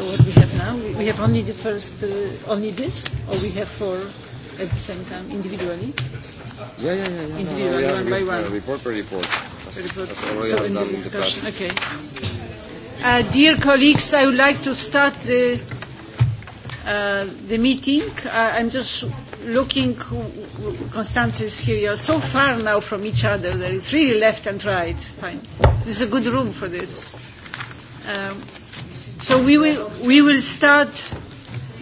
So what we have now, we, have only the first, uh, only this, or we have four at the same time individually? Yeah, yeah, yeah. yeah. Individually, no, no, one by one. Uh, report per report. That's, report. So in the discussion, okay. Uh, dear colleagues, I would like to start the uh, the meeting. Uh, I'm just looking, Constance is here. You're so far now from each other that it's really left and right. Fine. This is a good room for this. Um, So we will, we will start.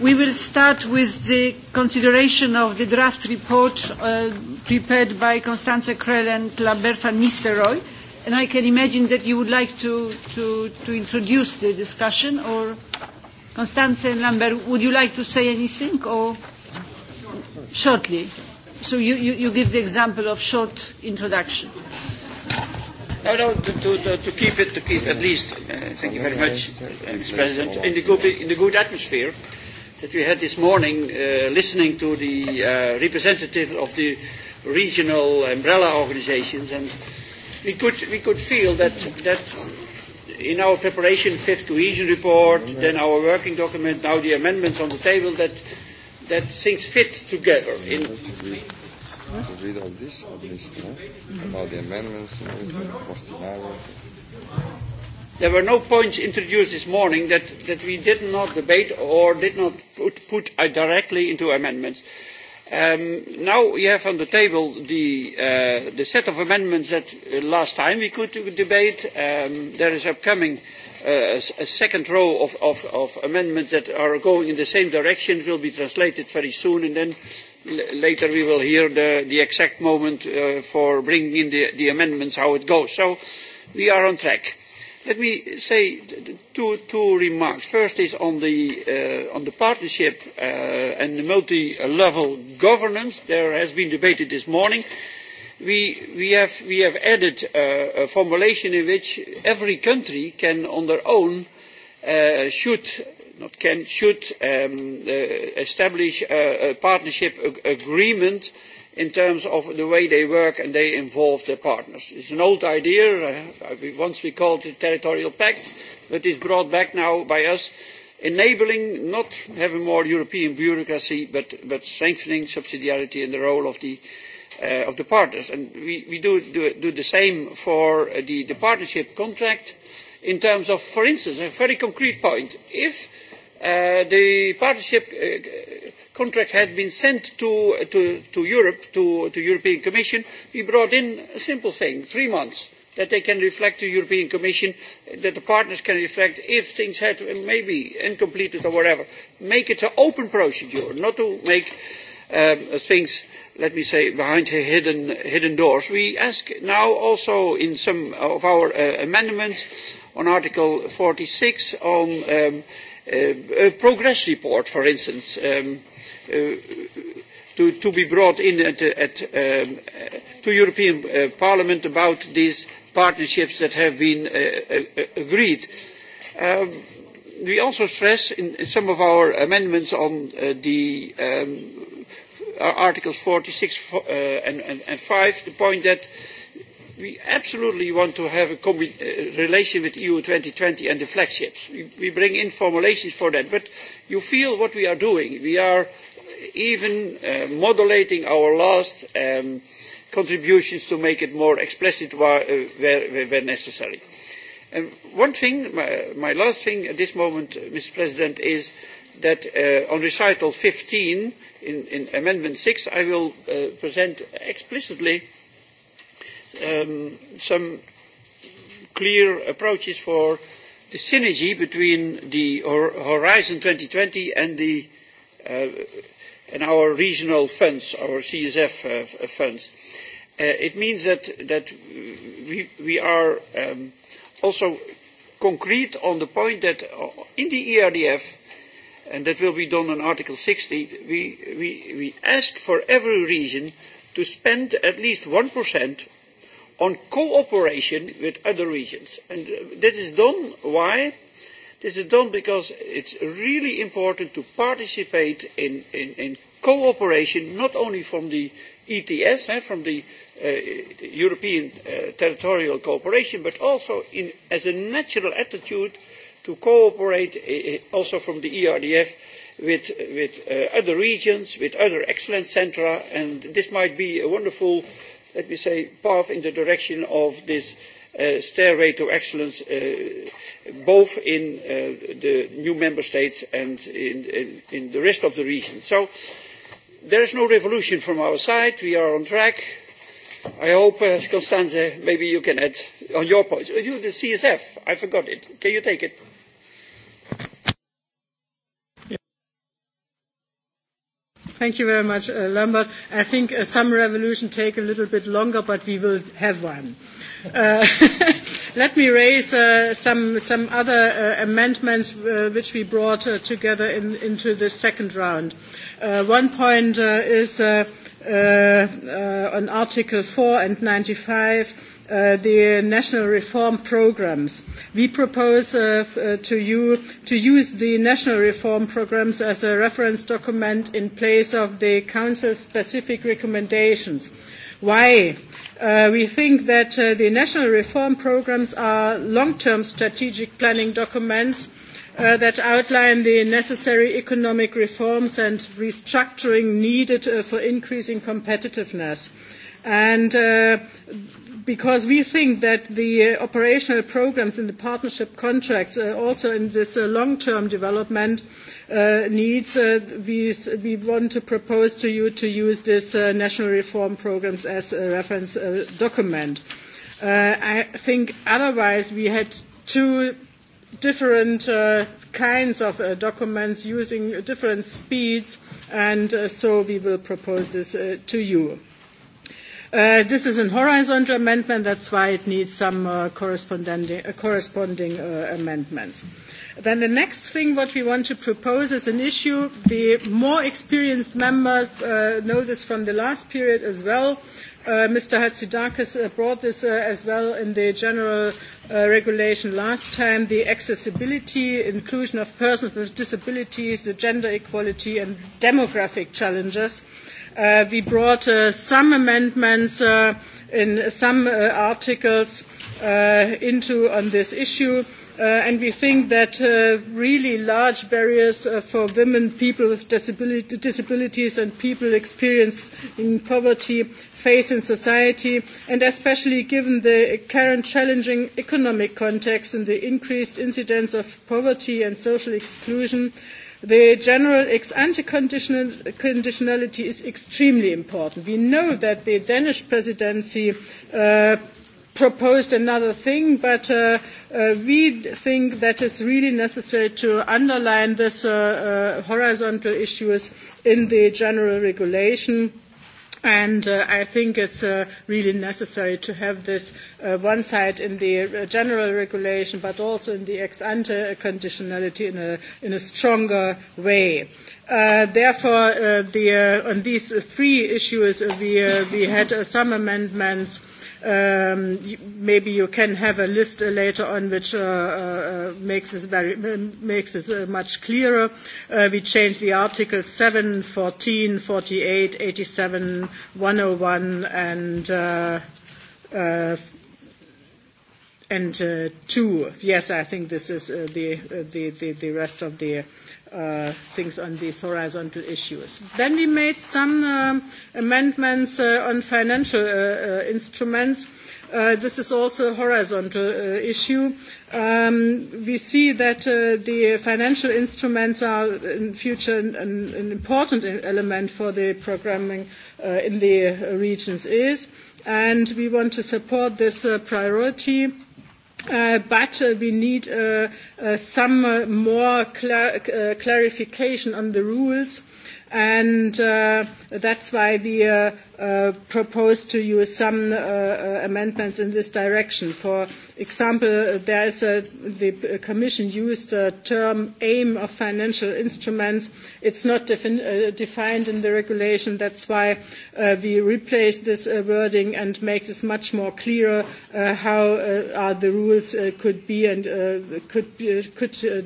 We will start with the consideration of the draft report uh, prepared by Constanze Krell and Lambert van Nistelrooy. And I can imagine that you would like to, to, to introduce the discussion, or Constanze and Lambert, would you like to say anything, or shortly? So you, you, you give the example of short introduction. No, no, to, to, to, to keep it, to keep at least. Uh, thank you very much, Mr. President. In the good, in the good atmosphere that we had this morning, uh, listening to the uh, representative of the regional umbrella organizations, and we could we could feel that that in our preparation fifth cohesion report, then our working document, now the amendments on the table, that that things fit together in to read all this at least, no? about the amendments, you know, there There were no points introduced this morning that, that we did not debate or did not put, put directly into amendments. Um, now we have on the table the, uh, the set of amendments that uh, last time we could debate. Um, there is upcoming uh, a, a second row of, of, of amendments that are going in the same direction, will be translated very soon, and then later we will hear the, the exact moment uh, for bringing in the, the amendments, how it goes. So we are on track. Let me say two, two remarks. First is on the, uh, on the partnership uh, and the multi-level governance. There has been debated this morning. We, we, have, we have added uh, a formulation in which every country can on their own uh, should can, should um, uh, establish a, a partnership agreement in terms of the way they work and they involve their partners. It's an old idea. Uh, once we called it territorial pact, but it's brought back now by us, enabling not having more European bureaucracy, but, but strengthening subsidiarity and the role of the, uh, of the partners. And we, we do, do, do the same for the, the partnership contract in terms of, for instance, a very concrete point. If the partnership contract had been sent to, to, to Europe, to the European Commission. We brought in a simple thing, three months, that they can reflect to the European Commission, that the partners can reflect if things had maybe incompleted or whatever. Make it an open procedure, not to make things let me say, behind hidden, hidden doors. We ask now also in some of our amendments on Article forty six on a progress report, for instance, to, be brought in to European Parliament about these partnerships that have been agreed. we also stress in some of our amendments on the Articles forty six and, and, and 5 the point that we absolutely want to have a relation with EU twenty and the flagships. We, we bring in formulations for that, but you feel what we are doing. We are even uh, modulating our last um, contributions to make it more explicit where, uh, where, where necessary. And one thing, my, my last thing at this moment, Mr. President, is that uh, on recital 15 in, in Amendment 6, I will uh, present explicitly some clear approaches for the synergy between the Horizon twenty and the and our regional funds, our CSF funds. It means that we are also concrete on the point that in the ERDF, and that will be done on Article 60, we ask for every region to spend at least 1% on cooperation with other regions. And that is done, why? This is done because it's really important to participate in, in, in cooperation, not only from the ETS, from the European Territorial Cooperation, but also in, as a natural attitude to cooperate also from the ERDF with, with other regions, with other excellence centra, and this might be a wonderful let me say, path in the direction of this stairway to excellence, both in the new member states and in, the rest of the region. So there is no revolution from our side. We are on track. I hope, uh, Constanze, maybe you can add on your point. You, the CSF, I forgot it. Can you take it? Thank you very much, uh, Lambert. I think uh, some revolution take a little bit longer, but we will have one. Uh, let me raise uh, some, some other uh, amendments uh, which we brought uh, together in, into the second round. Uh, one point uh, is uh, uh, uh, on Article 4 and 95 the national reform programmes. We propose to, you to use the national reform programmes as a reference document in place of the Council's specific recommendations. Why? we think that the national reform programmes are long-term strategic planning documents that outline the necessary economic reforms and restructuring needed for increasing competitiveness. And because we think that the operational programmes in the partnership contracts, also in this long-term development needs, we want to propose to you to use this national reform programmes as a reference document. I think otherwise we had two different kinds of documents using different speeds, and so we will propose this to you. This is an horizontal amendment. That's why it needs some corresponding amendments. Then the next thing what we want to propose is an issue the more experienced uh, know this from the last period as well. Mr. Hatzidakis brought this as well in the general regulation last time, the accessibility, inclusion of persons with disabilities, the gender equality, and demographic challenges we brought some amendments in some articles into on this issue. and we think that really large barriers for women, people with disabilities, and people experienced in poverty face in society, and especially given the current challenging economic context and the increased incidence of poverty and social exclusion, uh, The general ex ante conditionality is extremely important. We know that the Danish presidency proposed another thing, but we think that it's really necessary to underline this horizontal issues in the general regulation And uh, I think it's uh, really necessary to have this uh, one side in the uh, general regulation, but also in the ex ante conditionality in a, in a stronger way. Uh, therefore, uh, the, uh, on these three issues, uh, we, uh, we had uh, some amendments Maybe you can have a list later on which makes this very makes this much clearer. We changed the Article 7, 14, 48, 87, 101, and uh, uh, and uh, 2. Yes, I think this is uh, the uh, the the rest of the Uh, things on these horizontal issues. Then we made some amendments on financial instruments. this is also a horizontal issue. we see that the financial instruments are in future an, important element for the programming in the regions is, and we want to support this priority but we need some more clarification on the rules and that's why we propose to use some amendments in this direction. For example, there is a, the Commission used the term aim of financial instruments. It's not defined in the regulation. That's why we replace this wording and make this much more clearer how the rules could be and could,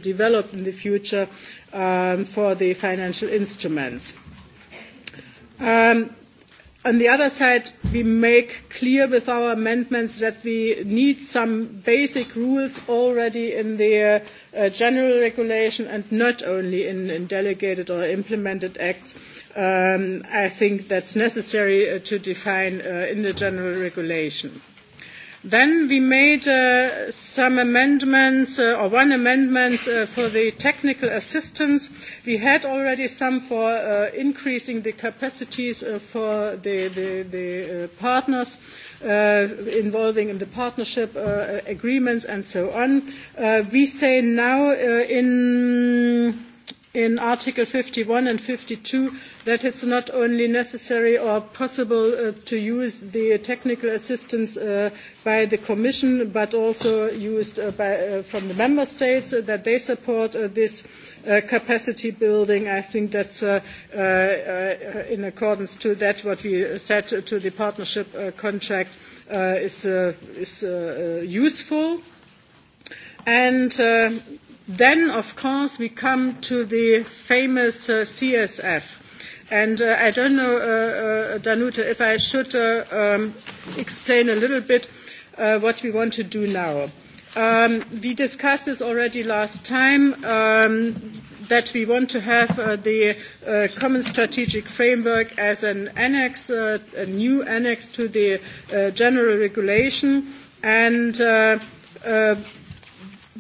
develop in the future for the financial instruments. On the other side, we make clear with our amendments that we need some basic rules already in the general regulation and not only in, delegated or implemented acts. I think that is necessary to define in the general regulation. Then we made some amendments, or one amendment for the technical assistance. We had already some for increasing the capacities for the partners involving in the partnership agreements and so on. We say now in in Article 51 and 52 that it's not only necessary or possible to use the technical assistance by the Commission, but also used from the Member States, that they support this capacity building. I think that's in accordance to that what we said to the partnership contract is, useful. And Then, of course, we come to the famous uh, CSF. And uh, I don't know, uh, uh, Danuta, if I should uh, um, explain a little bit uh, what we want to do now. Um, we discussed this already last time. Um, that we want to have the common strategic framework as an annex, a new annex to the general regulation. And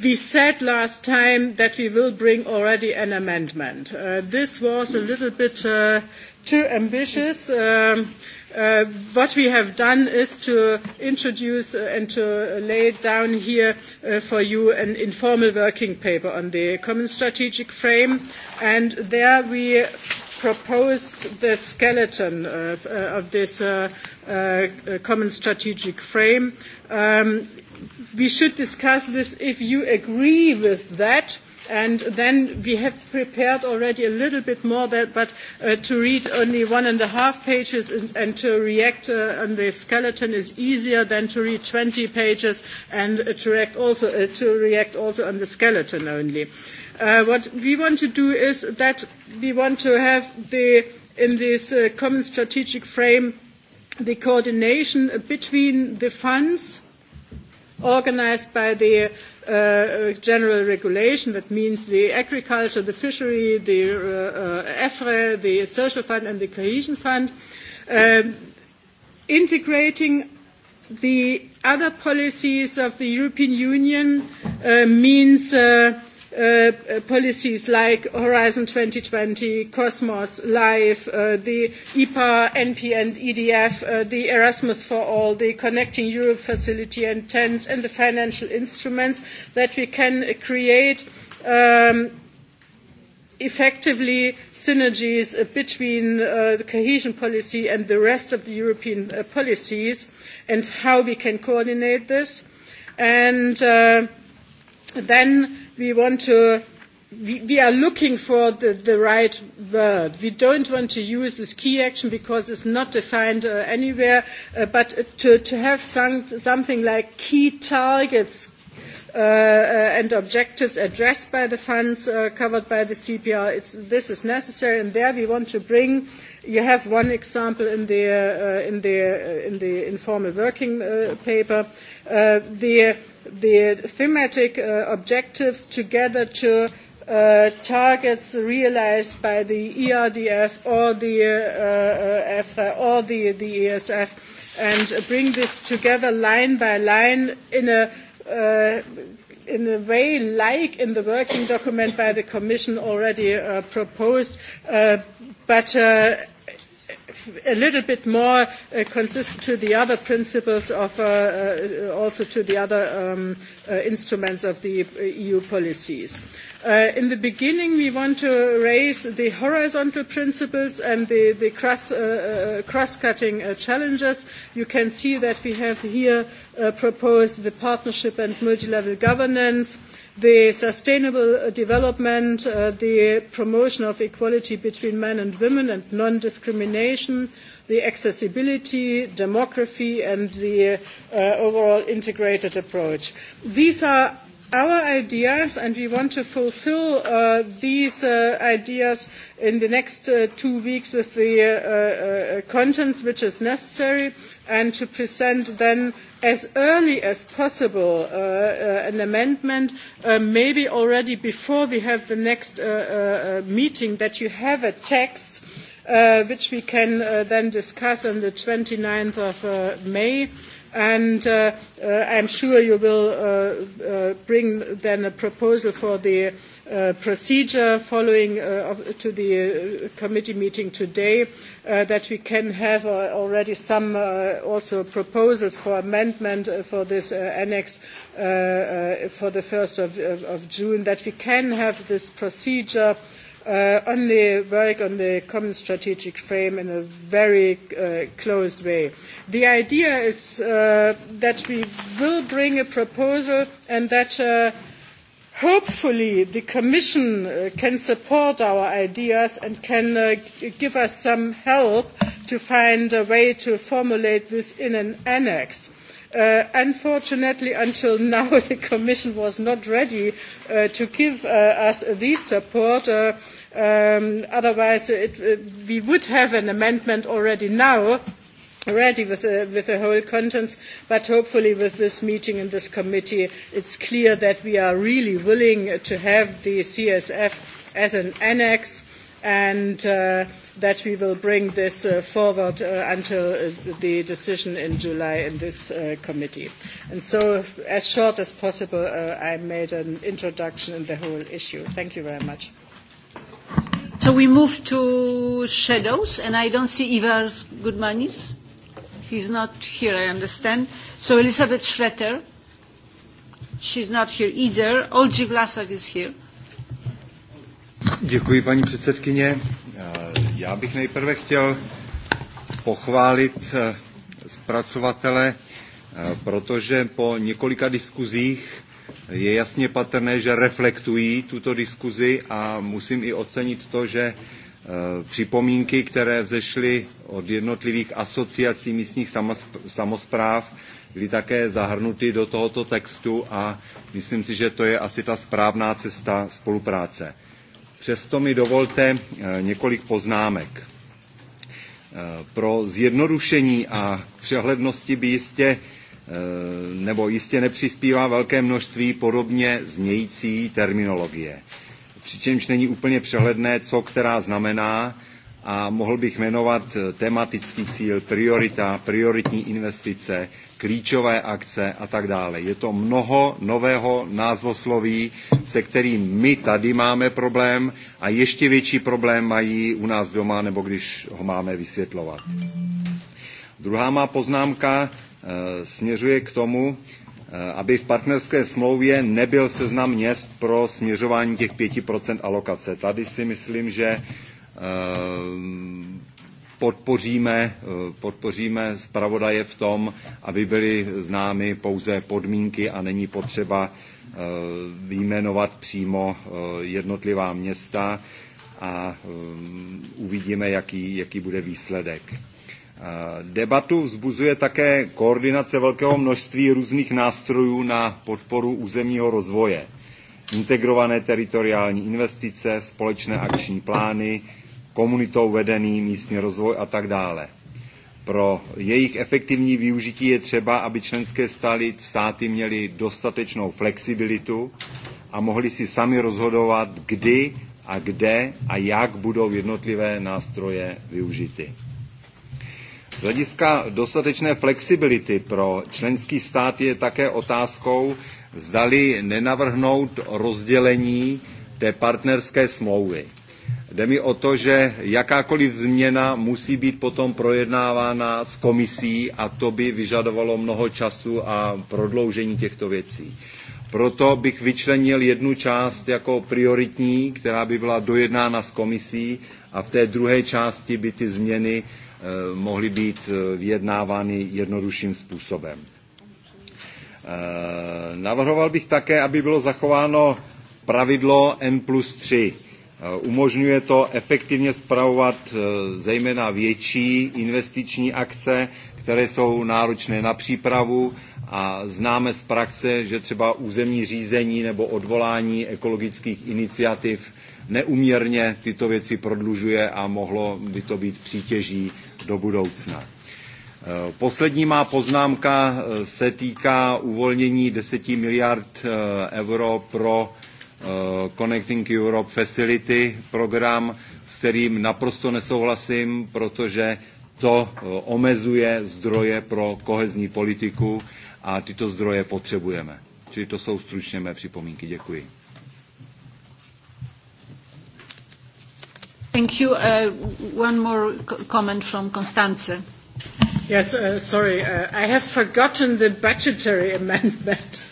We said last time that we will bring already an amendment. This was a little bit too ambitious. What we have done is to introduce and to lay down here for you an informal working paper on the common strategic frame, and there we propose the skeleton of this common strategic frame we should discuss this if you agree with that. And then we have prepared already a little bit more, that, but uh, to read only one and a half pages and, and to react uh, on the skeleton is easier than to read 20 pages and uh, to, react also, uh, to react also on the skeleton only. Uh, what we want to do is that we want to have the, in this uh, common strategic frame the coordination between the funds organised by the uh, general regulation, that means the agriculture, the fishery, the uh, uh, EFRE, the social fund and the cohesion fund, uh, integrating the other policies of the European Union uh, means uh, policies like Horizon 2020, Cosmos, LIFE, the EPA, NP and EDF, the Erasmus for All, the Connecting Europe Facility and TENS, and the financial instruments that we can create effectively synergies between the cohesion policy and the rest of the European policies and how we can coordinate this. And then we want to we, we are looking for the, the right word. We don't want to use this key action because it's not defined uh, anywhere, uh, but to, to have some, something like key targets uh, and objectives addressed by the funds uh, covered by the CPR, it's, this is necessary, and there we want to bring you have one example in the, uh, in the, uh, in the informal working uh, paper. Uh, the the thematic objectives together to targets realised by the ERDF or the EFRA or the, ESF and bring this together line by line in a way like in the working document by the Commission already proposed, but a little bit more consistent to the other principles of also to the other instruments of the EU policies. in the beginning, we want to raise the horizontal principles and the, the cross-cutting challenges. You can see that we have here proposed the partnership and multi-level governance, the sustainable development, the promotion of equality between men and women and non-discrimination, the accessibility, demography, and the overall integrated approach. These are our ideas, and we want to fulfil these ideas in the next two weeks with the contents which is necessary, and to present then as early as possible an amendment, maybe already before we have the next meeting, that you have a text which we can then discuss on the 29th of May And uh, uh, I'm sure you will uh, uh, bring then a proposal for the uh, procedure following uh, of, to the uh, committee meeting today uh, that we can have uh, already some uh, also proposals for amendment for this uh, annex uh, uh, for the 1st of, of, of June, that we can have this procedure uh, on the work on the common strategic frame in a very closed way. The idea is that we will bring a proposal and that hopefully the Commission can support our ideas and can give us some help to find a way to formulate this in an annex unfortunately, until now, the Commission was not ready to give us this support. otherwise, we would have an amendment already now ready with the, with the whole contents, but hopefully with this meeting in this committee, it's clear that we are really willing to have the CSF as an annex and that we will bring this forward until the decision in July in this committee. And so, as short as possible, I made an introduction in the whole issue. Thank you very much. So we move to shadows, and I don't see Ivar Goodmanis. He's not here, I understand. So Elizabeth she she's not here either. Olgi Vlasak is here. Děkuji, paní předsedkyně. Já bych nejprve chtěl pochválit zpracovatele, protože po několika diskuzích je jasně patrné, že reflektují tuto diskuzi a musím i ocenit to, že připomínky, které vzešly od jednotlivých asociací místních samozpráv, byly také zahrnuty do tohoto textu a myslím si, že to je asi ta správná cesta spolupráce. Přesto mi dovolte několik poznámek. Pro zjednodušení a přehlednosti by jistě nebo jistě nepřispívá velké množství podobně znějící terminologie. Přičemž není úplně přehledné, co která znamená a mohl bych jmenovat tematický cíl, priorita, prioritní investice, klíčové akce a tak dále. Je to mnoho nového názvosloví, se kterým my tady máme problém a ještě větší problém mají u nás doma, nebo když ho máme vysvětlovat. Druhá má poznámka směřuje k tomu, aby v partnerské smlouvě nebyl seznam měst pro směřování těch 5% alokace. Tady si myslím, že podpoříme, podpoříme zpravodaje v tom, aby byly známy pouze podmínky a není potřeba vyjmenovat přímo jednotlivá města a uvidíme, jaký, jaký bude výsledek. Debatu vzbuzuje také koordinace velkého množství různých nástrojů na podporu územního rozvoje. Integrované teritoriální investice, společné akční plány, komunitou vedený místní rozvoj a tak dále. Pro jejich efektivní využití je třeba, aby členské státy měly dostatečnou flexibilitu a mohli si sami rozhodovat, kdy a kde a jak budou jednotlivé nástroje využity. Z hlediska dostatečné flexibility pro členský stát je také otázkou, zdali nenavrhnout rozdělení té partnerské smlouvy. Jde mi o to, že jakákoliv změna musí být potom projednávána s komisí a to by vyžadovalo mnoho času a prodloužení těchto věcí. Proto bych vyčlenil jednu část jako prioritní, která by byla dojednána s komisí a v té druhé části by ty změny mohly být vyjednávány jednodušším způsobem. Navrhoval bych také, aby bylo zachováno pravidlo N plus 3 Umožňuje to efektivně spravovat zejména větší investiční akce, které jsou náročné na přípravu a známe z praxe, že třeba územní řízení nebo odvolání ekologických iniciativ neuměrně tyto věci prodlužuje a mohlo by to být přítěží do budoucna. Poslední má poznámka se týká uvolnění 10 miliard euro pro Connecting Europe Facility program, s kterým naprosto nesouhlasím, protože to omezuje zdroje pro kohezní politiku a tyto zdroje potřebujeme. Čili to jsou stručně mé připomínky. Děkuji. Thank you. Uh, one more comment from Constance. Yes, uh, sorry, uh, I have forgotten the budgetary amendment.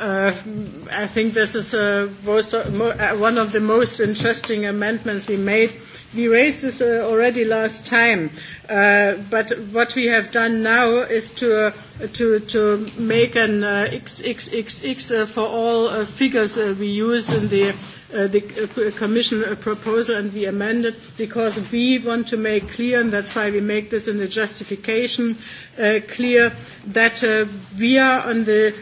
I think this is one of the most interesting amendments we made. We raised this already last time, but what we have done now is to make an XXXX for all figures we use in the commission proposal, and we amended because we want to make clear, and that's why we make this in the justification clear, that we are on the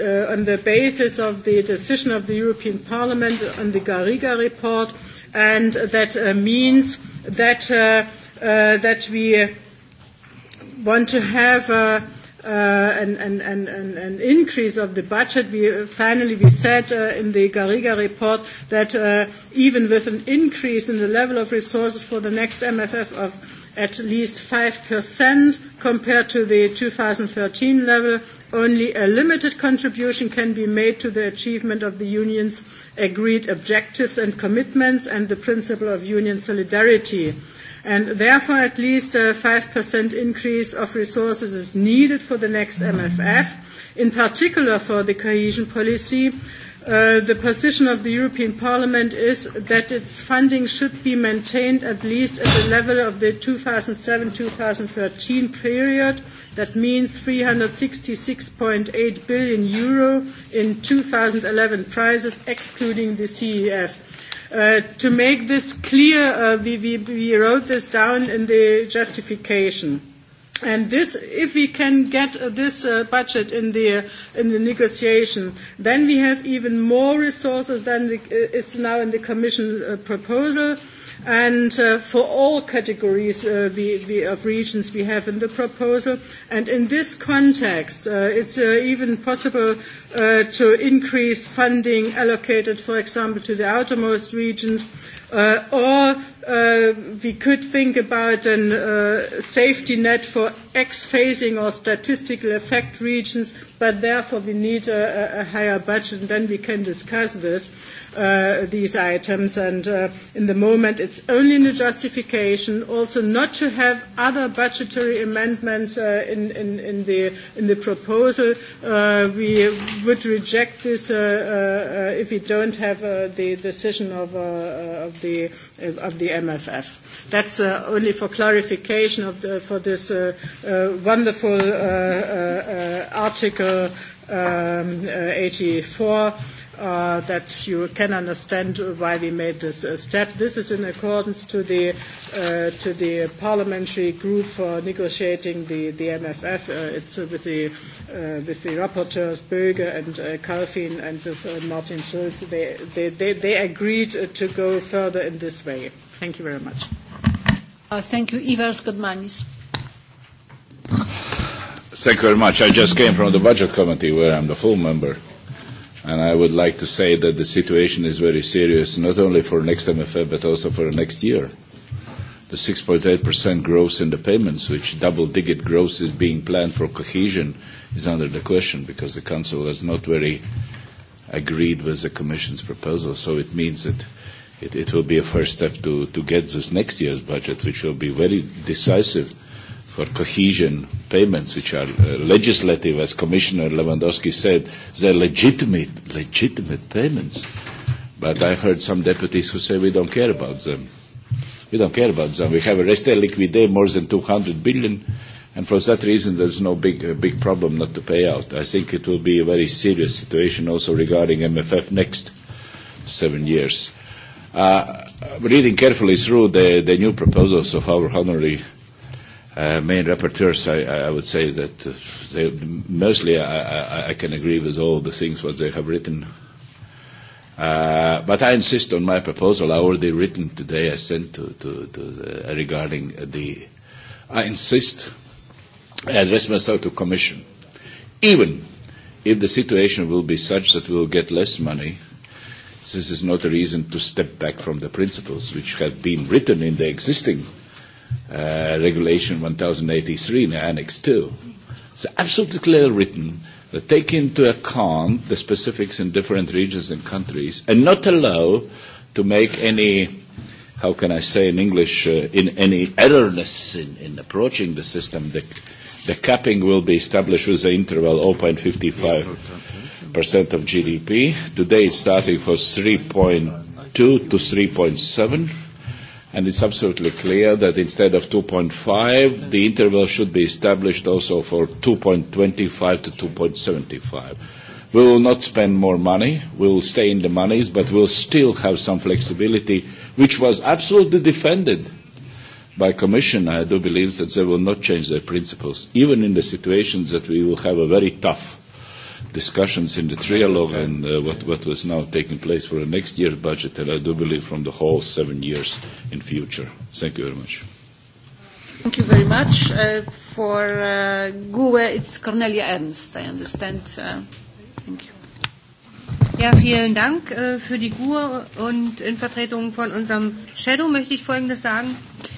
uh, on the basis of the decision of the European Parliament on the Garriga report, and that uh, means that, uh, uh, that we want to have uh, an, an, an, an, an increase of the budget. We finally we said uh, in the Garriga report that uh, even with an increase in the level of resources for the next MFF of at least 5% compared to the 2013 level, only a limited contribution can be made to the achievement of the Union's agreed objectives and commitments and the principle of Union solidarity. And therefore, at least a 5% increase of resources is needed for the next MFF, in particular for the cohesion policy, the position of the European Parliament is that its funding should be maintained at least at the level of the 2007-2013 period. That means EUR three hundred sixty six 366.8 billion euro in eleven prices, excluding the CEF. to make this clear, we, wrote this down in the justification And this, if we can get this uh, budget in the, uh, in the negotiation, then we have even more resources than the, is now in the Commission uh, proposal. And uh, for all categories uh, of regions we have in the proposal. And in this context, uh, it's uh, even possible uh, to increase funding allocated, for example, to the outermost regions uh, or we could think about a safety net for X phasing or statistical effect regions, but therefore we need a, a higher budget, and then we can discuss this, these items. And in the moment, it's only a justification, also not to have other budgetary amendments in, in, in, the, in the proposal. we would reject this if we don't have the decision of, the of the MFF. That's uh, only for clarification of the, for this uh, uh, wonderful uh, uh, uh, article um, uh, 84 uh, that you can understand why we made this uh, step. This is in accordance to the, uh, to the parliamentary group for negotiating the, the MFF. Uh, it's uh, with, the, uh, with the rapporteurs Böge and uh, Kalfin and with uh, Martin Schulz. They, they, they, they agreed to go further in this way. Thank you very much. Uh, thank you. Ivers Godmanis. Thank you very much. I just came from the Budget Committee where I'm the full member. And I would like to say that the situation is very serious, not only for next MFF, but also for next year. The 6.8% growth in the payments, which double-digit growth is being planned for cohesion, is under the question because the Council has not very agreed with the Commission's proposal. So it means that it, it will be a first step to, to get this next year's budget, which will be very decisive for cohesion payments, which are uh, legislative, as Commissioner Lewandowski said, they're legitimate, legitimate payments. But I've heard some deputies who say we don't care about them. We don't care about them. We have a reste liquide more than 200 billion, and for that reason there's no big, uh, big problem not to pay out. I think it will be a very serious situation also regarding MFF next seven years. Uh, reading carefully through the, the new proposals of our honorary uh, main rapporteurs, I, I would say that they, mostly I, I, I can agree with all the things what they have written. Uh, but I insist on my proposal. I already written today. I sent to, to, to the, regarding the. I insist. I address myself to Commission. Even if the situation will be such that we will get less money, this is not a reason to step back from the principles which have been written in the existing uh, Regulation 1083 in Annex 2. It's absolutely clearly written that take into account the specifics in different regions and countries and not allow to make any, how can I say in English, uh, in any errorness in, in approaching the system. The, the capping will be established with the interval 0.55% of GDP. Today it's starting for 3.2 to and it's absolutely clear that instead of 2.5, the interval should be established also for 2.25 to 2.75. We will not spend more money. We will stay in the monies, but we'll still have some flexibility, which was absolutely defended by Commission. I do believe that they will not change their principles, even in the situations that we will have a very tough discussions in the trialogue and uh, what, what was now taking place for the next year's budget, and I do believe from the whole seven years in future. Thank you very much. Thank you very much. Uh, for uh, GUE, it's Cornelia Ernst, I understand. Uh, thank you. Ja, vielen Dank äh, für die GUE und in Vertretung von unserem Shadow möchte ich Folgendes sagen. Äh,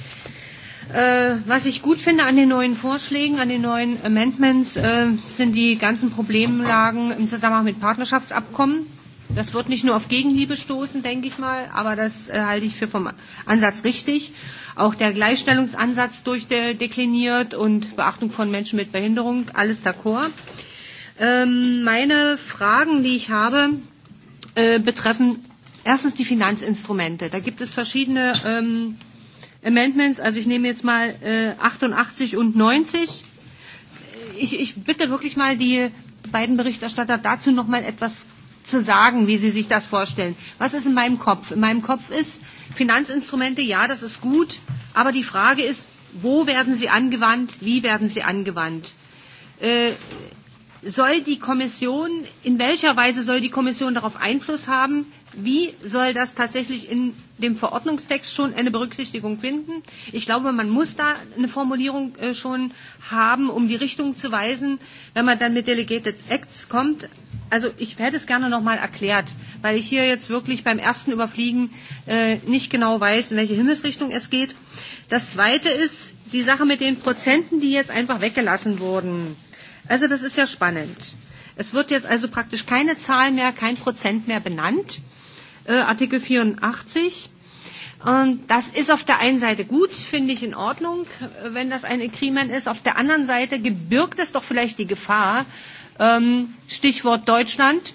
was ich gut finde an den neuen Vorschlägen, an den neuen Amendments, sind die ganzen Problemlagen im Zusammenhang mit Partnerschaftsabkommen. Das wird nicht nur auf Gegenliebe stoßen, denke ich mal, aber das halte ich für vom Ansatz richtig. Auch der Gleichstellungsansatz durchdekliniert und Beachtung von Menschen mit Behinderung, alles d'accord. meine Fragen, die ich habe, betreffen erstens die Finanzinstrumente. Da gibt es verschiedene ähm, Amendments, also ich nehme jetzt mal äh, 88 und 90. Ich, ich bitte wirklich mal die beiden Berichterstatter dazu noch mal etwas zu sagen, wie sie sich das vorstellen. Was ist in meinem Kopf? In meinem Kopf ist Finanzinstrumente, ja, das ist gut, aber die Frage ist, wo werden sie angewandt, wie werden sie angewandt? Äh, soll die Kommission, in welcher Weise soll die Kommission darauf Einfluss haben, Wie soll das tatsächlich in dem Verordnungstext schon eine Berücksichtigung finden? Ich glaube, man muss da eine Formulierung schon haben, um die Richtung zu weisen, wenn man dann mit Delegated Acts kommt. Also ich hätte es gerne nochmal erklärt, weil ich hier jetzt wirklich beim ersten Überfliegen nicht genau weiß, in welche Himmelsrichtung es geht. Das Zweite ist die Sache mit den Prozenten, die jetzt einfach weggelassen wurden. Also das ist ja spannend. Es wird jetzt also praktisch keine Zahl mehr, kein Prozent mehr benannt äh, Artikel 84. Und das ist auf der einen Seite gut, finde ich in Ordnung, wenn das ein Agreement ist. Auf der anderen Seite gebirgt es doch vielleicht die Gefahr, ähm, Stichwort Deutschland,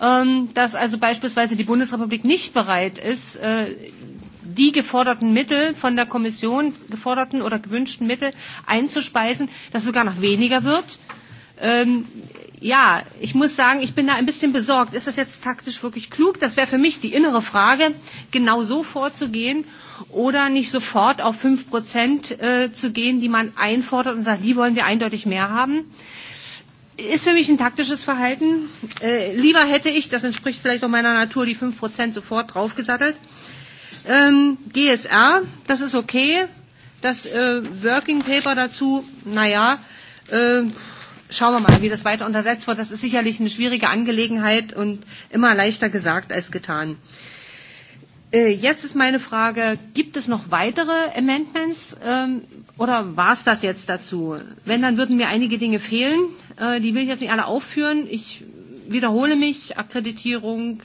ähm, dass also beispielsweise die Bundesrepublik nicht bereit ist, äh, die geforderten Mittel von der Kommission, geforderten oder gewünschten Mittel einzuspeisen, dass sogar noch weniger wird. Ähm, ja, ich muss sagen, ich bin da ein bisschen besorgt. Ist das jetzt taktisch wirklich klug? Das wäre für mich die innere Frage, genau so vorzugehen oder nicht sofort auf 5 Prozent äh, zu gehen, die man einfordert und sagt, die wollen wir eindeutig mehr haben. Ist für mich ein taktisches Verhalten. Äh, lieber hätte ich, das entspricht vielleicht auch meiner Natur, die 5 Prozent sofort draufgesattelt. Ähm, GSR, das ist okay. Das äh, Working Paper dazu, naja, äh, schauen wir mal, wie das weiter untersetzt wird. Das ist sicherlich eine schwierige Angelegenheit und immer leichter gesagt als getan. Jetzt ist meine Frage, gibt es noch weitere Amendments oder war es das jetzt dazu? Wenn, dann würden mir einige Dinge fehlen. Die will ich jetzt nicht alle aufführen. Ich wiederhole mich, Akkreditierung,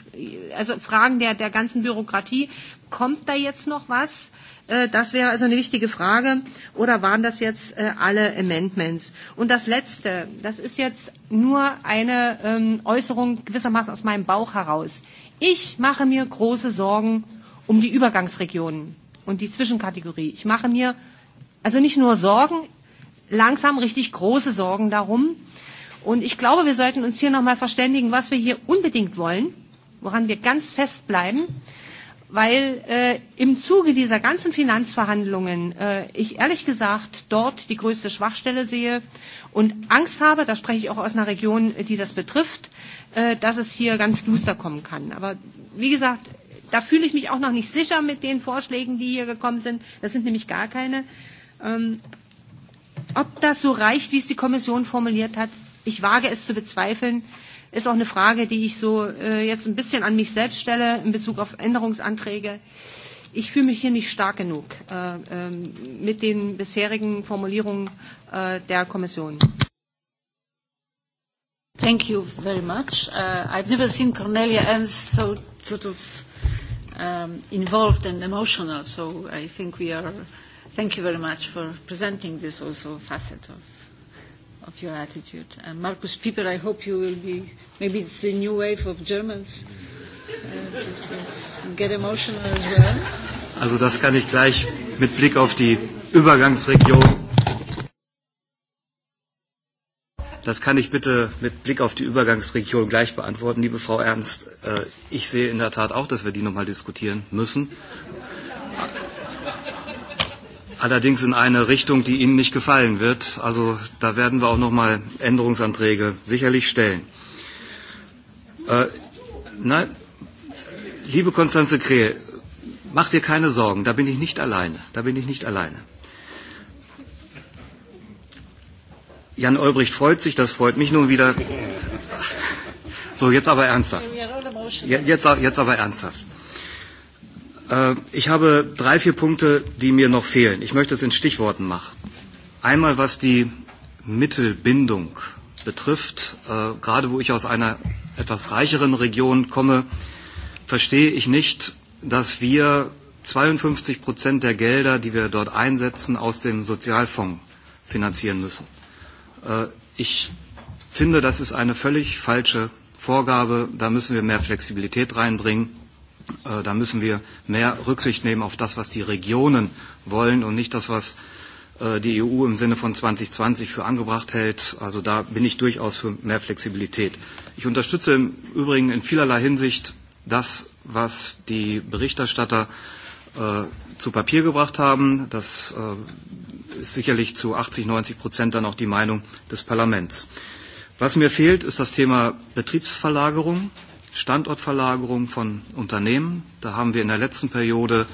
also Fragen der, der ganzen Bürokratie. Kommt da jetzt noch was? Äh, Das wäre also eine wichtige Frage. Oder waren das jetzt alle Amendments? Und das Letzte, das ist jetzt nur eine Äußerung gewissermaßen aus meinem Bauch heraus. Ich mache mir große Sorgen um die Übergangsregionen und die Zwischenkategorie. Ich mache mir also nicht nur Sorgen, langsam richtig große Sorgen darum. Und ich glaube, wir sollten uns hier nochmal verständigen, was wir hier unbedingt wollen, woran wir ganz fest bleiben weil äh, im Zuge dieser ganzen Finanzverhandlungen äh, ich ehrlich gesagt dort die größte Schwachstelle sehe und Angst habe, da spreche ich auch aus einer Region, die das betrifft, äh, dass es hier ganz duster kommen kann. Aber wie gesagt, da fühle ich mich auch noch nicht sicher mit den Vorschlägen, die hier gekommen sind. Das sind nämlich gar keine. Ähm, ob das so reicht, wie es die Kommission formuliert hat, ich wage es zu bezweifeln ist auch eine Frage, die ich so äh, jetzt ein bisschen an mich selbst stelle in Bezug auf Änderungsanträge. Ich fühle mich hier nicht stark genug äh, äh, mit den bisherigen Formulierungen äh, der Kommission. Thank you very much. Uh, I've never seen Cornelia Ernst so sort of um, involved and emotional, so I think we are. Thank you very much for presenting this also facet of of your attitude. And Markus Pieper, I hope you will be, maybe it's a new wave of Germans. Also das kann ich gleich mit Blick auf die Übergangsregion. Das kann ich bitte mit Blick auf die Übergangsregion gleich beantworten, liebe Frau Ernst. Ich sehe in der Tat auch, dass wir die nochmal diskutieren müssen allerdings in eine Richtung, die Ihnen nicht gefallen wird. Also da werden wir auch noch mal Änderungsanträge sicherlich stellen. Äh, nein, liebe Konstanze Krehl, mach dir keine Sorgen, da bin ich nicht alleine. Da bin ich nicht alleine. Jan Olbricht freut sich, das freut mich nun wieder. So, jetzt aber ernsthaft. Jetzt, jetzt aber ernsthaft. Ich habe drei, vier Punkte, die mir noch fehlen. Ich möchte es in Stichworten machen. Einmal, was die Mittelbindung betrifft, gerade wo ich aus einer etwas reicheren Region komme, verstehe ich nicht, dass wir 52 Prozent der Gelder, die wir dort einsetzen, aus dem Sozialfonds finanzieren müssen. Ich finde, das ist eine völlig falsche Vorgabe. Da müssen wir mehr Flexibilität reinbringen Da müssen wir mehr Rücksicht nehmen auf das, was die Regionen wollen und nicht das, was die EU im Sinne von 2020 für angebracht hält. Also da bin ich durchaus für mehr Flexibilität. Ich unterstütze im Übrigen in vielerlei Hinsicht das, was die Berichterstatter zu Papier gebracht haben. Das ist sicherlich zu 80, 90 Prozent dann auch die Meinung des Parlaments. Was mir fehlt, ist das Thema Betriebsverlagerung. Standortverlagerung von Unternehmen. Da haben wir in der letzten Periode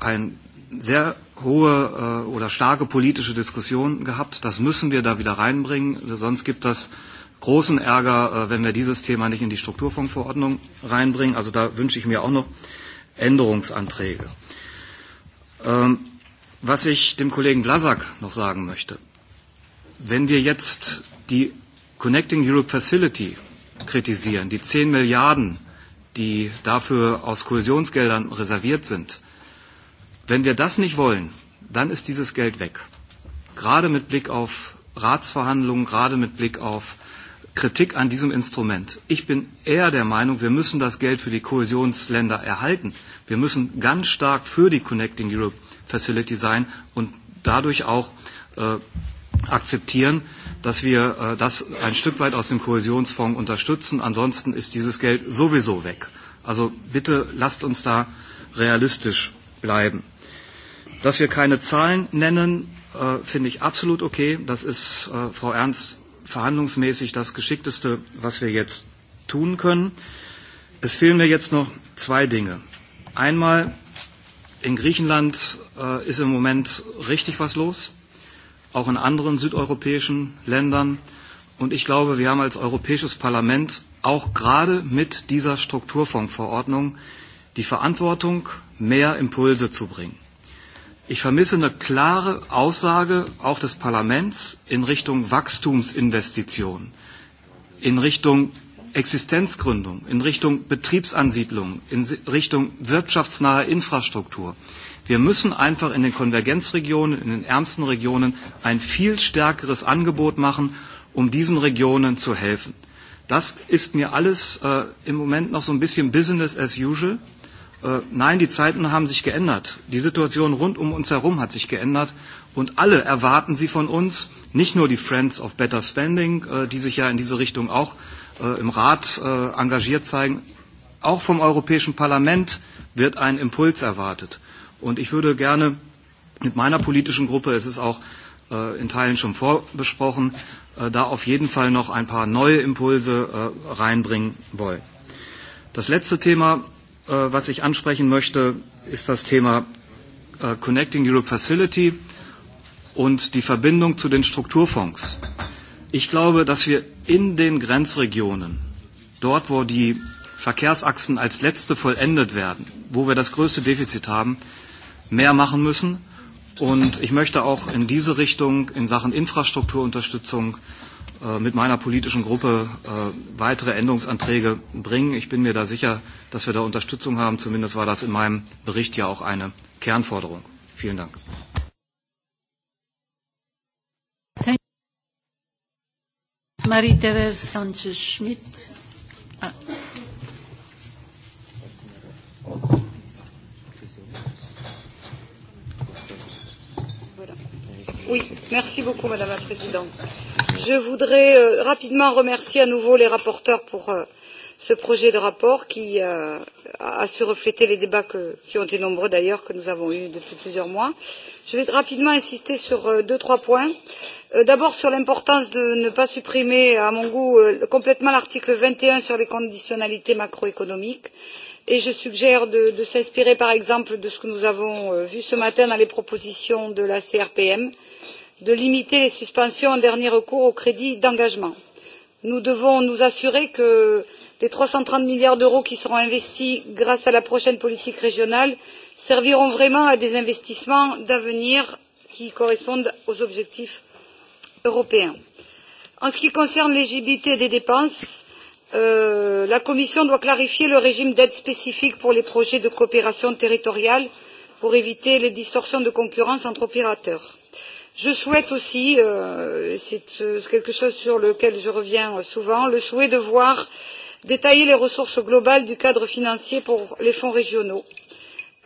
eine sehr hohe oder starke politische Diskussion gehabt. Das müssen wir da wieder reinbringen, sonst gibt das großen Ärger, wenn wir dieses Thema nicht in die Strukturfondsverordnung reinbringen. Also da wünsche ich mir auch noch Änderungsanträge. was ich dem Kollegen Vlasak noch sagen möchte. Wenn wir jetzt die Connecting Europe Facility kritisieren. Die 10 Milliarden, die dafür aus Kohäsionsgeldern reserviert sind, wenn wir das nicht wollen, dann ist dieses Geld weg. Gerade mit Blick auf Ratsverhandlungen, gerade mit Blick auf Kritik an diesem Instrument. Ich bin eher der Meinung, wir müssen das Geld für die Kohäsionsländer erhalten. Wir müssen ganz stark für die Connecting Europe Facility sein und dadurch auch akzeptieren, dass wir das ein Stück weit aus dem Kohäsionsfonds unterstützen. Ansonsten ist dieses Geld sowieso weg. Also bitte lasst uns da realistisch bleiben. Dass wir keine Zahlen nennen, finde ich absolut okay. Das ist, Frau Ernst, verhandlungsmäßig das Geschickteste, was wir jetzt tun können. Es fehlen mir jetzt noch zwei Dinge. Einmal, in Griechenland ist im Moment richtig was los auch in anderen südeuropäischen Ländern. Und ich glaube, wir haben als Europäisches Parlament auch gerade mit dieser Strukturfondsverordnung die Verantwortung, mehr Impulse zu bringen. Ich vermisse eine klare Aussage auch des Parlaments in Richtung Wachstumsinvestitionen, in Richtung Existenzgründung, in Richtung Betriebsansiedlung, in Richtung wirtschaftsnaher Infrastruktur. Wir müssen einfach in den Konvergenzregionen, in den ärmsten Regionen ein viel stärkeres Angebot machen, um diesen Regionen zu helfen. Das ist mir alles äh, im Moment noch so ein bisschen Business as usual. Äh, nein, die Zeiten haben sich geändert. Die Situation rund um uns herum hat sich geändert. Und alle erwarten sie von uns, nicht nur die Friends of Better Spending, äh, die sich ja in diese Richtung auch äh, im Rat äh, engagiert zeigen, auch vom Europäischen Parlament wird ein Impuls erwartet. Und ich würde gerne mit meiner politischen Gruppe, es ist auch in Teilen schon vorbesprochen, da auf jeden Fall noch ein paar neue Impulse reinbringen wollen. Das letzte Thema, was ich ansprechen möchte, ist das Thema Connecting Europe Facility und die Verbindung zu den Strukturfonds. Ich glaube, dass wir in den Grenzregionen, dort wo die Verkehrsachsen als letzte vollendet werden, wo wir das größte Defizit haben, mehr machen müssen. Und ich möchte auch in diese Richtung in Sachen Infrastrukturunterstützung mit meiner politischen Gruppe weitere Änderungsanträge bringen. Ich bin mir da sicher, dass wir da Unterstützung haben. Zumindest war das in meinem Bericht ja auch eine Kernforderung. Vielen Dank. Marie-Therese Sanchez-Schmidt. Oui, merci beaucoup, Madame la Présidente. Je voudrais euh, rapidement remercier à nouveau les rapporteurs pour euh, ce projet de rapport qui euh, a su refléter les débats que, qui ont été nombreux d'ailleurs que nous avons eus depuis plusieurs mois. Je vais rapidement insister sur euh, deux trois points. Euh, D'abord sur l'importance de ne pas supprimer, à mon goût, euh, complètement l'article 21 sur les conditionnalités macroéconomiques et je suggère de, de s'inspirer par exemple de ce que nous avons vu ce matin dans les propositions de la CRPM euh, de limiter les suspensions en dernier recours aux crédits d'engagement. nous devons nous assurer que les trois cent trente milliards d'euros qui seront investis grâce à la prochaine politique régionale serviront vraiment à des investissements d'avenir qui correspondent aux objectifs européens. en ce qui concerne l'éligibilité des dépenses la commission doit clarifier le régime d'aide spécifique pour les projets de coopération territoriale pour éviter les distorsions de concurrence entre opérateurs je souhaite aussi c'est quelque chose sur lequel je reviens souvent le souhait de voir détailler les ressources globales du cadre financier pour les fonds régionaux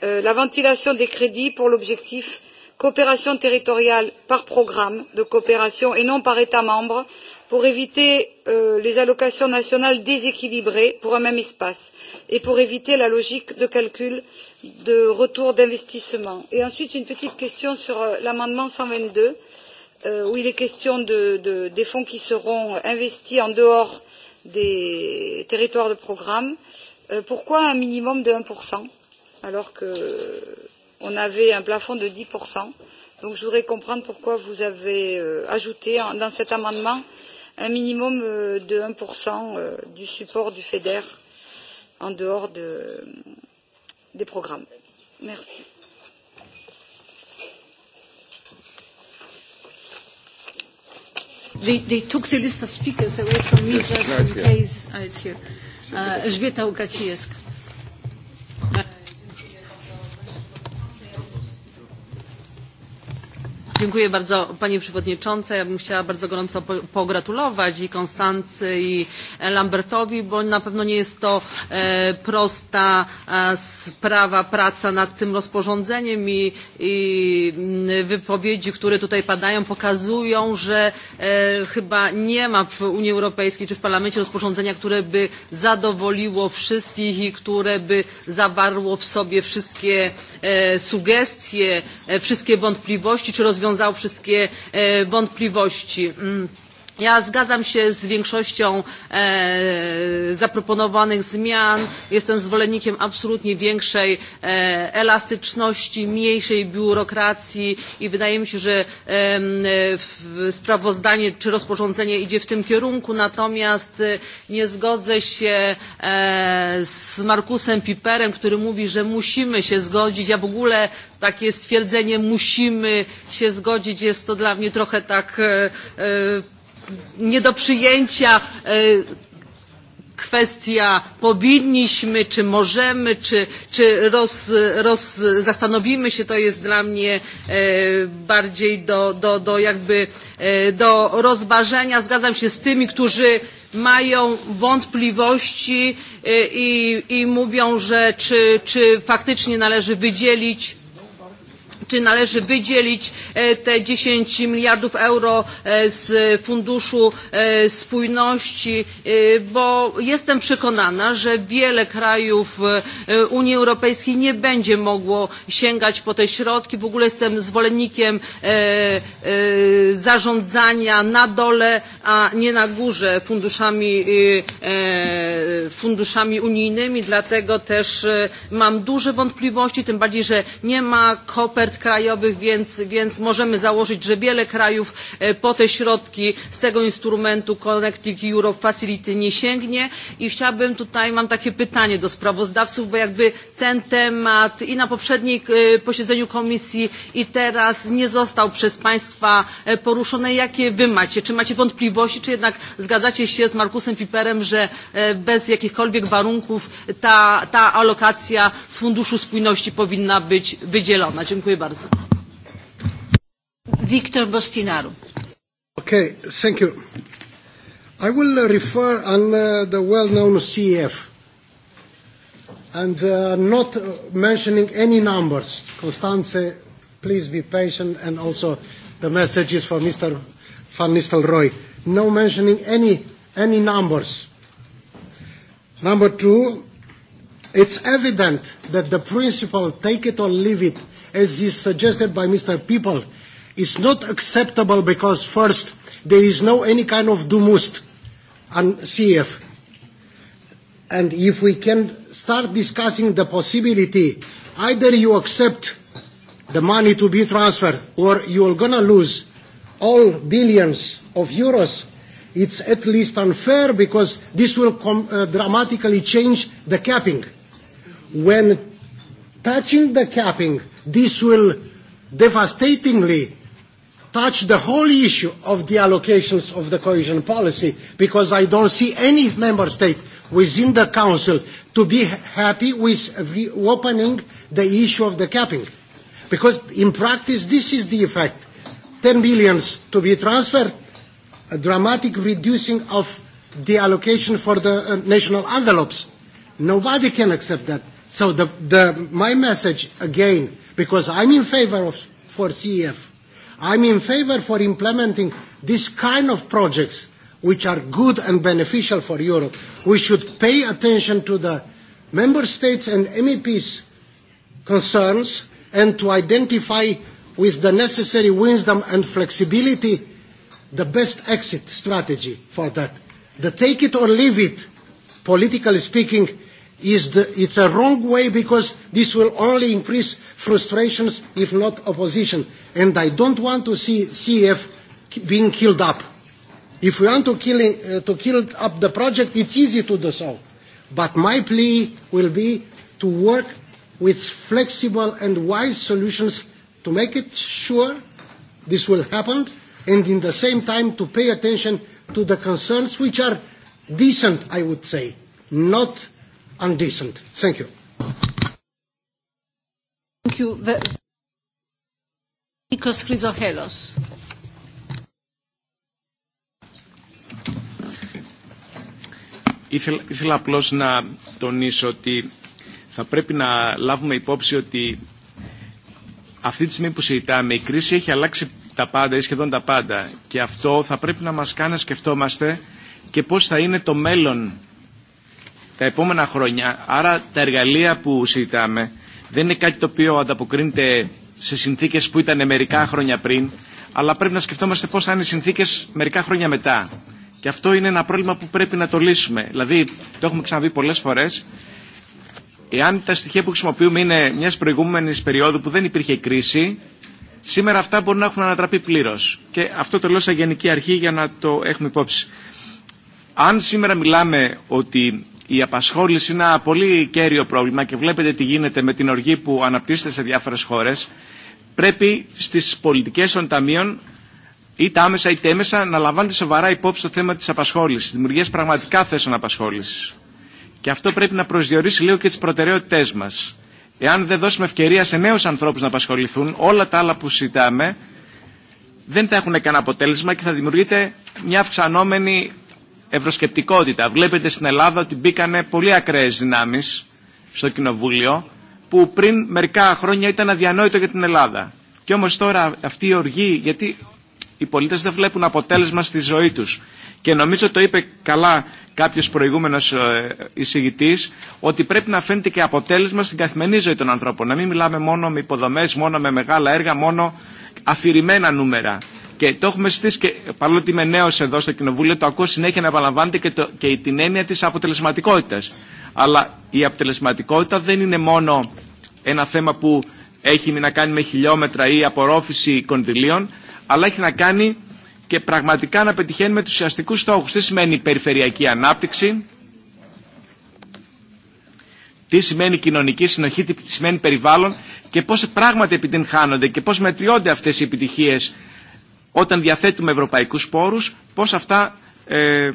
la ventilation des crédits pour l'objectif coopération territoriale par programme de coopération et non par état membre pour éviter les allocations nationales déséquilibrées pour un même espace et pour éviter la logique de calcul de retour d'investissement. Et ensuite, une petite question sur l'amendement cent vingt deux, où il est question des fonds qui seront investis en dehors des territoires de programme. pourquoi un minimum de 1% alors qu'on avait un plafond de 10% Donc je voudrais comprendre pourquoi vous avez ajouté dans cet amendement un minimum de 1% du support du FEDER en dehors de, des programmes. Merci. They, they took the list of speakers away from me just in case. Uh, it's here. Uh, Elżbieta Łukacieska. Dziękuję bardzo Pani Przewodnicząca. Ja bym chciała bardzo gorąco pogratulować i Konstancy i Lambertowi, bo na pewno nie jest to prosta sprawa, praca nad tym rozporządzeniem i, wypowiedzi, które tutaj padają, pokazują, że chyba nie ma w Unii Europejskiej czy w Parlamencie rozporządzenia, które by zadowoliło wszystkich i które by zawarło w sobie wszystkie sugestie, wszystkie wątpliwości czy rozwiązania, rozwiązał wszystkie wątpliwości. Ja zgadzam się z większością zaproponowanych zmian. Jestem zwolennikiem absolutnie większej elastyczności, mniejszej biurokracji i wydaje mi się, że sprawozdanie czy rozporządzenie idzie w tym kierunku. Natomiast nie zgodzę się z Markusem Piperem, który mówi, że musimy się zgodzić. Ja w ogóle takie stwierdzenie musimy się zgodzić jest to dla mnie trochę tak nie do przyjęcia kwestia powinniśmy, czy możemy, czy, czy roz, roz, zastanowimy się, to jest dla mnie e, bardziej do, do, do jakby e, do rozważenia. Zgadzam się z tymi, którzy mają wątpliwości i, i mówią, że czy, czy faktycznie należy wydzielić czy należy wydzielić te 10 miliardów euro z Funduszu Spójności, bo jestem przekonana, że wiele krajów Unii Europejskiej nie będzie mogło sięgać po te środki. W ogóle jestem zwolennikiem zarządzania na dole, a nie na górze funduszami, funduszami unijnymi, dlatego też mam duże wątpliwości, tym bardziej, że nie ma kopert budżet krajowych, więc, możemy założyć, że wiele krajów po te środki z tego instrumentu Connecting Europe Facility nie sięgnie i chciałabym tutaj, mam takie pytanie do sprawozdawców, bo jakby ten temat i na poprzednim posiedzeniu komisji i teraz nie został przez Państwa poruszony. Jakie Wy macie? Czy macie wątpliwości, czy jednak zgadzacie się z Markusem Piperem, że bez jakichkolwiek warunków ta, alokacja z Funduszu Spójności powinna być wydzielona? Dziękuję bardzo. Victor Bostinaru. Okay, thank you. I will refer on uh, the well-known CEF and uh, not mentioning any numbers. Constanze, please be patient, and also the message is for Mr. Van Nistelrooy. No mentioning any, any numbers. Number two, it's evident that the principle take it or leave it as is suggested by Mr. People, is not acceptable because first, there is no any kind of dumust on CF. And if we can start discussing the possibility, either you accept the money to be transferred or you're going to lose all billions of euros, it's at least unfair because this will com- uh, dramatically change the capping. When touching the capping, This will devastatingly touch the whole issue of the allocations of the cohesion policy because I don't see any member state within the council to be happy with reopening the issue of the capping. Because in practice, this is the effect. 10 billions to be transferred, a dramatic reducing of the allocation for the uh, national envelopes. Nobody can accept that. So the, the, my message, again, Because I'm in favor of, for CEF. I'm in favor for implementing this kind of projects which are good and beneficial for Europe. We should pay attention to the member states and MEPs' concerns and to identify with the necessary wisdom and flexibility the best exit strategy for that. The take it or leave it, politically speaking, is the, it's a wrong way because this will only increase frustrations if not opposition. And I don't want to see CF being killed up. If we want to kill, uh, to kill up the project, it's easy to do so. But my plea will be to work with flexible and wise solutions to make it sure this will happen and in the same time to pay attention to the concerns which are decent, I would say, not undecent. Thank you. Thank you. Nikos Chrysohelos. Ήθελα, ήθελα απλώς να τονίσω ότι θα πρέπει να λάβουμε υπόψη ότι αυτή τη στιγμή που συζητάμε η κρίση έχει αλλάξει τα πάντα ή σχεδόν τα πάντα και αυτό θα πρέπει να μας κάνει να σκεφτόμαστε και πώς θα είναι το μέλλον τα επόμενα χρόνια. Άρα τα εργαλεία που συζητάμε δεν είναι κάτι το οποίο ανταποκρίνεται σε συνθήκε που ήταν μερικά χρόνια πριν, αλλά πρέπει να σκεφτόμαστε πώ θα είναι οι συνθήκε μερικά χρόνια μετά. Και αυτό είναι ένα πρόβλημα που πρέπει να το λύσουμε. Δηλαδή, το έχουμε ξαναδεί πολλέ φορέ. εάν τα στοιχεία που χρησιμοποιούμε είναι μια προηγούμενη περίοδου που δεν υπήρχε κρίση, σήμερα αυτά μπορούν να έχουν ανατραπεί πλήρω. Και αυτό το λέω σαν γενική αρχή για να το έχουμε υπόψη. Αν σήμερα μιλάμε ότι Η απασχόληση είναι ένα πολύ κέριο πρόβλημα και βλέπετε τι γίνεται με την οργή που αναπτύσσεται σε διάφορες χώρες. Πρέπει στις πολιτικές των ταμείων είτε άμεσα είτε έμεσα να λαμβάνετε σοβαρά υπόψη το θέμα της απασχόλησης, δημιουργίας πραγματικά θέσεων απασχόλησης. Και αυτό πρέπει να προσδιορίσει λίγο και τις προτεραιότητές μας. Εάν δεν δώσουμε ευκαιρία σε νέους ανθρώπους να απασχοληθούν, όλα τα άλλα που συζητάμε δεν θα έχουν κανένα αποτέλεσμα και θα δημιουργείται μια αυξανόμενη ευρωσκεπτικότητα. Βλέπετε στην Ελλάδα ότι μπήκανε πολύ ακραίε δυνάμει στο Κοινοβούλιο που πριν μερικά χρόνια ήταν αδιανόητο για την Ελλάδα. Και όμω τώρα αυτή η οργή, γιατί οι πολίτε δεν βλέπουν αποτέλεσμα στη ζωή του. Και νομίζω το είπε καλά κάποιο προηγούμενο εισηγητή, ότι πρέπει να φαίνεται και αποτέλεσμα στην καθημερινή ζωή των ανθρώπων. Να μην μιλάμε μόνο με υποδομέ, μόνο με μεγάλα έργα, μόνο αφηρημένα νούμερα. Και το έχουμε συστήσει και παρόλο ότι είμαι νέο εδώ στο Κοινοβούλιο, το ακούω συνέχεια να επαναλαμβάνεται και, το, και την έννοια τη αποτελεσματικότητα. Αλλά η αποτελεσματικότητα δεν είναι μόνο ένα θέμα που έχει να κάνει με χιλιόμετρα ή απορρόφηση κονδυλίων, αλλά έχει να κάνει και πραγματικά να πετυχαίνουμε του ουσιαστικού στόχου. Τι σημαίνει περιφερειακή ανάπτυξη, τι σημαίνει κοινωνική συνοχή, τι σημαίνει περιβάλλον και πώς πράγματι επιτυγχάνονται και πώς μετριώνται αυτές οι επιτυχίες όταν διαθέτουμε ευρωπαϊκούς πόρους, πώς αυτά ε,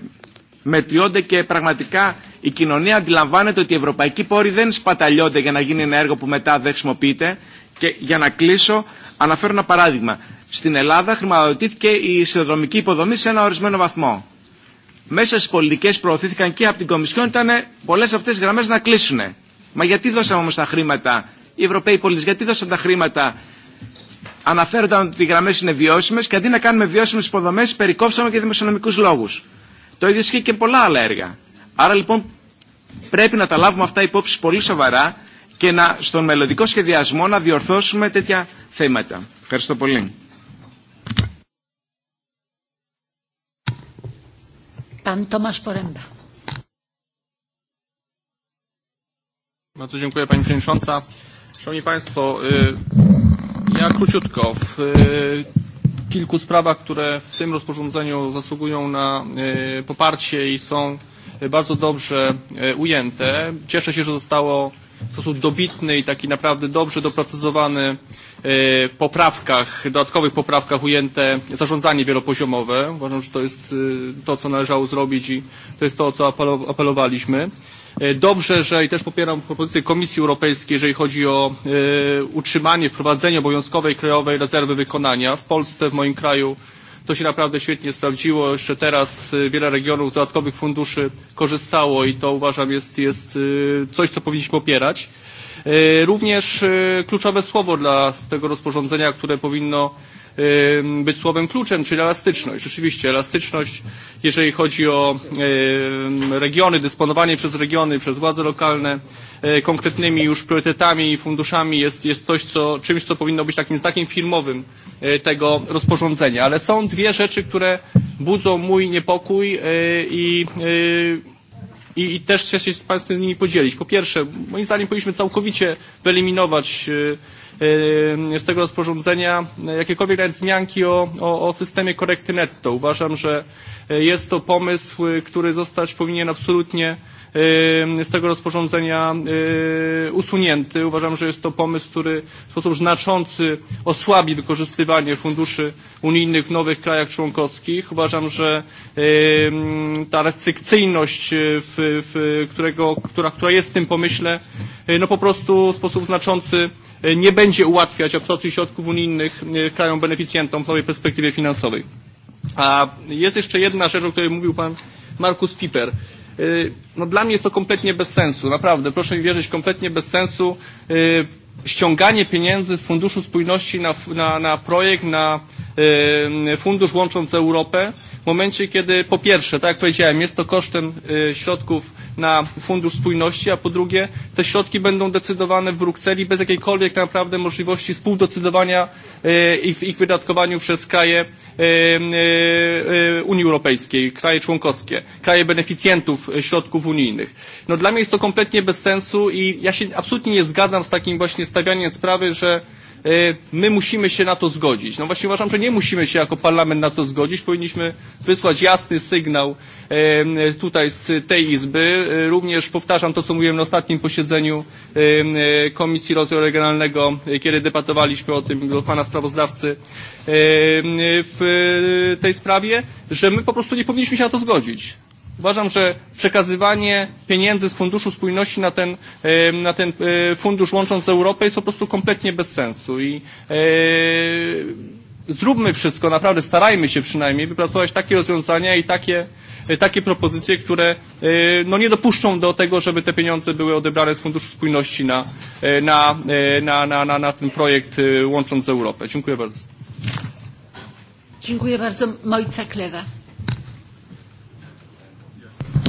μετριώνται και πραγματικά η κοινωνία αντιλαμβάνεται ότι οι ευρωπαϊκοί πόροι δεν σπαταλιώνται για να γίνει ένα έργο που μετά δεν χρησιμοποιείται. Και για να κλείσω, αναφέρω ένα παράδειγμα. Στην Ελλάδα χρηματοδοτήθηκε η σιδηροδρομική υποδομή σε ένα ορισμένο βαθμό. Μέσα στι πολιτικέ που προωθήθηκαν και από την Κομισιόν ήταν πολλέ αυτέ τι γραμμέ να κλείσουν. Μα γιατί δώσαμε όμω τα χρήματα, οι Ευρωπαίοι πολίτε, γιατί δώσαν τα χρήματα αναφέρονταν ότι οι γραμμέ είναι βιώσιμε και αντί να κάνουμε βιώσιμε υποδομέ, περικόψαμε για δημοσιονομικού λόγου. Το ίδιο ισχύει και πολλά άλλα έργα. Άρα λοιπόν πρέπει να τα λάβουμε αυτά υπόψη πολύ σοβαρά και να, στον μελλοντικό σχεδιασμό να διορθώσουμε τέτοια θέματα. Ευχαριστώ πολύ. Bardzo dziękuję Pani Przewodnicząca. Szanowni Państwo, Ja króciutko. W kilku sprawach, które w tym rozporządzeniu zasługują na poparcie i są bardzo dobrze ujęte. Cieszę się, że zostało w sposób dobitny i taki naprawdę dobrze doprecyzowany w poprawkach, dodatkowych poprawkach ujęte zarządzanie wielopoziomowe. Uważam, że to jest to, co należało zrobić i to jest to, o co apelowaliśmy. Dobrze, że i też popieram propozycję Komisji Europejskiej, jeżeli chodzi o utrzymanie, wprowadzenie obowiązkowej krajowej rezerwy wykonania. W Polsce, w moim kraju to się naprawdę świetnie sprawdziło. Jeszcze teraz wiele regionów z dodatkowych funduszy korzystało i to uważam jest, jest coś, co powinniśmy popierać. Również kluczowe słowo dla tego rozporządzenia, które powinno być słowem kluczem, czyli elastyczność. Rzeczywiście elastyczność, jeżeli chodzi o regiony, dysponowanie przez regiony, przez władze lokalne konkretnymi już priorytetami i funduszami jest, jest coś, co, czymś, co powinno być takim znakiem filmowym tego rozporządzenia. Ale są dwie rzeczy, które budzą mój niepokój i i, i też chcę się z Państwem z nimi podzielić. Po pierwsze, moim zdaniem powinniśmy całkowicie wyeliminować z tego rozporządzenia jakiekolwiek nawet wzmianki o, o, o systemie korekty netto. Uważam, że jest to pomysł, który zostać powinien absolutnie z tego rozporządzenia usunięty. Uważam, że jest to pomysł, który w sposób znaczący osłabi wykorzystywanie funduszy unijnych w nowych krajach członkowskich. Uważam, że ta restrykcyjność, którego, która, która jest w tym pomyśle, no po prostu w sposób znaczący nie będzie ułatwiać absorpcji środków unijnych krajom beneficjentom w nowej perspektywie finansowej. A jest jeszcze jedna rzecz, o której mówił pan Markus Piper No dla mnie jest to kompletnie bez sensu, naprawdę, proszę mi wierzyć, kompletnie bez sensu ściąganie pieniędzy z Funduszu Spójności na, na, na projekt, na Fundusz Łącząc Europę w momencie, kiedy po pierwsze, tak jak powiedziałem, jest to kosztem środków na Fundusz Spójności, a po drugie te środki będą decydowane w Brukseli bez jakiejkolwiek naprawdę możliwości współdecydowania i w ich wydatkowaniu przez kraje Unii Europejskiej, kraje członkowskie, kraje beneficjentów środków unijnych. No dla mnie jest to kompletnie bez sensu i ja się absolutnie nie zgadzam z takim właśnie stawianiem sprawy, że my musimy się na to zgodzić. No właśnie uważam, że nie musimy się jako parlament na to zgodzić. Powinniśmy wysłać jasny sygnał tutaj z tej Izby. Również powtarzam to, co mówiłem na ostatnim posiedzeniu Komisji Rozwoju Regionalnego, kiedy debatowaliśmy o tym do pana sprawozdawcy w tej sprawie, że my po prostu nie powinniśmy się na to zgodzić Uważam, że przekazywanie pieniędzy z Funduszu Spójności na ten, na ten fundusz łącząc Europę jest po prostu kompletnie bez sensu i zróbmy wszystko, naprawdę starajmy się przynajmniej wypracować takie rozwiązania i takie, takie propozycje, które no, nie dopuszczą do tego, żeby te pieniądze były odebrane z Funduszu Spójności na, na, na, na, na, na ten projekt łącząc Europę. Dziękuję bardzo. Dziękuję bardzo. Mojca Klewa.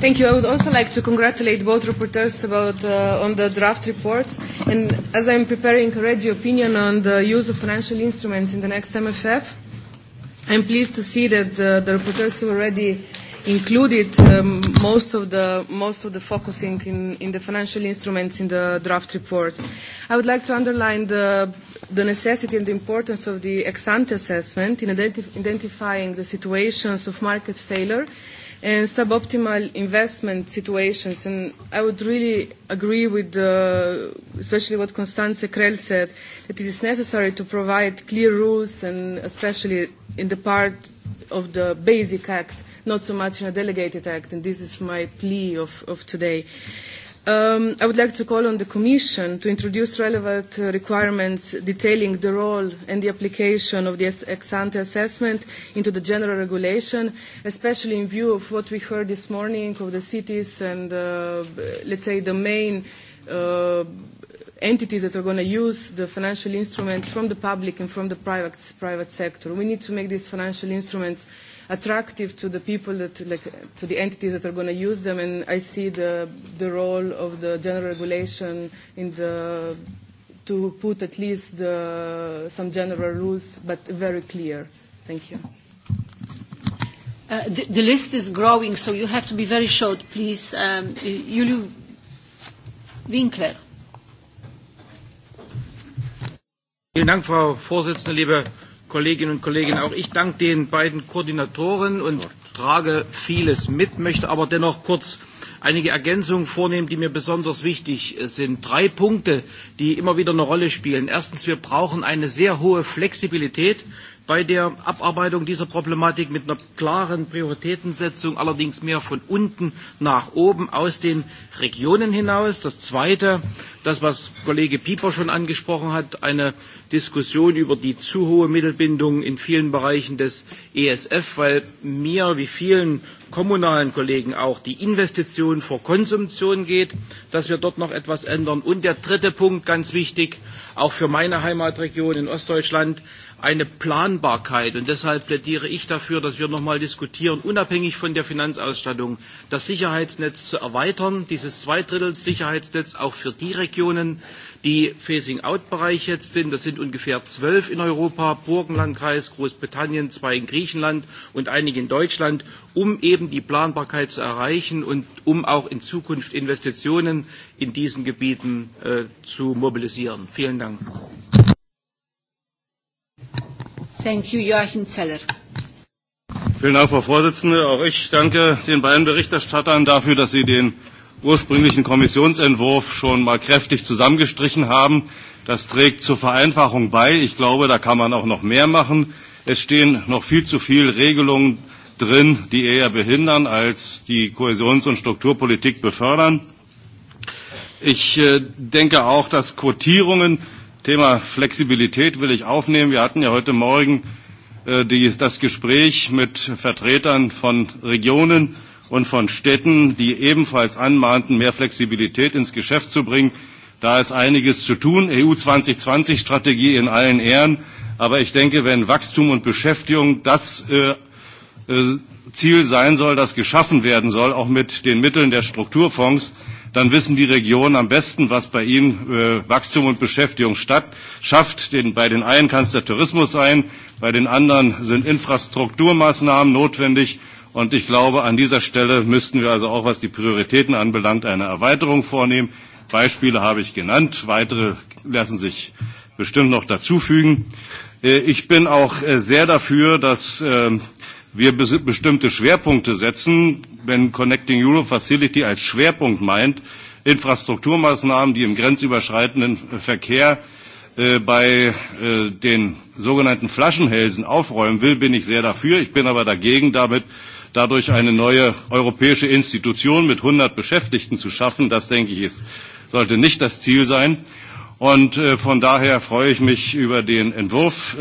Thank you. I would also like to congratulate both reporters about, uh, on the draft reports. And as I'm preparing a ready opinion on the use of financial instruments in the next MFF, I'm pleased to see that uh, the reporters have already included um, most of the most of the focusing in, in the financial instruments in the draft report. I would like to underline the the necessity and the importance of the ex ante assessment in identif- identifying the situations of market failure and suboptimal investment situations. And I would really agree with, uh, especially what Constanze Krell said, that it is necessary to provide clear rules, and especially in the part of the Basic Act, not so much in a delegated act. And this is my plea of, of today. Uh, Um, I would like to call on the Commission to introduce relevant uh, requirements detailing the role and the application of the ex-ante assessment into the general regulation, especially in view of what we heard this morning of the cities and, uh, let's say, the main uh, entities that are going to use the financial instruments from the public and from the private, private sector. We need to make these financial instruments uh, attractive to the people that, like, to the entities that are going to use them. And I see the the role of the general regulation in the to put at least the, some general rules, but very clear. Thank you. Uh, the, the list is growing, so you have to be very short, please. Um, Juliu Winkler. Vielen Dank, Frau Vorsitzende, liebe Kolleginnen und Kollegen. Auch ich danke den beiden Koordinatoren und trage vieles mit, möchte aber dennoch kurz einige Ergänzungen vornehmen, die mir besonders wichtig sind. Drei Punkte, die immer wieder eine Rolle spielen. Erstens, wir brauchen eine sehr hohe Flexibilität bei der Abarbeitung dieser Problematik mit einer klaren Prioritätensetzung, allerdings mehr von unten nach oben aus den Regionen hinaus. Das Zweite, das, was Kollege Pieper schon angesprochen hat, eine Diskussion über die zu hohe Mittelbindung in vielen Bereichen des ESF, weil mir wie vielen kommunalen Kollegen auch die Investition vor Konsumption geht, dass wir dort noch etwas ändern. Und der dritte Punkt, ganz wichtig, auch für meine Heimatregion in Ostdeutschland, eine Planbarkeit. Und deshalb plädiere ich dafür, dass wir noch einmal diskutieren, unabhängig von der Finanzausstattung, das Sicherheitsnetz zu erweitern, dieses Zweidrittel-Sicherheitsnetz auch für die Regionen, die Phasing-out-Bereich jetzt sind. Das sind ungefähr zwölf in Europa, Burgenlandkreis, Großbritannien, zwei in Griechenland und einige in Deutschland um eben die Planbarkeit zu erreichen und um auch in Zukunft Investitionen in diesen Gebieten zu mobilisieren. Vielen Dank. Vielen Dank, Frau Vorsitzende. Auch ich danke den beiden Berichterstattern dafür, dass sie den ursprünglichen Kommissionsentwurf schon mal kräftig zusammengestrichen haben. Das trägt zur Vereinfachung bei. Ich glaube, da kann man auch noch mehr machen. Es stehen noch viel zu viele Regelungen drin, die eher behindern als die Kohäsions- und Strukturpolitik befördern. Ich denke auch, dass Quotierungen, Thema Flexibilität will ich aufnehmen. Wir hatten ja heute Morgen das Gespräch mit Vertretern von Regionen und von Städten, die ebenfalls anmahnten, mehr Flexibilität ins Geschäft zu bringen. Da ist einiges zu tun. EU 2020 Strategie in allen Ehren. Aber ich denke, wenn Wachstum und Beschäftigung das Ziel sein soll, das geschaffen werden soll, auch mit den Mitteln der Strukturfonds, dann wissen die Regionen am besten, was bei ihnen äh, Wachstum und Beschäftigung statt, schafft. Den, bei den einen kann es der Tourismus sein, bei den anderen sind Infrastrukturmaßnahmen notwendig. Und ich glaube, an dieser Stelle müssten wir also auch, was die Prioritäten anbelangt, eine Erweiterung vornehmen. Beispiele habe ich genannt, weitere lassen sich bestimmt noch dazufügen. Ich bin auch sehr dafür, dass wir bestimmte Schwerpunkte setzen, wenn Connecting Europe Facility als Schwerpunkt meint, Infrastrukturmaßnahmen, die im grenzüberschreitenden Verkehr bei den sogenannten Flaschenhälsen aufräumen will, bin ich sehr dafür. Ich bin aber dagegen, damit dadurch eine neue europäische Institution mit 100 Beschäftigten zu schaffen. Das, denke ich, ist, sollte nicht das Ziel sein. Und von daher freue ich mich über den Entwurf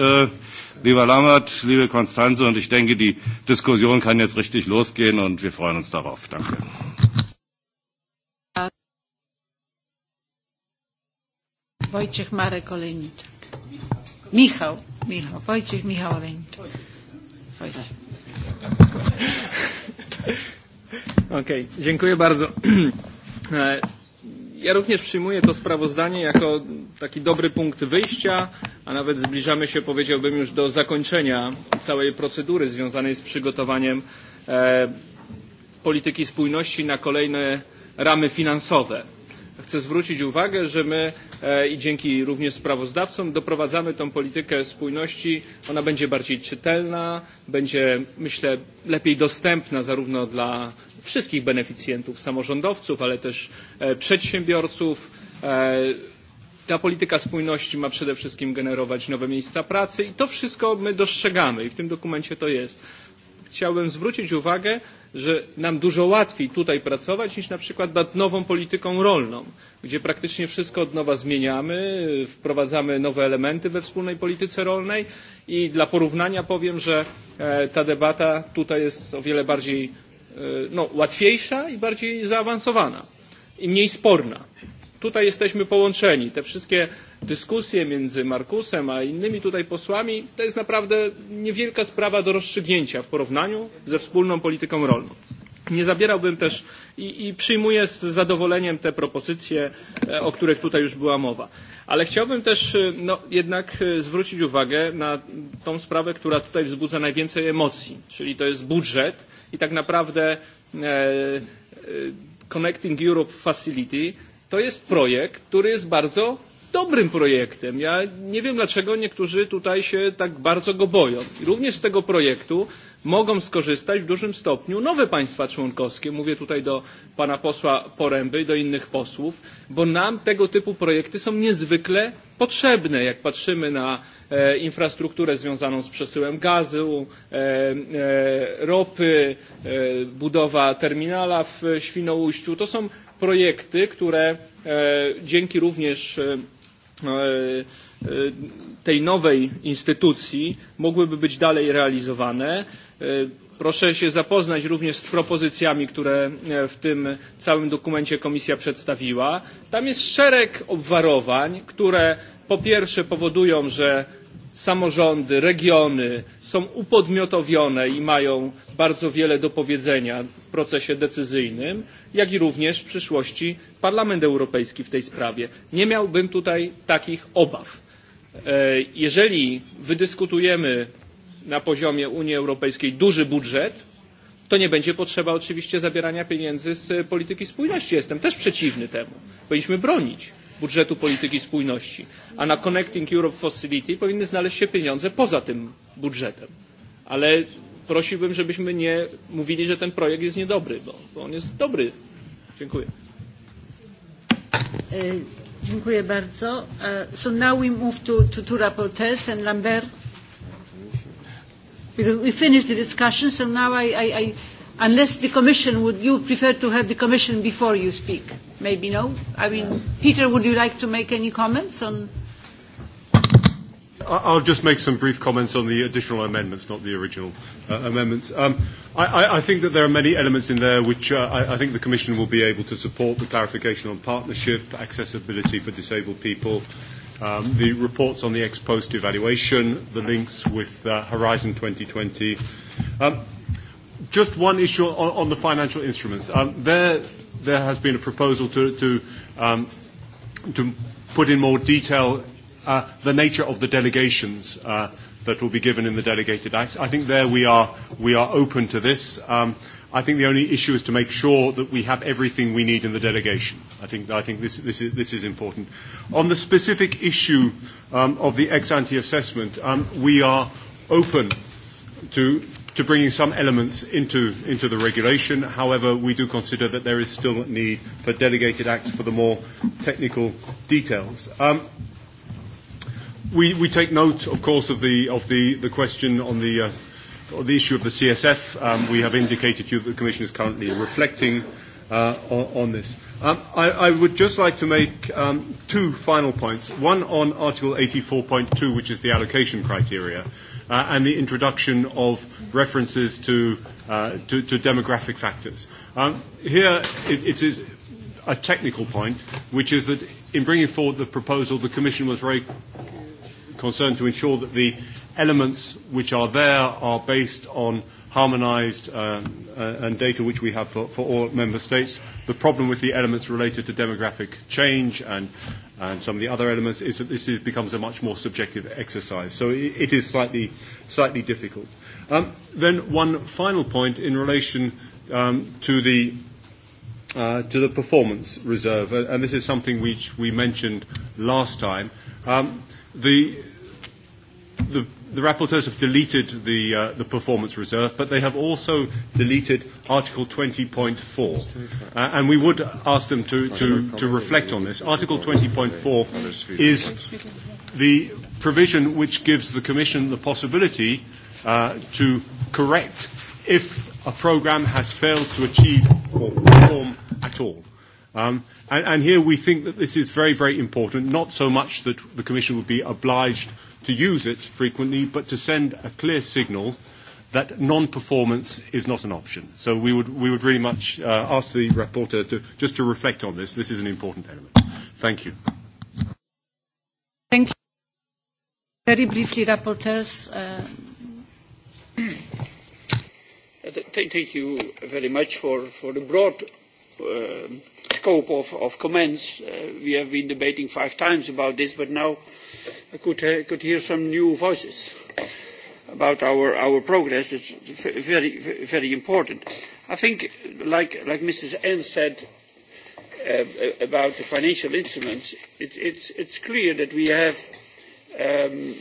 Lieber Lambert, liebe Konstanze, und ich denke, die Diskussion kann jetzt richtig losgehen und wir freuen uns darauf. Danke. Wojciech Marek Olenit. Michał, Michał, Wojciech Michał Olenit. Wojciech. Okej, dziękuję bardzo. Ja również przyjmuję to sprawozdanie jako taki dobry punkt wyjścia, a nawet zbliżamy się, powiedziałbym, już do zakończenia całej procedury związanej z przygotowaniem polityki spójności na kolejne ramy finansowe. Chcę zwrócić uwagę, że my i dzięki również sprawozdawcom doprowadzamy tę politykę spójności. Ona będzie bardziej czytelna, będzie myślę lepiej dostępna zarówno dla wszystkich beneficjentów, samorządowców, ale też przedsiębiorców. Ta polityka spójności ma przede wszystkim generować nowe miejsca pracy i to wszystko my dostrzegamy i w tym dokumencie to jest. Chciałbym zwrócić uwagę, że nam dużo łatwiej tutaj pracować niż na przykład nad nową polityką rolną, gdzie praktycznie wszystko od nowa zmieniamy, wprowadzamy nowe elementy we wspólnej polityce rolnej i dla porównania powiem, że ta debata tutaj jest o wiele bardziej no, łatwiejsza i bardziej zaawansowana i mniej sporna. Tutaj jesteśmy połączeni. Te wszystkie dyskusje między Markusem a innymi tutaj posłami to jest naprawdę niewielka sprawa do rozstrzygnięcia w porównaniu ze wspólną polityką rolną. Nie zabierałbym też i, i przyjmuję z zadowoleniem te propozycje, o których tutaj już była mowa. Ale chciałbym też no, jednak zwrócić uwagę na tą sprawę, która tutaj wzbudza najwięcej emocji, czyli to jest budżet i tak naprawdę Connecting Europe Facility to jest projekt, który jest bardzo dobrym projektem. Ja nie wiem, dlaczego niektórzy tutaj się tak bardzo go boją. Również z tego projektu mogą skorzystać w dużym stopniu nowe państwa członkowskie. Mówię tutaj do pana posła Poręby i do innych posłów, bo nam tego typu projekty są niezwykle potrzebne, jak patrzymy na infrastrukturę związaną z przesyłem gazu, ropy, budowa terminala w Świnoujściu. To są projekty, które dzięki również tej nowej instytucji mogłyby być dalej realizowane. Proszę się zapoznać również z propozycjami, które w tym całym dokumencie Komisja przedstawiła. Tam jest szereg obwarowań, które po pierwsze powodują, że samorządy, regiony są upodmiotowione i mają bardzo wiele do powiedzenia w procesie decyzyjnym, jak i również w przyszłości Parlament Europejski w tej sprawie. Nie miałbym tutaj takich obaw jeżeli wydyskutujemy na poziomie Unii Europejskiej duży budżet, to nie będzie potrzeba oczywiście zabierania pieniędzy z polityki spójności. Jestem też przeciwny temu. Powinniśmy bronić budżetu polityki spójności, a na Connecting Europe Facility powinny znaleźć się pieniądze poza tym budżetem. Ale prosiłbym, żebyśmy nie mówili, że ten projekt jest niedobry, bo, on jest dobry. Dziękuję. Dziękuję bardzo. Uh, so now we move to, to two rapporteurs and Lambert. Because we finished the discussion, so now I, I, I unless the Commission would you prefer to have the Commission before you speak? Maybe no. I mean, Peter, would you like to make any comments on? I'll just make some brief comments on the additional amendments, not the original uh, amendments. Um, I, I think that there are many elements in there which uh, I, I think the Commission will be able to support the clarification on partnership, accessibility for disabled people, um, the reports on the ex post evaluation, the links with uh, Horizon 2020. Um, just one issue on, on the financial instruments. Um, there, there has been a proposal to, to, um, to put in more detail uh, the nature of the delegations uh, that will be given in the delegated acts. I think there we are, we are open to this. Um, I think the only issue is to make sure that we have everything we need in the delegation. I think, I think this, this, is, this is important. On the specific issue um, of the ex-ante assessment, um, we are open to, to bringing some elements into, into the regulation. However, we do consider that there is still a need for delegated acts for the more technical details. Um, We we take note, of course, of the of the the question on the uh the issue of the CSF. Um We have indicated to you that the Commission is currently reflecting uh on this. Um I I would just like to make um two final points. One on Article 84.2, which is the allocation criteria, uh and the introduction of references to uh to to demographic factors. Um Here it it is a technical point, which is that in bringing forward the proposal, the Commission was very concerned to ensure that the elements which are there are based on harmonised um, uh, and data which we have for, for all member states. The problem with the elements related to demographic change and, and some of the other elements is that this is, becomes a much more subjective exercise. So it, it is slightly, slightly difficult. Um, then one final point in relation um, to the uh, to the performance reserve, and this is something which we mentioned last time. Um, the the, the rapporteurs have deleted the, uh, the performance reserve, but they have also deleted Article 20.4. Uh, and we would ask them to, to, to reflect on this. Article 20.4 is the provision which gives the Commission the possibility uh, to correct if a programme has failed to achieve or perform at all. Um, and, and here we think that this is very, very important, not so much that the Commission would be obliged – to use it frequently, but to send a clear signal that non-performance is not an option. So we would, we would really much uh, ask the reporter to, just to reflect on this. This is an important element. Thank you. Thank you. Very briefly, reporters. Uh... Thank you very much for, for the broad uh, scope of, of comments. Uh, we have been debating five times about this, but now I could, uh, could hear some new voices about our, our progress. It's very, very important. I think, like, like Mrs. N said uh, about the financial instruments, it, it's, it's clear that we have um,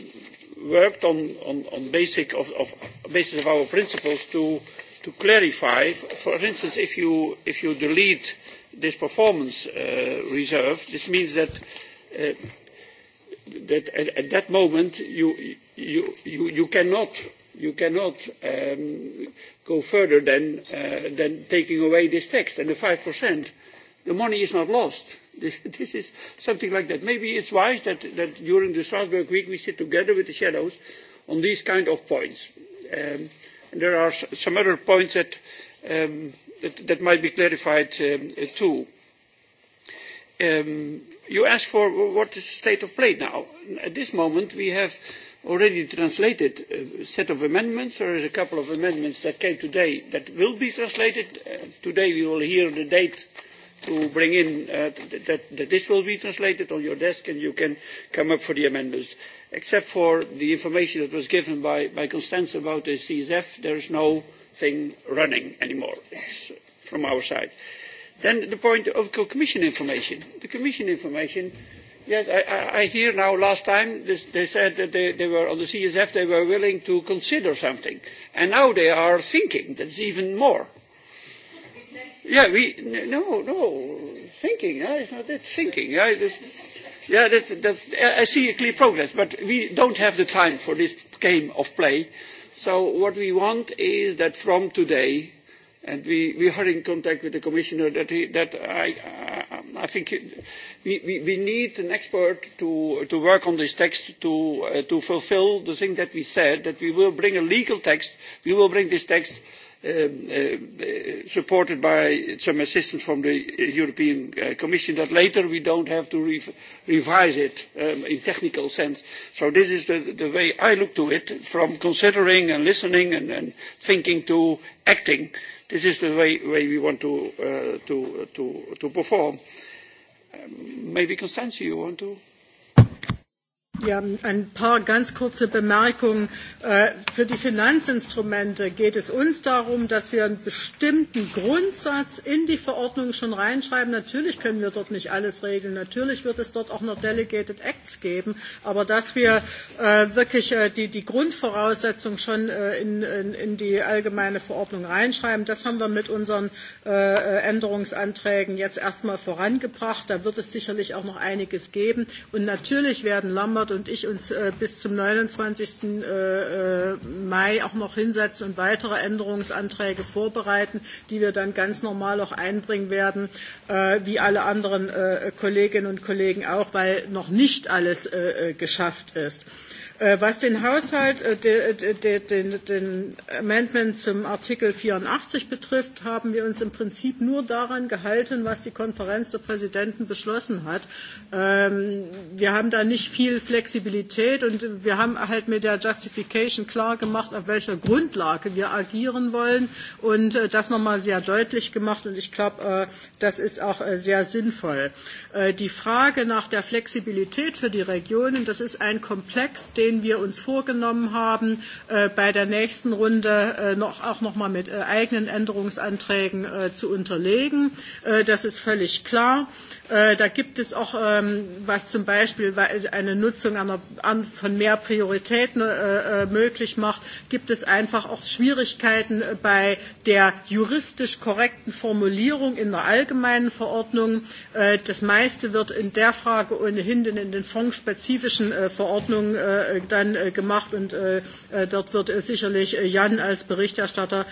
worked on, on, on basic of, of basis of our principles to, to clarify. For instance, if you, if you delete this performance uh, reserve, this means that uh, that at, at that moment you, you, you, you cannot, you cannot um, go further than, uh, than taking away this text and the five percent. The money is not lost. This, this is something like that. Maybe it's wise that, that during the Strasbourg week we sit together with the shadows on these kind of points. Um, and there are some other points that, um, that, that might be clarified um, too. Um, you asked for what is the state of play now. At this moment, we have already translated a set of amendments. There is a couple of amendments that came today that will be translated. Uh, today we will hear the date to bring in uh, that, that this will be translated on your desk and you can come up for the amendments. Except for the information that was given by, by Constance about the CSF, there is no thing running anymore. more from our side. Then the point of Commission information. The Commission information, yes, I, I, I hear now last time this, they said that they, they were on the CSF, they were willing to consider something. And now they are thinking, that's even more. Yeah, we, no, no, thinking, yeah it's not that thinking. this, yeah, that's, that's, I see a clear progress, but we don't have the time for this game of play. So what we want is that from today, and we, we are in contact with the commissioner that, he, that I, I think we, we, we need an expert to, to work on this text to, uh, to fulfill the thing that we said, that we will bring a legal text, we will bring this text supported by some assistance from the European Commission that later we don't have to revise it in technical sense. So this is the, the way I look to it, from considering and listening and, and thinking to acting. Uh, This is the way, way we want to, uh, to, to, to perform. Um, maybe, Constantia, you want to? Ja, ein paar ganz kurze Bemerkungen. Für die Finanzinstrumente geht es uns darum, dass wir einen bestimmten Grundsatz in die Verordnung schon reinschreiben. Natürlich können wir dort nicht alles regeln. Natürlich wird es dort auch noch Delegated Acts geben. Aber dass wir wirklich die, Grundvoraussetzung schon in, die allgemeine Verordnung reinschreiben, das haben wir mit unseren Änderungsanträgen jetzt erst einmal vorangebracht. Da wird es sicherlich auch noch einiges geben. Und natürlich werden Lambert Eckhardt und ich uns bis zum 29. Mai auch noch hinsetzen und weitere Änderungsanträge vorbereiten, die wir dann ganz normal auch einbringen werden, wie alle anderen Kolleginnen und Kollegen auch, weil noch nicht alles geschafft ist. Was den Haushalt, den Amendment zum Artikel 84 betrifft, haben wir uns im Prinzip nur daran gehalten, was die Konferenz der Präsidenten beschlossen hat. Wir haben da nicht viel Flexibilität und wir haben halt mit der Justification klar gemacht, auf welcher Grundlage wir agieren wollen und das nochmal sehr deutlich gemacht und ich glaube, das ist auch sehr sinnvoll. Die Frage nach der Flexibilität für die Regionen, das ist ein Komplex, den den wir uns vorgenommen haben, bei der nächsten Runde noch, auch noch mal mit eigenen Änderungsanträgen zu unterlegen. das ist völlig klar. Da gibt es auch, was zum Beispiel eine Nutzung von mehr Prioritäten möglich macht, gibt es einfach auch Schwierigkeiten bei der juristisch korrekten Formulierung in der allgemeinen Verordnung. Das meiste wird in der Frage ohnehin in den fondsspezifischen Verordnungen dann gemacht und dort wird sicherlich Jan als Berichterstatter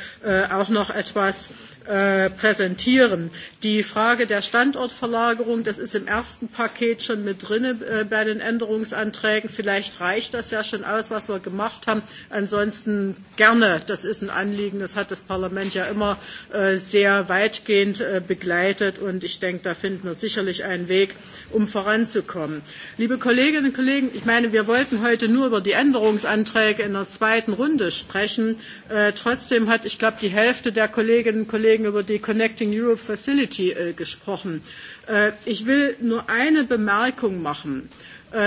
auch noch etwas präsentieren. Die Frage der Standortverlagerung Verlagerung, das ist im ersten Paket schon mit drin bei den Änderungsanträgen. Vielleicht reicht das ja schon aus, was wir gemacht haben. Ansonsten gerne, das ist ein Anliegen, das hat das Parlament ja immer sehr weitgehend begleitet und ich denke, da finden wir sicherlich einen Weg, um voranzukommen. Liebe Kolleginnen und Kollegen, ich meine, wir wollten heute nur über die Änderungsanträge in der zweiten Runde sprechen. Trotzdem hat, ich glaube, die Hälfte der Kolleginnen und Kollegen über die Connecting Europe Facility gesprochen. Ich will nur eine Bemerkung machen.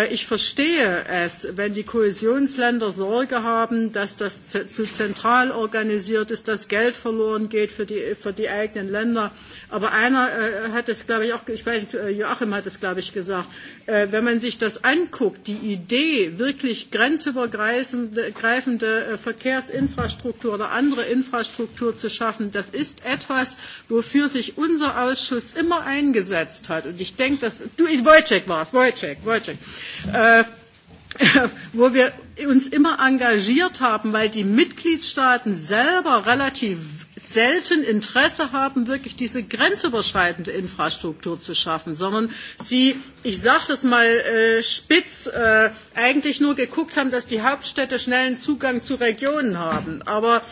Ich verstehe es, wenn die Kohäsionsländer Sorge haben, dass das zu zentral organisiert ist, dass Geld verloren geht für die, eigenen Länder. Aber einer hat es, glaube ich, auch, ich weiß, Joachim hat es, glaube ich, gesagt, wenn man sich das anguckt, die Idee, wirklich grenzübergreifende Verkehrsinfrastruktur oder andere Infrastruktur zu schaffen, das ist etwas, wofür sich unser Ausschuss immer eingesetzt hat. Und ich denke, dass, du, Wojciech war es, Wojciech, Wojciech. Uh, wo wir uns immer engagiert haben, weil die Mitgliedstaaten selber relativ selten Interesse haben, wirklich diese grenzüberschreitende Infrastruktur zu schaffen, sondern sie, ich sage das mal spitz, eigentlich nur geguckt haben, dass die Hauptstädte schnellen Zugang zu Regionen haben. Aber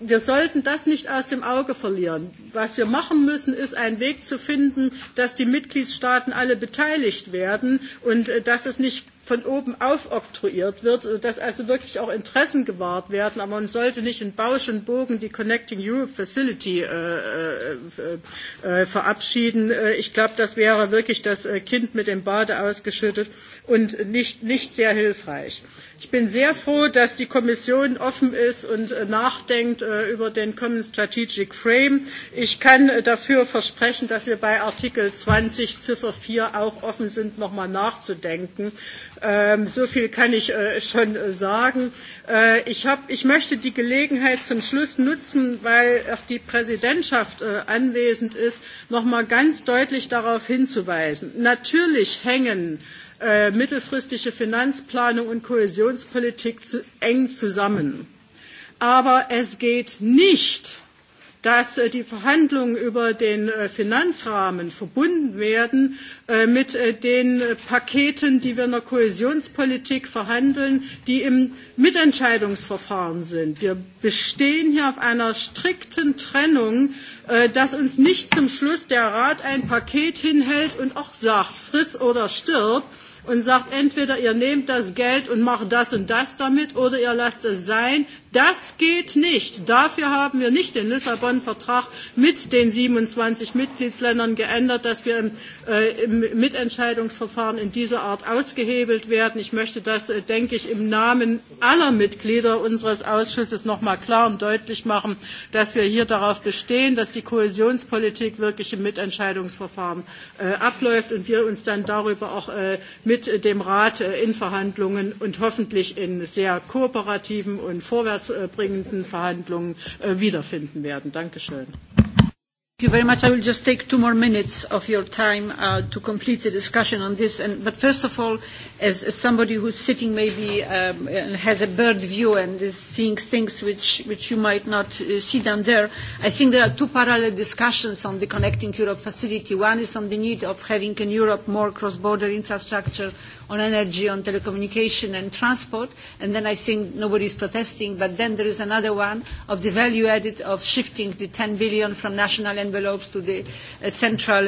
wir sollten das nicht aus dem Auge verlieren. Was wir machen müssen, ist einen Weg zu finden, dass die Mitgliedstaaten alle beteiligt werden und dass es nicht von oben aufoktroyiert wird, dass also wirklich auch Interessen gewahrt werden. Aber man sollte nicht in Bausch und Bogen die Connecting Europe Facility verabschieden. ich glaube, das wäre wirklich das Kind mit dem Bade ausgeschüttet und nicht, nicht sehr hilfreich. Ich bin sehr froh, dass die Kommission offen ist und nachdenkt über den Common Strategic Frame. Ich kann dafür versprechen, dass wir bei Artikel zwanzig Ziffer vier auch offen sind, nochmal nachzudenken. so viel kann ich schon sagen. ich, möchte die Gelegenheit zum Schluss nutzen, weil auch die Präsidentschaft anwesend ist, noch nochmal ganz deutlich darauf hinzuweisen. Natürlich hängen äh, mittelfristige Finanzplanung und Kohäsionspolitik eng zusammen. Aber es geht nicht dass die Verhandlungen über den Finanzrahmen verbunden werden mit den Paketen, die wir in der Kohäsionspolitik verhandeln, die im Mitentscheidungsverfahren sind. Wir bestehen hier auf einer strikten Trennung, dass uns nicht zum Schluss der Rat ein Paket hinhält und auch sagt, friss oder stirb, und sagt entweder ihr nehmt das Geld und macht das und das damit oder ihr lasst es sein, Das geht nicht. Dafür haben wir nicht den Lissabon-Vertrag mit den 27 Mitgliedsländern geändert, dass wir im, Mitentscheidungsverfahren in dieser Art ausgehebelt werden. Ich möchte das, denke ich, im Namen aller Mitglieder unseres Ausschusses noch einmal klar und deutlich machen, dass wir hier darauf bestehen, dass die Kohäsionspolitik wirklich im Mitentscheidungsverfahren abläuft und wir uns dann darüber auch mit dem Rat in Verhandlungen und hoffentlich in sehr kooperativen und vorwärts vorwärtsbringenden Verhandlungen wiederfinden werden. Dankeschön. Thank you very much. I will just take two more minutes of your time uh, to complete the discussion on this. And, but first of all, as, as somebody who's sitting maybe um, and has a bird view and is seeing things which, which you might not uh, see down there, I think there are two parallel discussions on the Connecting Europe facility. One is on the need of having in Europe more cross-border infrastructure on energy, on telecommunication and transport. And then I think nobody is protesting. But then there is another one of the value added of shifting the 10 billion from national envelopes to the central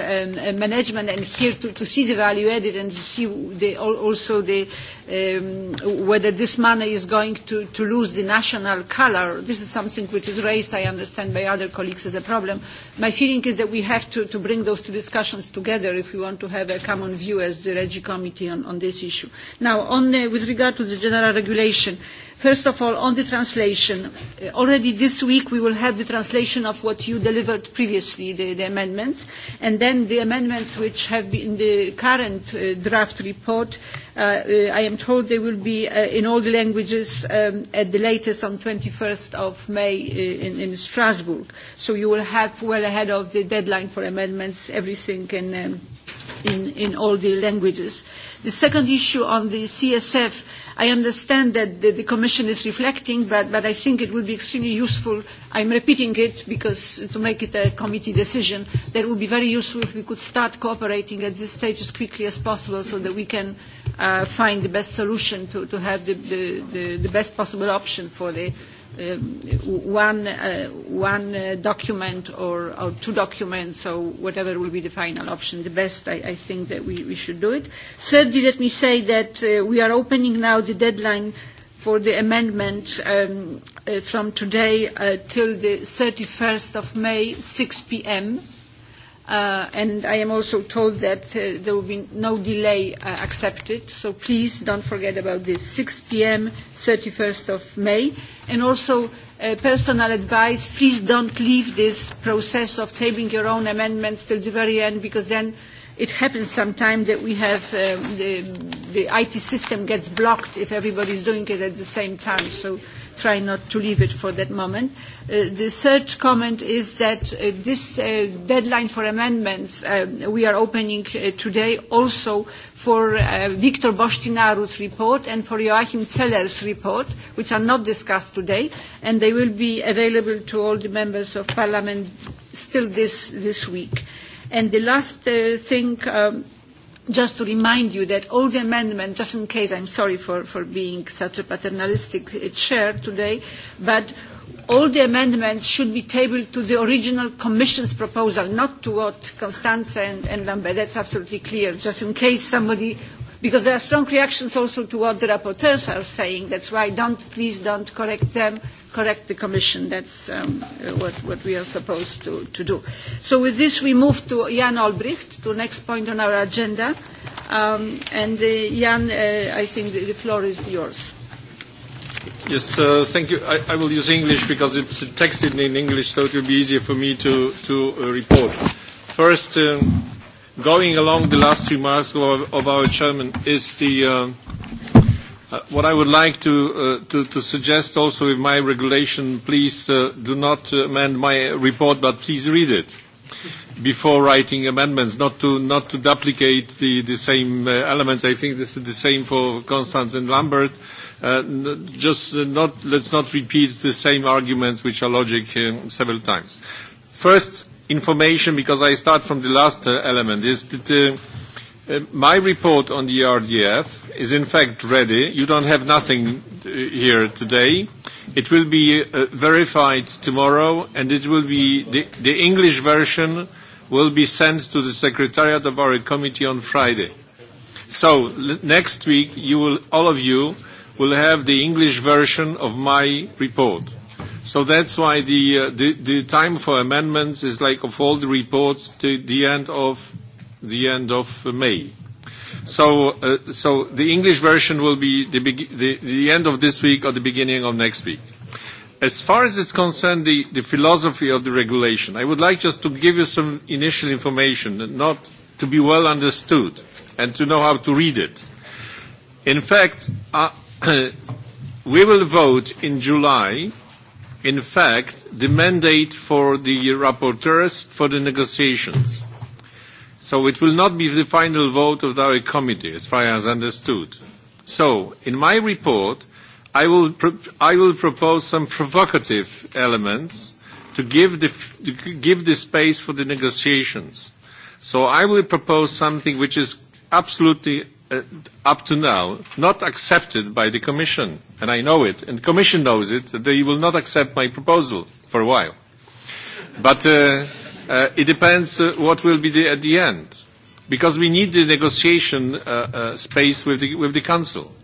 management and here to, to see the value added and to see the, also the, whether this money is going to, to lose the national colour. This is something which is raised, I understand, by other colleagues as a problem. My feeling is that we have to, to bring those two discussions together if we want to have a common view as the Regi Committee on, on this issue. Now, on, the, with regard to the general regulation, uh, First of all, on the translation, already this week we will have the translation of what you delivered previously, the, the amendments, and then the amendments which have been in the current uh, draft report, uh, I am told they will be uh, in all the languages um, at the latest on 21st of May in, in Strasbourg. So you will have well ahead of the deadline for amendments everything in, um, in, in all the languages. Uh, The second issue on the CSF, I understand that the, the Commission is reflecting, but, but I think it would be extremely useful. I'm repeating it because to make it a committee decision, that would be very useful if we could start cooperating at this stage as quickly as possible so that we can uh, find the best solution to, to have the, the, the, the best possible option for the one, uh, one uh, document or, or two documents or whatever will be the final option, the best I, I think that we, we should do it. Thirdly, let me say that uh, we are opening now the deadline for the amendment um, uh, from today uh, till the 31st of May, 6 p.m and I am also told that there will be no delay accepted, so please don't forget about this. 6 p.m., 31st of May. And also, personal advice, please don't leave this process of tabling your own amendments till the very end, because then it happens sometimes that we have the, IT system gets blocked if everybody is doing it at the same time. So try not to leave it for that moment. the third comment is that this deadline for amendments we are opening today also for Viktor Boshtinaru's report and for Joachim Zeller's report, which are not discussed today, and they will be available to all the members of parliament still this, week. And the last thing just to remind you that all the amendments, just in case, I'm sorry for, for being such a paternalistic chair today, but all the amendments should be tabled to the original Commission's proposal, not to what Constanza and, and Lambert, that's absolutely clear, just in case somebody because there are strong reactions also to what the rapporteurs are saying. That's why don't, please don't correct them, correct the Commission. That's um, what, what we are supposed to, to do. So with this, we move to Jan Olbricht, to the next point on our agenda. Um, and uh, Jan, uh, I think the floor is yours. Yes, uh, thank you. I, I will use English because it's texted in English, so it will be easier for me to, to uh, report. First, um, Going along the last remarks of, our chairman is the uh, What I would like to suggest also with my regulation, please do not amend my report, but please read it before writing amendments, not to duplicate the same elements. I think this is the same for Constance and Lambert. Just not, let's not repeat the same arguments which are logic several times. First, information because I start from the last uh, element is that uh, uh, my report on the RDF is in fact ready. You don't have nothing uh, here today. It will be uh, verified tomorrow and it will be the, the English version will be sent to the secretariat of our committee on Friday. So l- next week you will all of you will have the English version of my report So that's why the, uh, the, the time for amendments is like of all the reports to the end of, the end of May. So, uh, so the English version will be the, the, the end of this week or the beginning of next week. As far as it's concerned, the, the philosophy of the regulation, I would like just to give you some initial information, not to be well understood, and to know how to read it. In fact, uh, we will vote in July in fact, the mandate for the rapporteurs for the negotiations. So it will not be the final vote of our committee, as far as understood. So, in my report, I will, pro- I will propose some provocative elements to give the, to give the space for the negotiations. So I will propose something which is absolutely uh, up to now not accepted by the Commission, and I know it, and the Commission knows it, that they will not accept my proposal for a while. But uh, uh, it depends uh, what will be the, at the end, because we need the negotiation uh, uh, space with the, with the Council.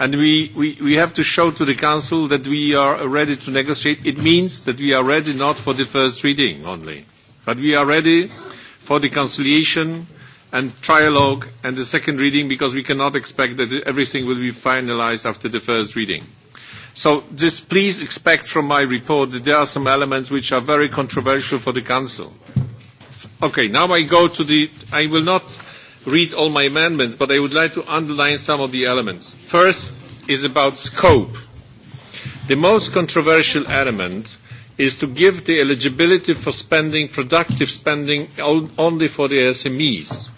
And we, we, we have to show to the Council that we are ready to negotiate. It means that we are ready not for the first reading only, but we are ready for the conciliation and trialogue and the second reading because we cannot expect that everything will be finalized after the first reading. So just please expect from my report that there are some elements which are very controversial for the Council. Okay, now I go to the... I will not read all my amendments, but I would like to underline some of the elements. First is about scope. The most controversial element is to give the eligibility for spending, productive spending, only for the SMEs.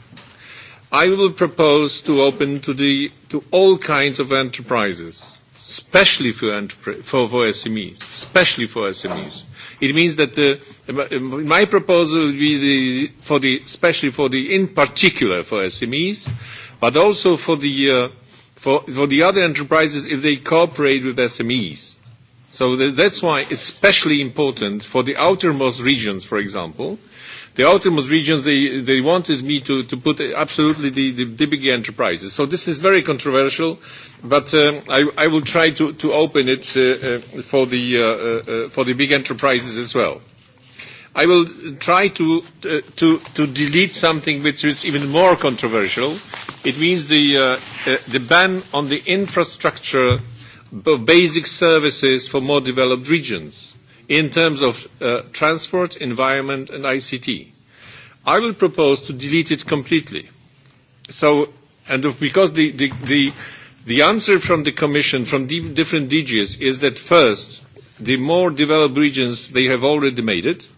I will propose to open to, the, to all kinds of enterprises, especially for, enterpri- for, for SMEs, especially for SMEs. It means that uh, my proposal will be the, for the, especially for the, in particular for SMEs, but also for the, uh, for, for the other enterprises if they cooperate with SMEs. So that's why it's especially important for the outermost regions, for example, The outermost regions, they, they wanted me to, to put absolutely the, the, the big enterprises. So this is very controversial, but um, I, I will try to, to open it uh, uh, for, the, uh, uh, for the big enterprises as well. I will try to, to, to delete something which is even more controversial. It means the, uh, uh, the ban on the infrastructure of basic services for more developed regions in terms of uh, transport, environment, and ICT. I will propose to delete it completely. So, and because the, the, the, the answer from the Commission, from different DGs, is that first, the more developed regions, they have already made it,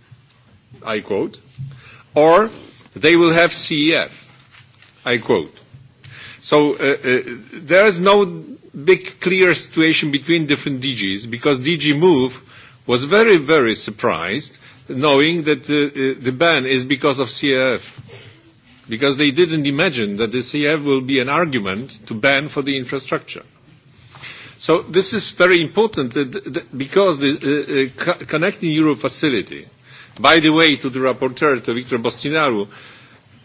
I quote, or they will have CEF, I quote. So there is no big clear situation between different DGs because DG Move was very, very surprised knowing that uh, the ban is because of CAF. Because they didn't imagine that the CAF will be an argument to ban for the infrastructure. So this is very important because the Connecting Europe facility, by the way, to the rapporteur, to Victor Bostinaru,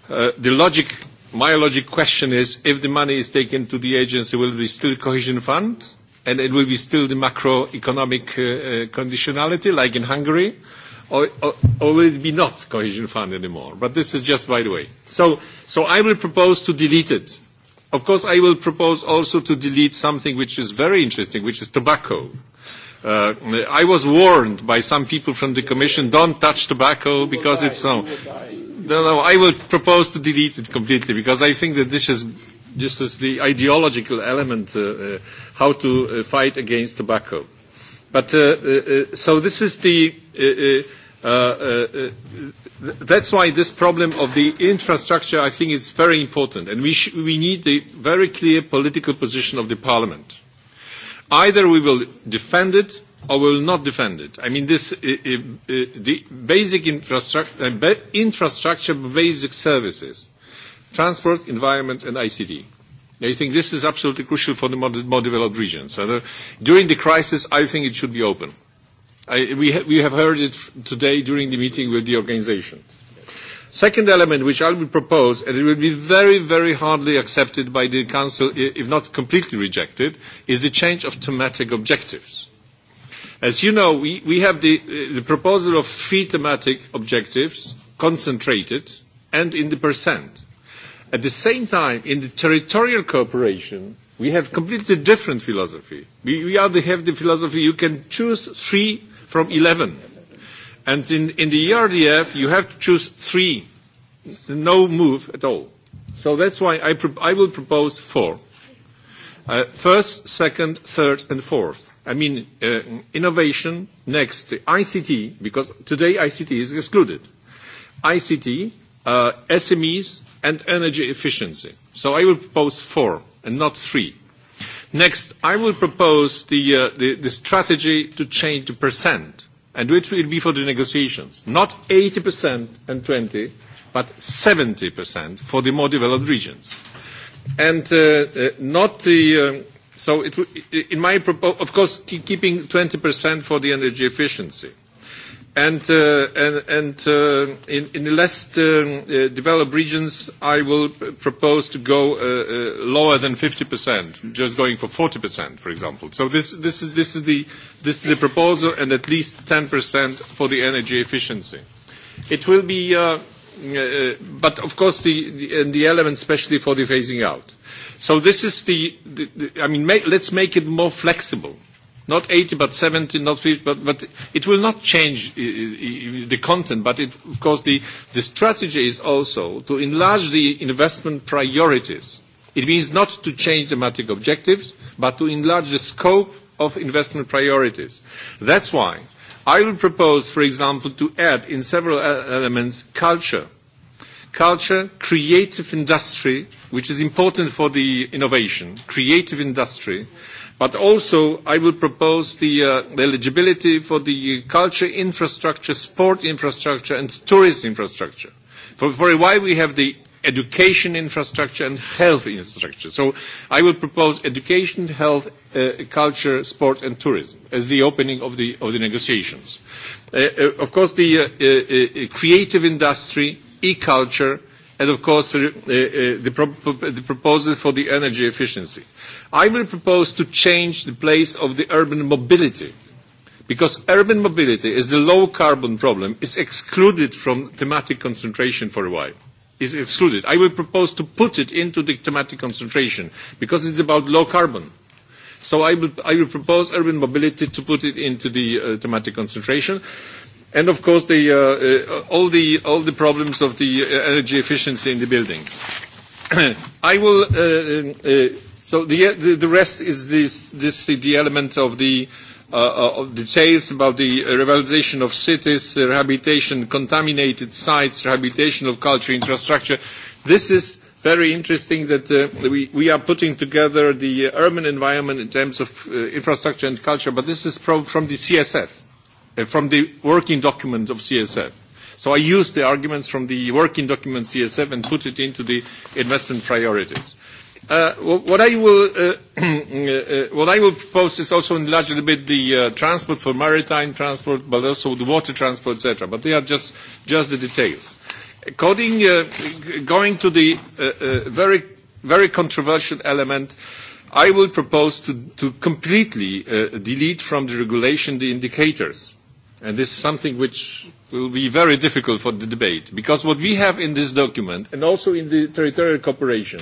the logic, my logic question is, if the money is taken to the agency, will it be still cohesion fund? and it will be still the macroeconomic conditionality, like in Hungary, or will it be not cohesion fund anymore? But this is just by the way. So I will propose to delete it. Of course, I will propose also to delete something which is very interesting, which is tobacco. I was warned by some people from the commission, "Don't touch tobacco because it's..." No, no, I will propose to delete it completely because I think that this is This is the ideological element, uh, uh, how to uh, fight against tobacco. But uh, uh, so this is the. Uh, uh, uh, that's why this problem of the infrastructure, I think, is very important, and we, sh- we need the very clear political position of the parliament. Either we will defend it or we will not defend it. I mean, this, uh, uh, the basic infrastructure, uh, infrastructure, basic services transport, environment, and ICT. I think this is absolutely crucial for the more developed regions. And, uh, during the crisis, I think it should be open. I, we, ha- we have heard it today during the meeting with the organization. Second element which I will propose, and it will be very, very hardly accepted by the Council, if not completely rejected, is the change of thematic objectives. As you know, we, we have the, uh, the proposal of three thematic objectives, concentrated, and in the percent At the same time, in the territorial cooperation, we have completely different philosophy. We, we are the, have the philosophy you can choose three from eleven. And in, in the ERDF, you have to choose three, no move at all. So that's why I, pro- I will propose four. Uh, first, second, third, and fourth. I mean, uh, innovation, next, ICT, because today ICT is excluded. ICT, uh, SMEs, and energy efficiency. So I will propose four and not three. Next, I will propose the, uh, the, the strategy to change the percent, and which will be for the negotiations. Not 80% and 20, but 70% for the more developed regions. And uh, uh, not the, uh, so it, in my proposal, of course, keeping 20% for the energy efficiency And in the less developed regions, I will propose to go lower than 50%, just going for 40%, for example. So this is the proposal, and at least 10% for the energy efficiency. It will be, but of course, the element, especially for the phasing out. So this is the, I mean, let's make it more flexible Not 80, but 70, not 50, but, but it will not change the content, but it, of course the, the strategy is also to enlarge the investment priorities. It means not to change thematic objectives, but to enlarge the scope of investment priorities. That's why I will propose, for example, to add in several elements culture. Culture, creative industry, which is important for the innovation, creative industry, But also, I will propose the eligibility for the culture infrastructure, sport infrastructure, and tourist infrastructure. For, for a while, we have the education infrastructure and health infrastructure. So I will propose education, health, uh, culture, sport and tourism as the opening of the, of the negotiations. Uh, uh, of course, the uh, uh, uh, creative industry, e-culture, and of course uh, uh, the, pro the proposal for the energy efficiency. I will propose to change the place of the urban mobility because urban mobility is the low carbon problem is excluded from thematic concentration for a while is excluded. I will propose to put it into the thematic concentration because it's about low carbon. So I will, I will propose urban mobility to put it into the uh, thematic concentration. And of course, the, uh, all, the, all the problems of the energy efficiency in the buildings. I will, uh, uh, so the, the, rest is this, this, the element of the, uh, of details about the revitalization of cities, rehabilitation, contaminated sites, rehabilitation of cultural infrastructure. This is very interesting that uh, we, we are putting together the urban environment in terms of uh, infrastructure and culture, but this is from, from the CSF from the working document of CSF. So I used the arguments from the working document CSF and put it into the investment priorities. What I will propose is also enlarge a little bit the transport for maritime transport, but also the water transport, etc. But they are just the details. Going to the very very controversial element, I will propose to completely delete from the regulation the indicators And this is something which will be very difficult for the debate, because what we have in this document and also in the territorial cooperation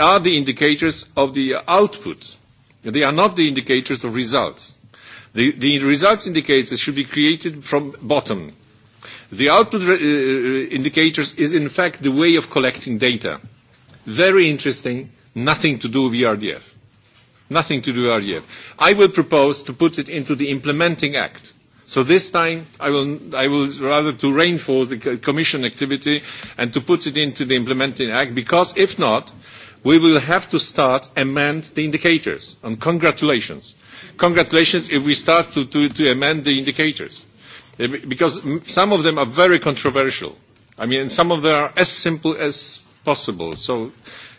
are the indicators of the output. They are not the indicators of results. The, the results indicators should be created from bottom. The output uh, indicators is in fact the way of collecting data. Very interesting, nothing to do with RDF. Nothing to do with RDF. I will propose to put it into the implementing act So this time, I will, I will rather to reinforce the Commission activity and to put it into the implementing act, because if not, we will have to start amend the indicators. And congratulations. Congratulations if we start to, to, to amend the indicators. Because some of them are very controversial. I mean, some of them are as simple as possible. So,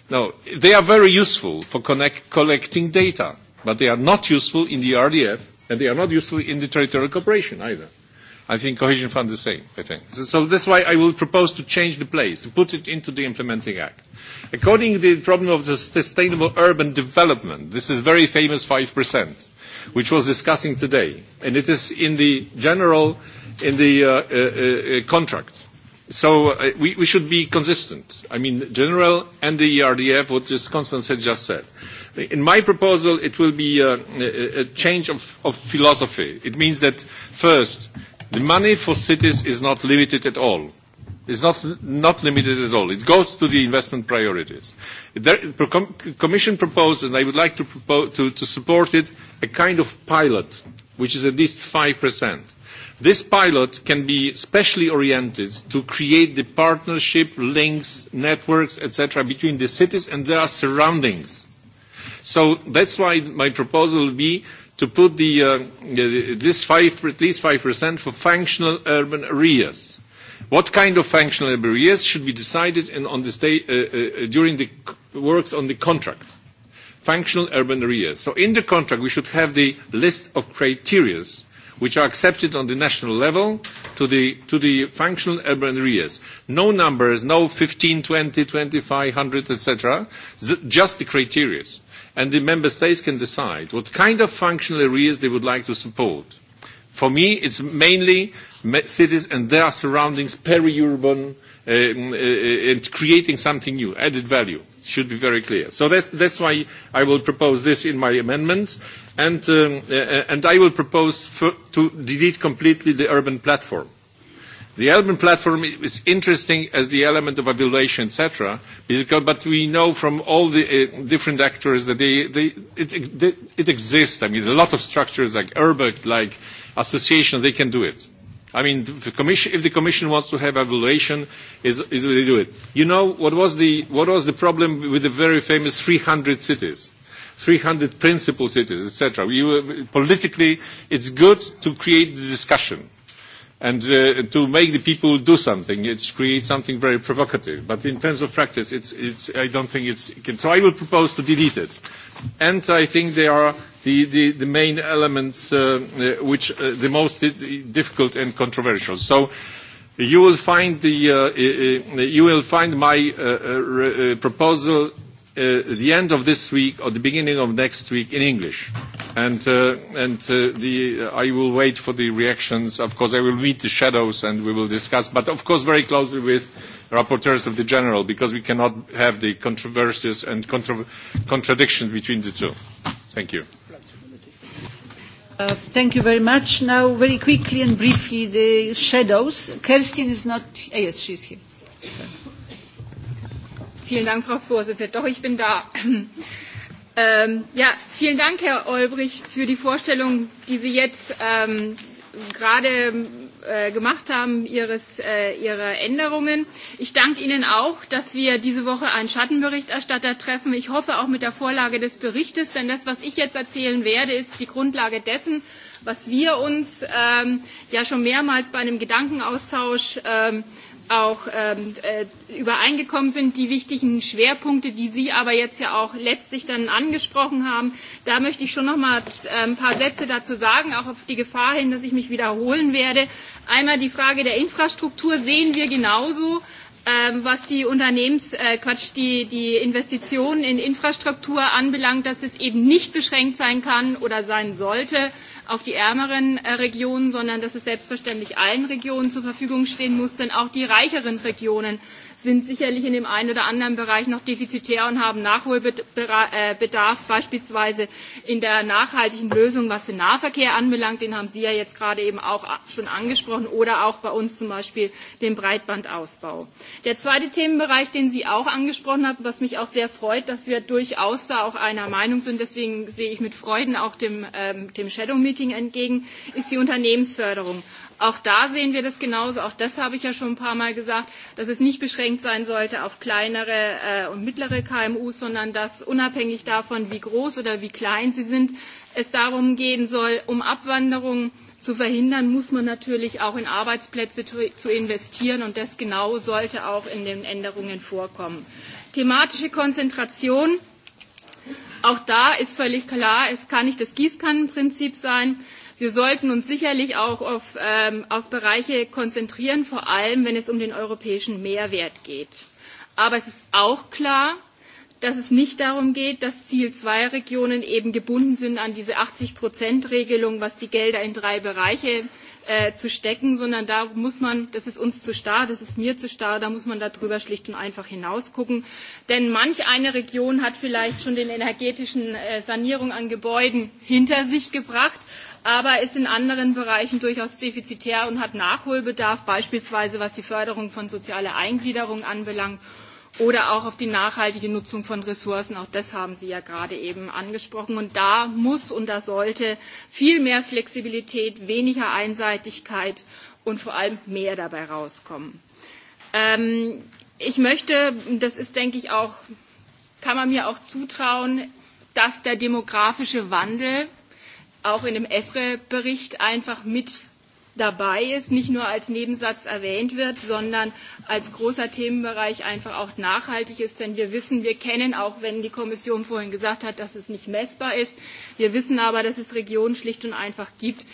no, they are very useful for connect, collecting data, but they are not useful in the RDF And they are not useful in the territorial cooperation either. I think cohesion fund the same, I think. So, so that's why I will propose to change the place, to put it into the implementing act. According to the problem of the sustainable urban development, this is very famous 5%, which was discussing today. And it is in the general, in the uh, uh, uh, contract. So uh, we, we should be consistent. I mean, general and the ERDF, what Constance had just said. In my proposal, it will be a, a change of, of philosophy. It means that, first, the money for cities is not limited at all. It's not, not limited at all. It goes to the investment priorities. The Commission proposed, and I would like to, propose, to, to support it, a kind of pilot, which is at least 5%. This pilot can be specially oriented to create the partnership, links, networks, etc., between the cities and their surroundings So that's why my proposal would be to put the, uh, this five, at least 5% for functional urban areas. What kind of functional urban areas should be decided in, on the state, uh, uh, during the works on the contract? Functional urban areas. So in the contract, we should have the list of criteria which are accepted on the national level to the, to the functional urban areas. No numbers, no 15, 20, 25, 100, etc. Just the criteria and the member states can decide what kind of functional areas they would like to support. For me, it's mainly cities and their surroundings, peri-urban, and creating something new, added value. Should be very clear. So that's, that's why I will propose this in my amendments, and, and I will propose for, to delete completely the urban platform The Elben platform is interesting as the element of evaluation, etc. But we know from all the uh, different actors that they, they, it, it, exists. I mean, a lot of structures like Urbect, like associations, they can do it. I mean, the commission, if the commission wants to have evaluation, is, they do it. You know what was the what was the problem with the very famous 300 cities? 300 principal cities, et We politically, it's good to create the discussion and uh, to make the people do something. It's create something very provocative. But in terms of practice, it's, it's, I don't think it's. Can, so I will propose to delete it. And I think they are the, the, the main elements uh, which uh, the most difficult and controversial. So. You will find the uh, uh, you will find my uh, uh, proposal uh, the end of this week or the beginning of next week in English and uh, uh, and the I will wait for the reactions. Of course, I will meet the shadows, and we will discuss, but of course, very closely with rapporteurs of the general, because we cannot have the controversies and contra- contradictions between the two. Thank you. Uh, Thank you very much. Now, very quickly and briefly, the shadows. Kerstin is not... Ah, yes, she's here. Vielen Dank, Frau Vorsitzende. Doch, ich bin da ja, vielen Dank, Herr Olbrich, für die Vorstellung, die Sie jetzt gerade gemacht haben, ihres, ihrer Änderungen. Ich danke Ihnen auch, dass wir diese Woche einen Schattenberichterstatter treffen. Ich hoffe auch mit der Vorlage des Berichtes, denn das, was ich jetzt erzählen werde, ist die Grundlage dessen, was wir uns ja schon mehrmals bei einem Gedankenaustausch auch übereingekommen sind, die wichtigen Schwerpunkte, die Sie aber jetzt ja auch letztlich dann angesprochen haben. Da möchte ich schon noch mal ein paar Sätze dazu sagen, auch auf die Gefahr hin, dass ich mich wiederholen werde. Einmal die Frage der Infrastruktur sehen wir genauso was die Unternehmens, äh, Quatsch, die, die Investitionen in Infrastruktur anbelangt, dass es eben nicht beschränkt sein kann oder sein sollte auf die ärmeren Regionen, sondern dass es selbstverständlich allen Regionen zur Verfügung stehen muss, denn auch die reicheren Regionen sind sicherlich in dem einen oder anderen Bereich noch defizitär und haben Nachholbedarf, beispielsweise in der nachhaltigen Lösung, was den Nahverkehr anbelangt. Den haben Sie ja jetzt gerade eben auch schon angesprochen oder auch bei uns zum Beispiel den Breitbandausbau. Der zweite Themenbereich, den Sie auch angesprochen haben, was mich auch sehr freut, dass wir durchaus da auch einer Meinung sind, deswegen sehe ich mit Freuden auch dem, Shadow Meeting entgegen, ist die Unternehmensförderung. Auch da sehen wir das genauso. Auch das habe ich ja schon ein paar Mal gesagt, dass es nicht beschränkt sein sollte auf kleinere und mittlere KMU, sondern dass unabhängig davon, wie groß oder wie klein sie sind, es darum gehen soll, um Abwanderung zu verhindern, muss man natürlich auch in Arbeitsplätze zu investieren und das genau sollte auch in den Änderungen vorkommen. Thematische Konzentration. Auch da ist völlig klar, es kann nicht das Gießkannenprinzip sein Wir sollten uns sicherlich auch auf, ähm, auf Bereiche konzentrieren, vor allem wenn es um den europäischen Mehrwert geht. Aber es ist auch klar, dass es nicht darum geht, dass Ziel 2 Regionen eben gebunden sind an diese 80-Prozent-Regelung, was die Gelder in drei Bereiche äh, zu stecken, sondern da muss man, das ist uns zu starr, das ist mir zu starr, da muss man darüber schlicht und einfach hinausgucken. Denn manch eine Region hat vielleicht schon den energetischen äh, Sanierung an Gebäuden hinter sich gebracht, aber ist in anderen Bereichen durchaus defizitär und hat Nachholbedarf, beispielsweise was die Förderung von sozialer Eingliederung anbelangt oder auch auf die nachhaltige Nutzung von Ressourcen. Auch das haben Sie ja gerade eben angesprochen. Und da muss und da sollte viel mehr Flexibilität, weniger Einseitigkeit und vor allem mehr dabei rauskommen. ich möchte, das ist, denke ich, auch, kann man mir auch zutrauen, dass der demografische Wandel auch in dem EFRE-Bericht einfach mit dabei ist, nicht nur als Nebensatz erwähnt wird, sondern als großer Themenbereich einfach auch nachhaltig ist. Denn wir wissen, wir kennen, auch wenn die Kommission vorhin gesagt hat, dass es nicht messbar ist, wir wissen aber, dass es Regionen schlicht und einfach gibt,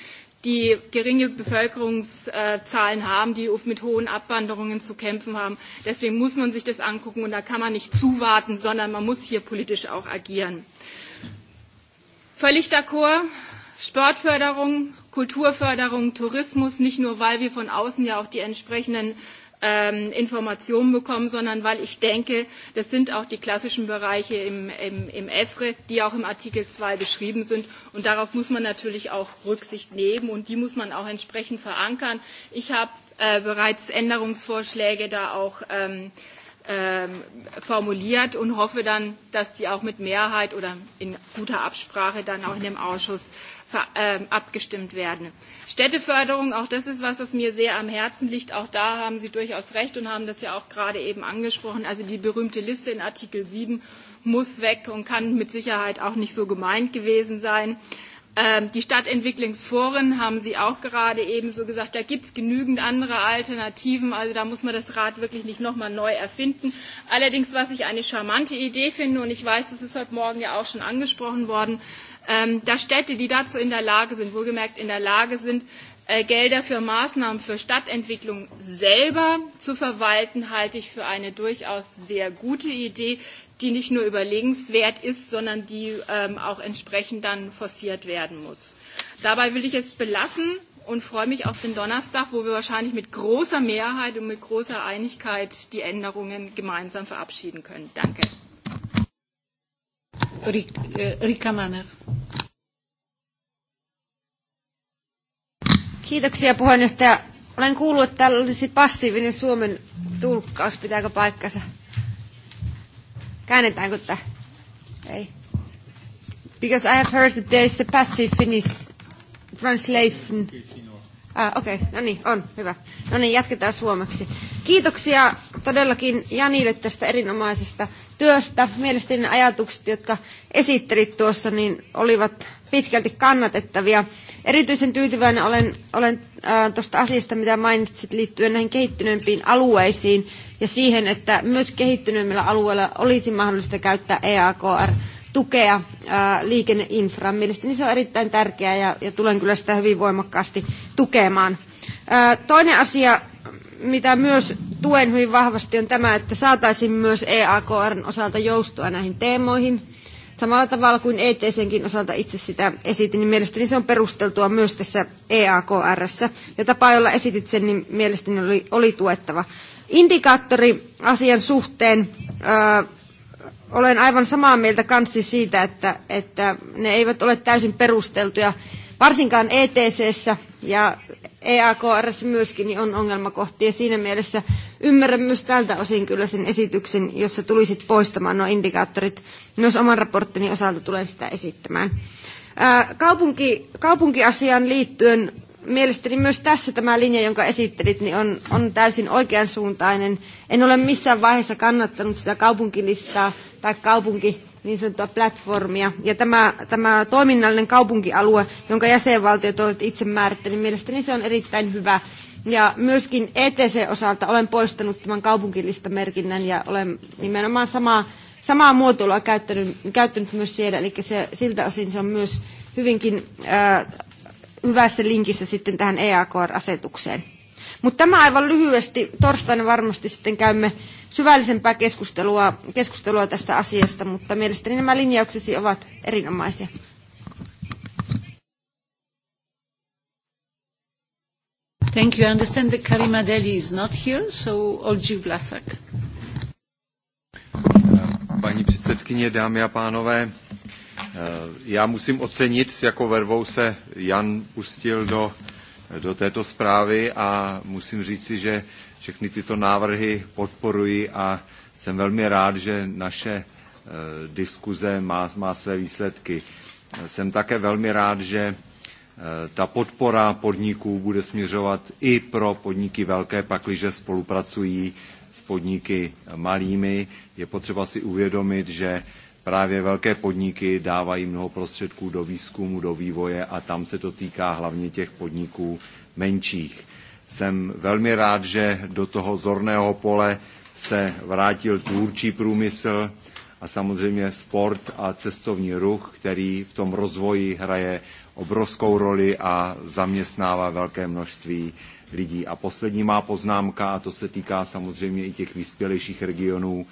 die geringe Bevölkerungszahlen haben, die mit hohen Abwanderungen zu kämpfen haben. Deswegen muss man sich das angucken und da kann man nicht zuwarten, sondern man muss hier politisch auch agieren. Völlig d'accord Sportförderung, Kulturförderung, Tourismus, nicht nur, weil wir von außen ja auch die entsprechenden Informationen bekommen, sondern weil ich denke, das sind auch die klassischen Bereiche im, EFRE, die auch im Artikel zwei beschrieben sind. Und darauf muss man natürlich auch Rücksicht nehmen und die muss man auch entsprechend verankern. Ich habe bereits Änderungsvorschläge da auch formuliert und hoffe dann, dass die auch mit Mehrheit oder in guter Absprache dann auch in dem Ausschuss abgestimmt werden. Städteförderung, auch das ist etwas, was mir sehr am Herzen liegt. Auch da haben Sie durchaus recht und haben das ja auch gerade eben angesprochen. Also die berühmte Liste in Artikel sieben muss weg und kann mit Sicherheit auch nicht so gemeint gewesen sein die Stadtentwicklungsforen haben Sie auch gerade eben so gesagt, da gibt es genügend andere Alternativen, also da muss man das Rad wirklich nicht nochmal neu erfinden. Allerdings, was ich eine charmante Idee finde, und ich weiß, das ist heute Morgen ja auch schon angesprochen worden, dass Städte, die dazu in der Lage sind, wohlgemerkt in der Lage sind, Gelder für Maßnahmen für Stadtentwicklung selber zu verwalten, halte ich für eine durchaus sehr gute Idee, die nicht nur überlegenswert ist, sondern die auch entsprechend dann forciert werden muss. Dabei will ich es belassen und freue mich auf den Donnerstag, wo wir wahrscheinlich mit großer Mehrheit und mit großer Einigkeit die Änderungen gemeinsam verabschieden können. Danke. Kiitoksia puheenjohtaja. Olen kuullut, että täällä olisi passiivinen Suomen tulkkaus. Pitääkö paikkansa? Käännetäänkö tämä? Ei. Because I have heard that there is a passive Finnish translation. Ah, Okei, okay. no niin, on, hyvä. No niin, jatketaan suomeksi. Kiitoksia todellakin Janille tästä erinomaisesta työstä. Mielestäni ne ajatukset, jotka esittelit tuossa, niin olivat pitkälti kannatettavia. Erityisen tyytyväinen olen, olen äh, tuosta asiasta, mitä mainitsit liittyen näihin kehittyneempiin alueisiin ja siihen, että myös kehittyneemmillä alueilla olisi mahdollista käyttää EAKR-tukea äh, liikenneinfraan. Mielestäni se on erittäin tärkeää ja, ja tulen kyllä sitä hyvin voimakkaasti tukemaan. Äh, toinen asia, mitä myös tuen hyvin vahvasti, on tämä, että saataisiin myös EAKRn osalta joustoa näihin teemoihin samalla tavalla kuin ETCnkin osalta itse sitä esitin, niin mielestäni se on perusteltua myös tässä EAKRssä. Ja tapa, jolla esitit sen, niin mielestäni oli, oli tuettava. Indikaattori asian suhteen ö, olen aivan samaa mieltä kanssi siitä, että, että ne eivät ole täysin perusteltuja varsinkaan ETC ja EAKRS myöskin niin on ongelmakohtia. Siinä mielessä ymmärrän myös tältä osin kyllä sen esityksen, jossa tulisit poistamaan nuo indikaattorit. Myös oman raporttini osalta tulen sitä esittämään. Kaupunki, kaupunkiasiaan liittyen mielestäni myös tässä tämä linja, jonka esittelit, niin on, on täysin oikeansuuntainen. En ole missään vaiheessa kannattanut sitä kaupunkilistaa tai kaupunki niin sanottua platformia. Ja tämä, tämä toiminnallinen kaupunkialue, jonka jäsenvaltiot ovat itse määrittäneet, niin mielestäni se on erittäin hyvä. Ja myöskin ETC osalta olen poistanut tämän kaupunkilistamerkinnän ja olen nimenomaan samaa, samaa muotoilua käyttänyt, käyttänyt myös siellä. Eli se, siltä osin se on myös hyvinkin ää, hyvässä linkissä sitten tähän EAKR-asetukseen. Mutta tämä aivan lyhyesti. Torstaina varmasti sitten käymme syvällisempää keskustelua, keskustelua tästä asiasta, mutta mielestäni nämä linjauksesi ovat erinomaisia. Thank you. I understand that Karima Deli is not here, so Olgi Vlasak. Paní předsedkyně, dámy a pánové, já musím ocenit, s jakou vervou se Jan pustil do do této zprávy a musím říci, že všechny tyto návrhy podporuji a jsem velmi rád, že naše diskuze má, má své výsledky. Jsem také velmi rád, že ta podpora podniků bude směřovat i pro podniky velké, pakliže spolupracují s podniky malými. Je potřeba si uvědomit, že právě velké podniky dávají mnoho prostředků do výzkumu, do vývoje a tam se to týká hlavně těch podniků menších. Jsem velmi rád, že do toho zorného pole se vrátil tvůrčí průmysl a samozřejmě sport a cestovní ruch, který v tom rozvoji hraje obrovskou roli a zaměstnává velké množství lidí. A poslední má poznámka, a to se týká samozřejmě i těch vyspělejších regionů,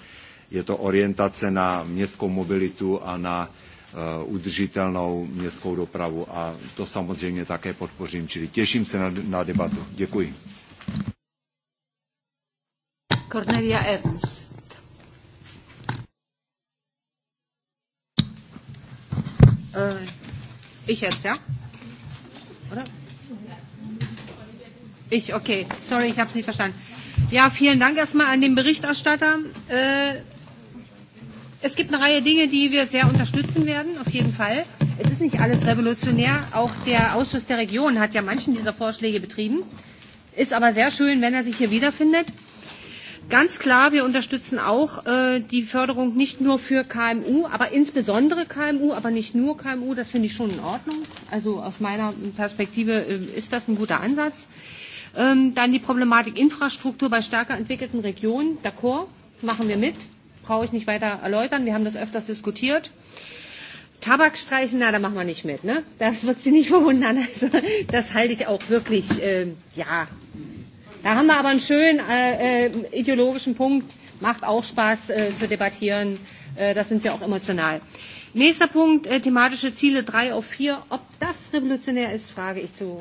Je to orientace na městskou mobilitu a na udržitelnou městskou dopravu a to samozřejmě také podpořím, čili těším se na, debatu. Děkuji. Cornelia Ernst. ich jetzt, ja? Oder? Ich, okay. Sorry, ich habe es nicht verstanden. Ja, vielen Dank erstmal an den Berichterstatter. Äh, Es gibt eine Reihe Dinge, die wir sehr unterstützen werden, auf jeden Fall. Es ist nicht alles revolutionär. Auch der Ausschuss der Regionen hat ja manchen dieser Vorschläge betrieben. Ist aber sehr schön, wenn er sich hier wiederfindet. Ganz klar, wir unterstützen auch äh, die Förderung nicht nur für KMU, aber insbesondere KMU, aber nicht nur KMU. Das finde ich schon in Ordnung. Also aus meiner Perspektive äh, ist das ein guter Ansatz. Ähm, dann die Problematik Infrastruktur bei stärker entwickelten Regionen. D'accord, machen wir mit brauche ich nicht weiter erläutern. Wir haben das öfters diskutiert. Tabak streichen, na, da machen wir nicht mit, ne? Das wird Sie nicht verwundern. Also, das halte ich auch wirklich, äh, ja. Da haben wir aber einen schönen äh, äh, ideologischen Punkt. Macht auch Spaß äh, zu debattieren. Äh, das sind wir auch emotional. Nächster Punkt, äh, thematische Ziele 3 auf 4. Ob das revolutionär ist, frage ich zu,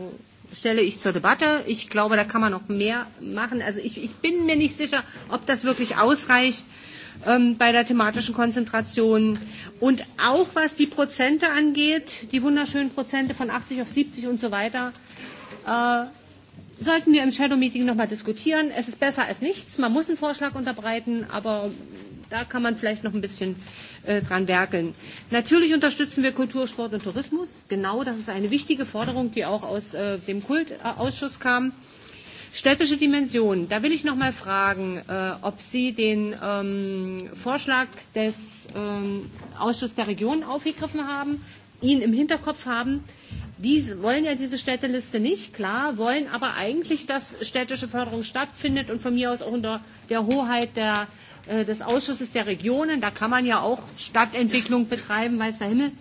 stelle ich zur Debatte. Ich glaube, da kann man noch mehr machen. Also ich, ich bin mir nicht sicher, ob das wirklich ausreicht. Äh, ähm, bei der thematischen Konzentration. Und auch was die Prozente angeht, die wunderschönen Prozente von 80 auf 70 und so weiter, äh, sollten wir im Shadow Meeting nochmal diskutieren. Es ist besser als nichts. Man muss einen Vorschlag unterbreiten, aber da kann man vielleicht noch ein bisschen äh, dran werkeln. Natürlich unterstützen wir Kultur, Sport und Tourismus. Genau, das ist eine wichtige Forderung, die auch aus äh, dem Kultausschuss kam. Äh, Städtische Dimension, da will ich noch mal fragen, äh, ob Sie den ähm, Vorschlag des ähm, Ausschusses der Regionen aufgegriffen haben, ihn im Hinterkopf haben. Die wollen ja diese Städteliste nicht, klar, wollen aber eigentlich, dass städtische Förderung stattfindet und von mir aus auch unter der Hoheit der, äh, des Ausschusses der Regionen. Da kann man ja auch Stadtentwicklung betreiben, weiß der Himmel. Äh,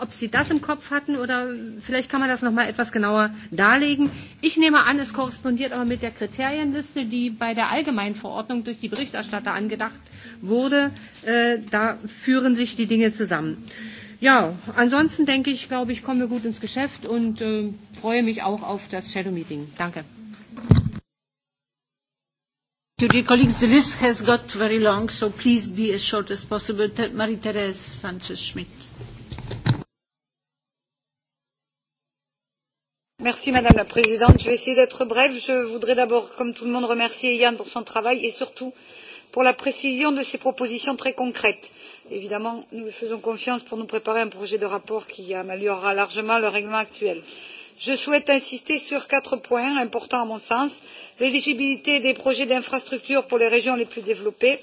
ob Sie das im Kopf hatten oder vielleicht kann man das noch mal etwas genauer darlegen. Ich nehme an, es korrespondiert aber mit der Kriterienliste, die bei der allgemeinen Verordnung durch die Berichterstatter angedacht wurde. da führen sich die Dinge zusammen. Ja, ansonsten denke ich, glaube ich, kommen wir gut ins Geschäft und freue mich auch auf das Shadow Meeting. Danke. Dear colleagues, the list has got very long, so please be as short as possible. Marie-Thérèse Sanchez-Schmidt. madame la présidente je vais essayer d'être brève. je voudrais d'abord comme tout le monde remercier yann pour son travail et surtout pour la précision de ses propositions très concrètes. évidemment nous lui faisons confiance pour nous préparer un projet de rapport qui améliorera largement le règlement actuel. je souhaite insister sur quatre points importants à mon sens l'éligibilité des projets d'infrastructures pour les régions les plus développées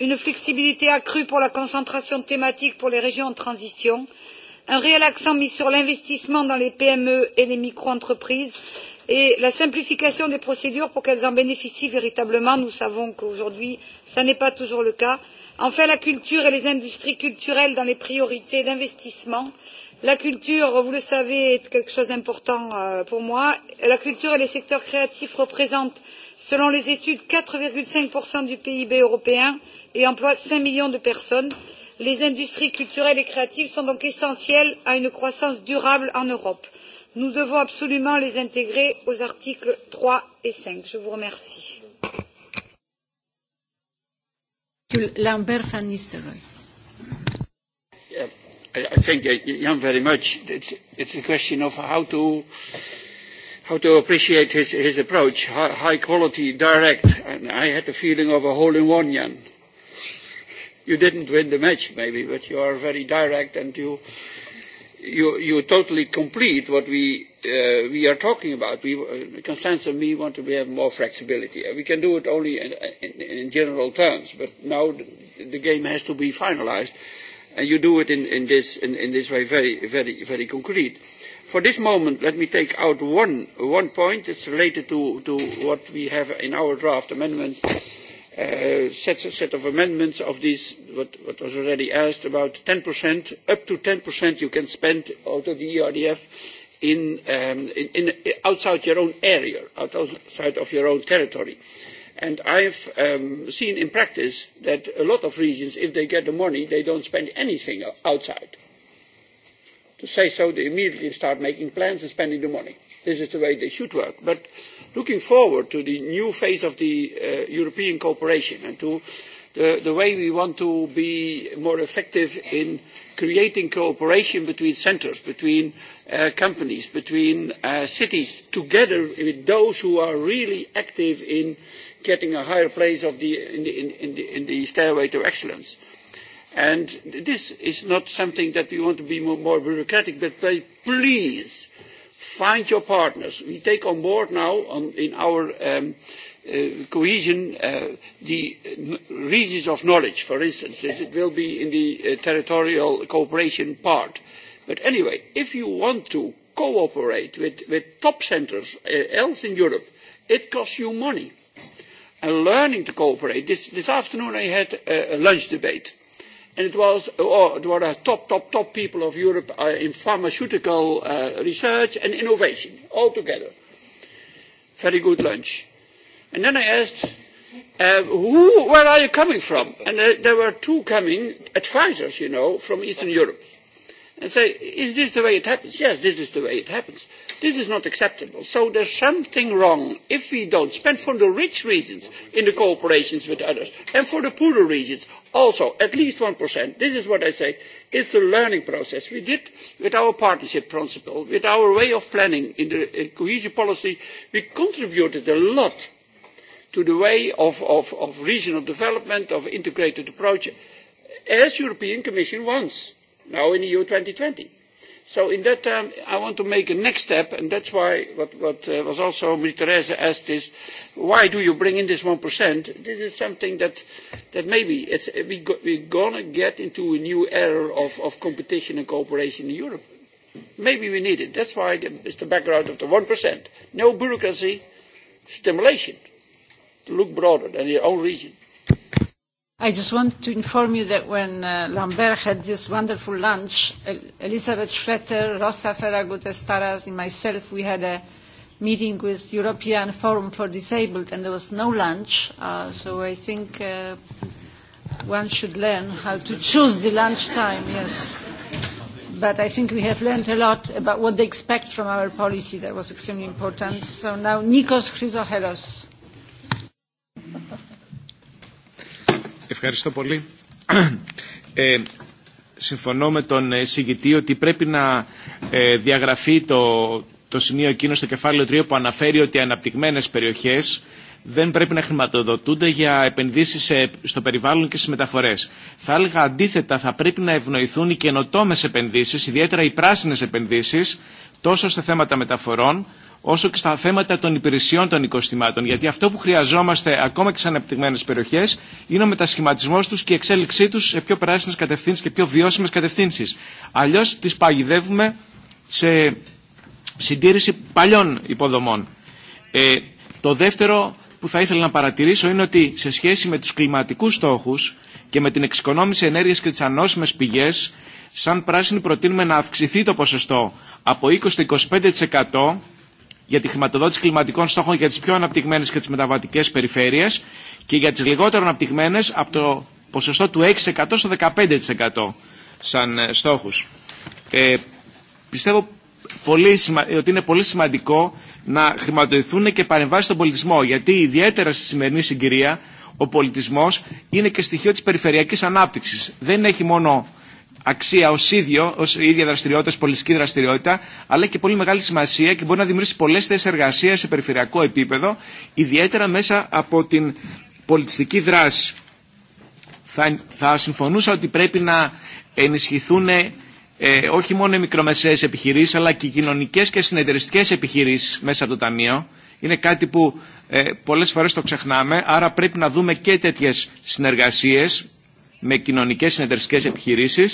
une flexibilité accrue pour la concentration thématique pour les régions en transition et un réel accent mis sur l'investissement dans les pme et les microentreprises et la simplification des procédures pour qu'elles en bénéficient véritablement nous savons qu'aujourd'hui ce n'est pas toujours le cas enfin la culture et les industries culturelles dans les priorités d'investissement la culture vous le savez est quelque chose d'important pour moi la culture et les secteurs créatifs représentent selon les études quatre cinq du pib européen et emploient cinq millions de personnes les industries culturelles et créatives sont donc essentielles à une croissance durable en europe. nous devons absolument les intégrer aux articles trois et. cinq je vous remercie. I thank Jan very much. It's, it's a question of how to how to appreciate his, his approach, high, high quality, direct. And I had the feeling of a hole in one, Jan you didn't win the match maybe, but you are very direct and you you you totally complete what we uh, we are talking about. We, uh, Constance and me, want to have more flexibility. We can do it only in, in, in general terms, but now the, the game has to be finalized, and you do it in, in this in, in this way very very very concrete. For this moment, let me take out one one point. It's related to to what we have in our draft amendment sets a set of amendments of this what, what was already asked, about 10%, up to 10% you can spend out of the ERDF in, um, in, in, outside your own area, outside of your own territory. And I've um, seen in practice that a lot of regions, if they get the money, they don't spend anything outside. To say so, they immediately start making plans and spending the money this is the way they should work. But looking forward to the new phase of the uh, European cooperation and to the, the way we want to be more effective in creating cooperation between centres, between uh, companies, between uh, cities, together with those who are really active in getting a higher place of the, in, the, in, the, in the stairway to excellence. And this is not something that we want to be more, more bureaucratic, but please, Find your partners. We take on board now on, in our um, uh, cohesion uh, the regions of knowledge, for instance. It will be in the uh, territorial cooperation part. But anyway, if you want to cooperate with, with top centres uh, else in Europe, it costs you money. And learning to cooperate. This, this afternoon I had a, a lunch debate And it was, oh, top, top, top people of Europe uh, in pharmaceutical uh, research and innovation, all together. Very good lunch. And then I asked, uh, who, where are you coming from? And uh, there were two coming advisors, you know, from Eastern Europe. And say, is this the way it happens? Yes, this is the way it happens This is not acceptable. So there is something wrong if we do not spend for the rich reasons in the with others and for the poorer reasons also at least one This is what I say. It is a learning process. We did with our partnership principle, with our way of planning in the cohesion policy, we contributed a lot to the way of, of, of regional development, of integrated approach, as the European Commission wants, now in EU twenty. So in that term, I want to make a next step, and that's why what, what uh, was also Marie-Therese asked is, why do you bring in this 1%? This is something that, that maybe it's, we go, we're going to get into a new era of, of competition and cooperation in Europe. Maybe we need it. That's why it's the background of the 1%. No bureaucracy, stimulation to look broader than your own region. I just want to inform you that when uh, Lambert had this wonderful lunch, El Elisabeth Schroeter, Rosa Ferragut Estaras, and myself, we had a meeting with European Forum for Disabled, and there was no lunch. Uh, so I think uh, one should learn how to choose the lunch time, yes. But I think we have learned a lot about what they expect from our policy. That was extremely important. So now Nikos Chrysohelos. Ευχαριστώ πολύ. Ε, συμφωνώ με τον εισηγητή ότι πρέπει να ε, διαγραφεί το, το σημείο εκείνο στο κεφάλαιο 3 που αναφέρει ότι οι αναπτυγμένες περιοχές δεν πρέπει να χρηματοδοτούνται για επενδύσει στο περιβάλλον και στι μεταφορέ. Θα έλεγα αντίθετα θα πρέπει να ευνοηθούν οι καινοτόμε επενδύσει, ιδιαίτερα οι πράσινε επενδύσει, τόσο στα θέματα μεταφορών, όσο και στα θέματα των υπηρεσιών των οικοστημάτων. Γιατί αυτό που χρειαζόμαστε ακόμα και σε αναπτυγμένε περιοχέ είναι ο μετασχηματισμό του και η εξέλιξή του σε πιο πράσινε κατευθύνσει και πιο βιώσιμε κατευθύνσει. Αλλιώ τι παγιδεύουμε σε συντήρηση παλιών υποδομών. Ε, το δεύτερο που θα ήθελα να παρατηρήσω είναι ότι σε σχέση με τους κλιματικούς στόχους και με την εξοικονόμηση ενέργειας και τις ανώσιμες πηγές, σαν πράσινοι προτείνουμε να αυξηθεί το ποσοστό από 20-25% για τη χρηματοδότηση κλιματικών στόχων για τις πιο αναπτυγμένες και τις μεταβατικές περιφέρειες και για τις λιγότερο αναπτυγμένες από το ποσοστό του 6% στο 15% σαν στόχους. Ε, πιστεύω πολύ, ότι είναι πολύ σημαντικό να χρηματοδοτηθούν και παρεμβάσει στον πολιτισμό. Γιατί ιδιαίτερα στη σημερινή συγκυρία ο πολιτισμό είναι και στοιχείο τη περιφερειακή ανάπτυξη. Δεν έχει μόνο αξία ω ίδιο, ω ίδια δραστηριότητα, ως πολιτική δραστηριότητα, αλλά και πολύ μεγάλη σημασία και μπορεί να δημιουργήσει πολλέ θέσει εργασία σε περιφερειακό επίπεδο, ιδιαίτερα μέσα από την πολιτιστική δράση. Θα, θα συμφωνούσα ότι πρέπει να ενισχυθούν ε, όχι μόνο οι μικρομεσαίε επιχειρήσει, αλλά και οι κοινωνικέ και συνεταιριστικέ επιχειρήσει μέσα από το Ταμείο. Είναι κάτι που ε, πολλέ φορέ το ξεχνάμε, άρα πρέπει να δούμε και τέτοιε συνεργασίε με κοινωνικέ συνεταιριστικέ επιχειρήσει.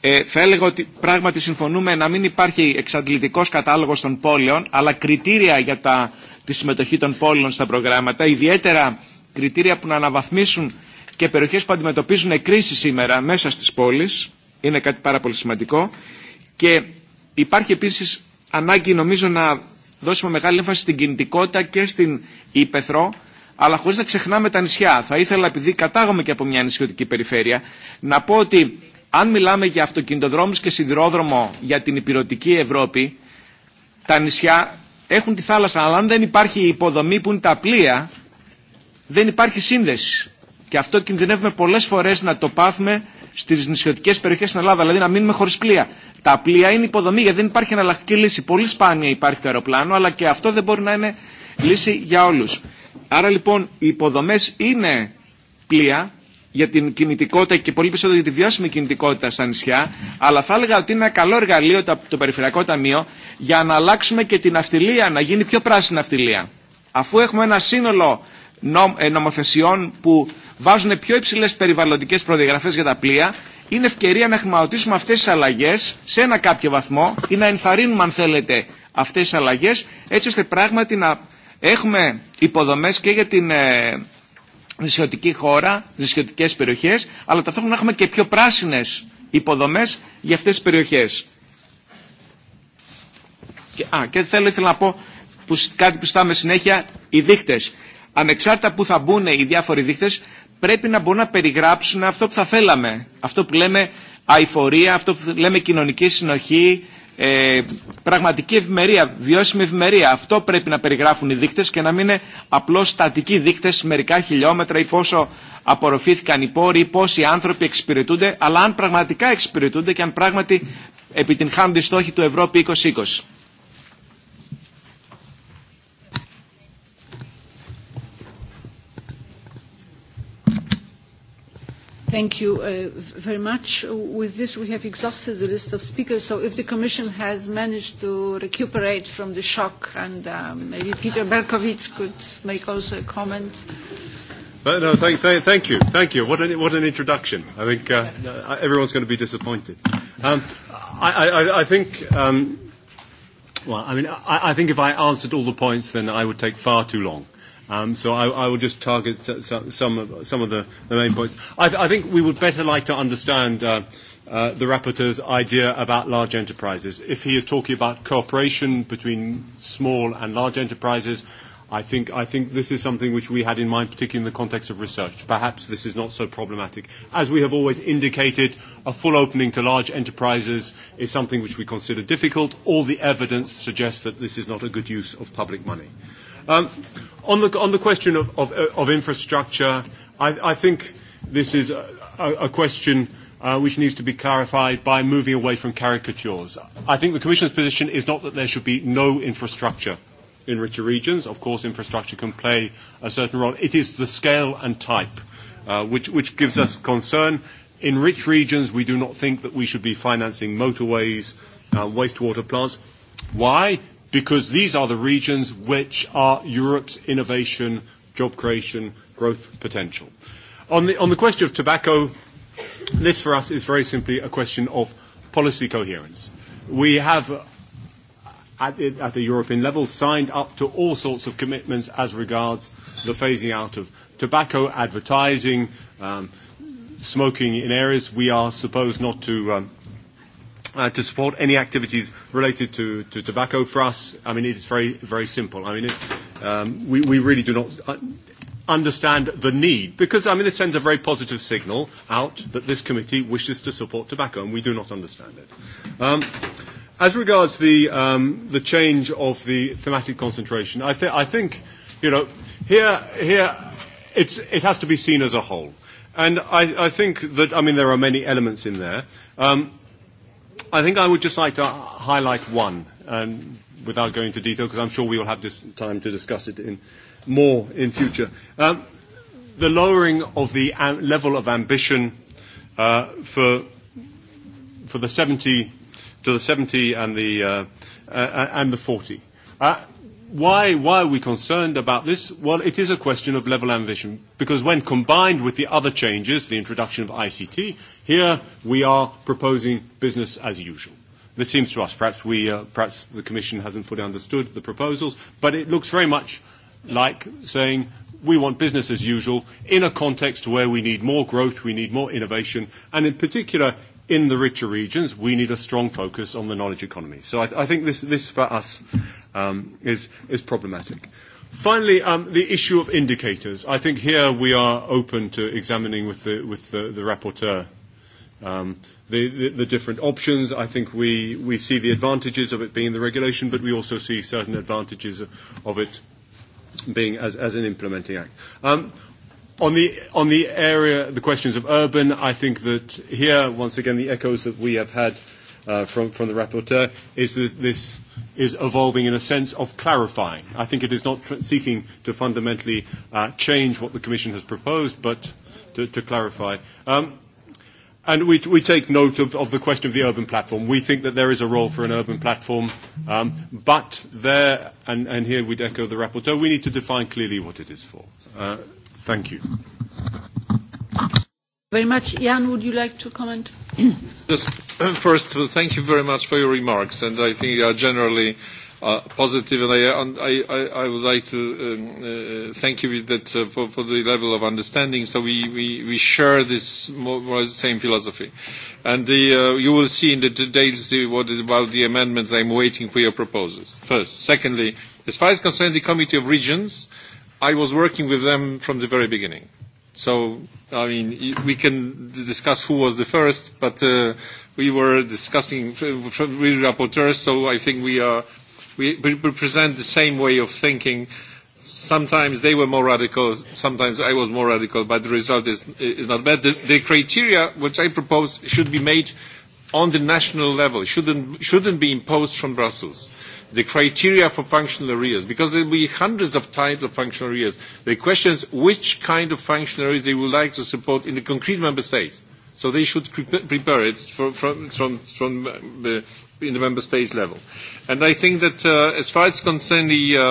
Ε, θα έλεγα ότι πράγματι συμφωνούμε να μην υπάρχει εξαντλητικό κατάλογο των πόλεων, αλλά κριτήρια για τα, τη συμμετοχή των πόλεων στα προγράμματα, ιδιαίτερα κριτήρια που να αναβαθμίσουν και περιοχές που αντιμετωπίζουν κρίση σήμερα μέσα στις πόλεις είναι κάτι πάρα πολύ σημαντικό. Και υπάρχει επίσης ανάγκη νομίζω να δώσουμε μεγάλη έμφαση στην κινητικότητα και στην Ήπεθρο, αλλά χωρίς να ξεχνάμε τα νησιά. Θα ήθελα, επειδή κατάγομαι και από μια νησιωτική περιφέρεια, να πω ότι αν μιλάμε για αυτοκινητοδρόμους και σιδηρόδρομο για την υπηρετική Ευρώπη, τα νησιά έχουν τη θάλασσα, αλλά αν δεν υπάρχει υποδομή που είναι τα πλοία, δεν υπάρχει σύνδεση. Και αυτό κινδυνεύουμε πολλέ φορέ να το πάθουμε στι νησιωτικέ περιοχέ στην Ελλάδα, δηλαδή να μείνουμε χωρί πλοία. Τα πλοία είναι υποδομή γιατί δεν υπάρχει εναλλακτική λύση. Πολύ σπάνια υπάρχει το αεροπλάνο, αλλά και αυτό δεν μπορεί να είναι λύση για όλου. Άρα λοιπόν οι υποδομέ είναι πλοία για την κινητικότητα και πολύ περισσότερο για τη βιώσιμη κινητικότητα στα νησιά, αλλά θα έλεγα ότι είναι ένα καλό εργαλείο το Περιφερειακό Ταμείο για να αλλάξουμε και την αυτιλία, να γίνει πιο πράσινη αυτιλία. Αφού έχουμε ένα σύνολο νομοθεσιών που βάζουν πιο υψηλές περιβαλλοντικές προδιαγραφές για τα πλοία είναι ευκαιρία να χρηματοδοτήσουμε αυτές τις αλλαγές σε ένα κάποιο βαθμό ή να ενθαρρύνουμε αν θέλετε αυτές τις αλλαγές έτσι ώστε πράγματι να έχουμε υποδομές και για την ε, νησιωτική χώρα, νησιωτικές περιοχές αλλά ταυτόχρονα έχουμε και πιο πράσινες υποδομές για αυτές τις περιοχές. Και, α, και θέλω, ήθελα να πω που, κάτι που στάμε συνέχεια, οι δείκτες ανεξάρτητα που θα μπουν οι διάφοροι δείχτες, πρέπει να μπορούν να περιγράψουν αυτό που θα θέλαμε. Αυτό που λέμε αηφορία, αυτό που λέμε κοινωνική συνοχή, ε, πραγματική ευημερία, βιώσιμη ευημερία. Αυτό πρέπει να περιγράφουν οι δείχτες και να μην είναι απλώς στατικοί δείχτες μερικά χιλιόμετρα ή πόσο απορροφήθηκαν οι πόροι ή πόσοι άνθρωποι εξυπηρετούνται, αλλά αν πραγματικά εξυπηρετούνται και αν πράγματι επιτυγχάνονται οι στόχοι του Ευρώπη 2020. Thank you very much. With this, we have exhausted the list of speakers. So if the Commission has managed to recuperate from the shock, and um, maybe Peter Berkowitz could make also a comment. But no, thank, thank, thank you, thank you. What an, what an introduction. I think uh, everyone's going to be disappointed. Um, I, I, I think. Um, well, I mean, I, I think if I answered all the points, then I would take far too long. Um, so I, I will just target some, of, some of the, the main points. I, I think we would better like to understand uh, uh, the rapporteur's idea about large enterprises. If he is talking about cooperation between small and large enterprises, I think, I think this is something which we had in mind, particularly in the context of research. Perhaps this is not so problematic. As we have always indicated, a full opening to large enterprises is something which we consider difficult. All the evidence suggests that this is not a good use of public money. Um, On the, on the question of, of, of infrastructure, I, I think this is a, a question uh, which needs to be clarified by moving away from caricatures. I think the Commission's position is not that there should be no infrastructure in richer regions. Of course, infrastructure can play a certain role. It is the scale and type uh, which, which gives us concern. In rich regions, we do not think that we should be financing motorways, uh, wastewater plants. Why? because these are the regions which are Europe's innovation, job creation, growth potential. On the, on the question of tobacco, this for us is very simply a question of policy coherence. We have at the, at the European level signed up to all sorts of commitments as regards the phasing out of tobacco advertising, um, smoking in areas we are supposed not to um, uh, to support any activities related to, to tobacco. For us, I mean, it is very, very simple. I mean, it, um, we, we really do not understand the need because, I mean, this sends a very positive signal out that this committee wishes to support tobacco, and we do not understand it. Um, as regards the, um, the change of the thematic concentration, I, th- I think, you know, here, here it's, it has to be seen as a whole. And I, I think that, I mean, there are many elements in there. Um, I think I would just like to highlight one, um, without going into detail, because I'm sure we will have this time to discuss it in more in future. Um, the lowering of the am- level of ambition uh, for for the 70 to the 70 and the uh, uh, and the 40. Uh, why, why are we concerned about this? Well, it is a question of level ambition, because when combined with the other changes, the introduction of ICT, Here we are proposing business as usual. This seems to us, perhaps, we, uh, perhaps the Commission hasn't fully understood the proposals, but it looks very much like saying we want business as usual in a context where we need more growth, we need more innovation, and in particular, in the richer regions, we need a strong focus on the knowledge economy. So I, I think this, this for us um, is, is problematic. Finally, um, the issue of indicators. I think here we are open to examining with the, with the, the rapporteur um, the, the, the different options. I think we, we see the advantages of it being the regulation, but we also see certain advantages of it being as, as an implementing act. Um, on the, on the area, the questions of urban, I think that here, once again, the echoes that we have had uh, from, from the rapporteur is that this is evolving in a sense of clarifying. I think it is not tr- seeking to fundamentally uh, change what the Commission has proposed, but to, to clarify. Um, And we, we take note of, of the question of the urban platform. We think that there is a role for an urban platform, um, but there, and, and here we'd echo the rapporteur, we need to define clearly what it is for. Uh, thank you. Very much. Jan, would you like to comment? Just, first, thank you very much for your remarks, and I think you are generally positive, and I, I, I, I would like to thank you with that, for, for the level of understanding. So we, we, we share this more, more the same philosophy. And the, uh, you will see in the details what is about the amendments. I'm waiting for your proposals. First, secondly, as far as concerns the Committee of Regions, I was working with them from the very beginning. So, I mean, we can discuss who was the first, but uh, we were discussing with rapporteurs, so I think we are We, we present the same way of thinking. Sometimes they were more radical, sometimes I was more radical, but the result is, is not bad. The, the criteria which I propose should be made on the national level, shouldn't, shouldn't be imposed from Brussels the criteria for functional areas, because there will be hundreds of types of functional areas. The question is which kind of functional areas they would like to support in the concrete member states. So they should prepare it from, from, from, from the in the member states level. And I think that uh, as far as concerns the, uh,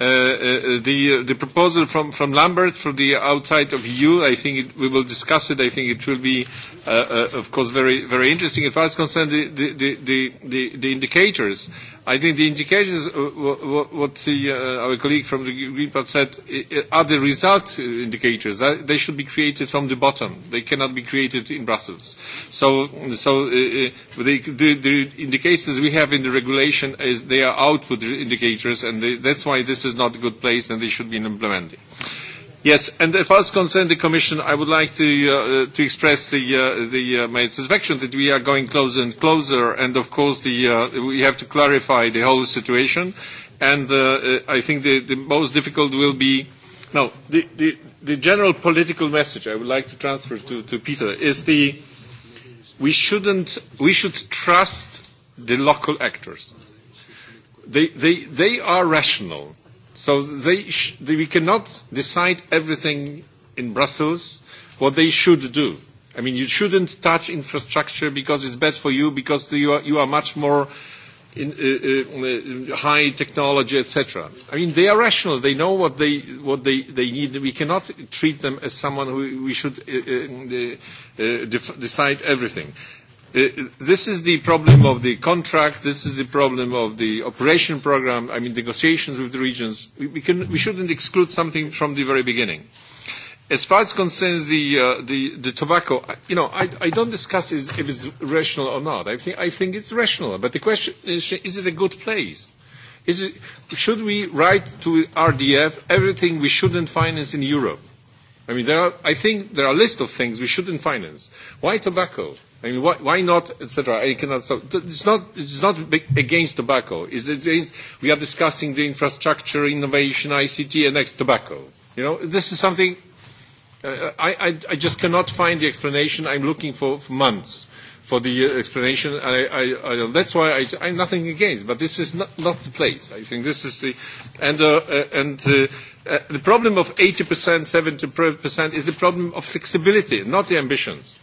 uh, the, the proposal from, from Lambert for the outside of EU, I think it, we will discuss it. I think it will be, uh, uh, of course, very, very interesting. As far as concerns the, the, the, the, the indicators, uh, I think the indications, uh, what the, uh, our colleague from the Green Party said, are the result indicators. They should be created from the bottom. They cannot be created in Brussels. So, so uh, the, the, the indicators we have in the regulation, is they are output indicators, and they, that's why this is not a good place, and they should be implemented. Uh, Yes, and as far as concerns the Commission, I would like to, uh, to express the, uh, the, uh, my satisfaction that we are going closer and closer, and of course the, uh, we have to clarify the whole situation, and uh, I think the, the most difficult will be no, the, the, the general political message I would like to transfer to, to Peter is the we shouldn't we should trust the local actors. They, they, they are rational So they sh- we cannot decide everything in Brussels what they should do. I mean, you shouldn't touch infrastructure because it's bad for you, because you are, you are much more in, uh, uh, high technology, etc. I mean, they are rational. They know what they what they, they need. We cannot treat them as someone who we should uh, uh, uh, decide everything this is the problem of the contract. This is the problem of the operation program. I mean, negotiations with the regions. We, can, we shouldn't exclude something from the very beginning. As far as concerns the, uh, the, the tobacco, you know, I, I don't discuss if it's rational or not. I think, I think it's rational. But the question is, is it a good place? Is it, should we write to RDF everything we shouldn't finance in Europe? I mean, there are, I think there are a list of things we shouldn't finance. Why tobacco? I mean, why, why not, etc. I cannot stop. It's not, it's not against tobacco. It's against, we are discussing the infrastructure, innovation, ICT, and next tobacco. You know, this is something uh, I, I, I just cannot find the explanation. I'm looking for, for months for the explanation. I, I, I, that's why I, I'm nothing against, but this is not, not the place. I think this is the, and, uh, uh, and uh, uh, the problem of 80%, 70% is the problem of flexibility, not the ambitions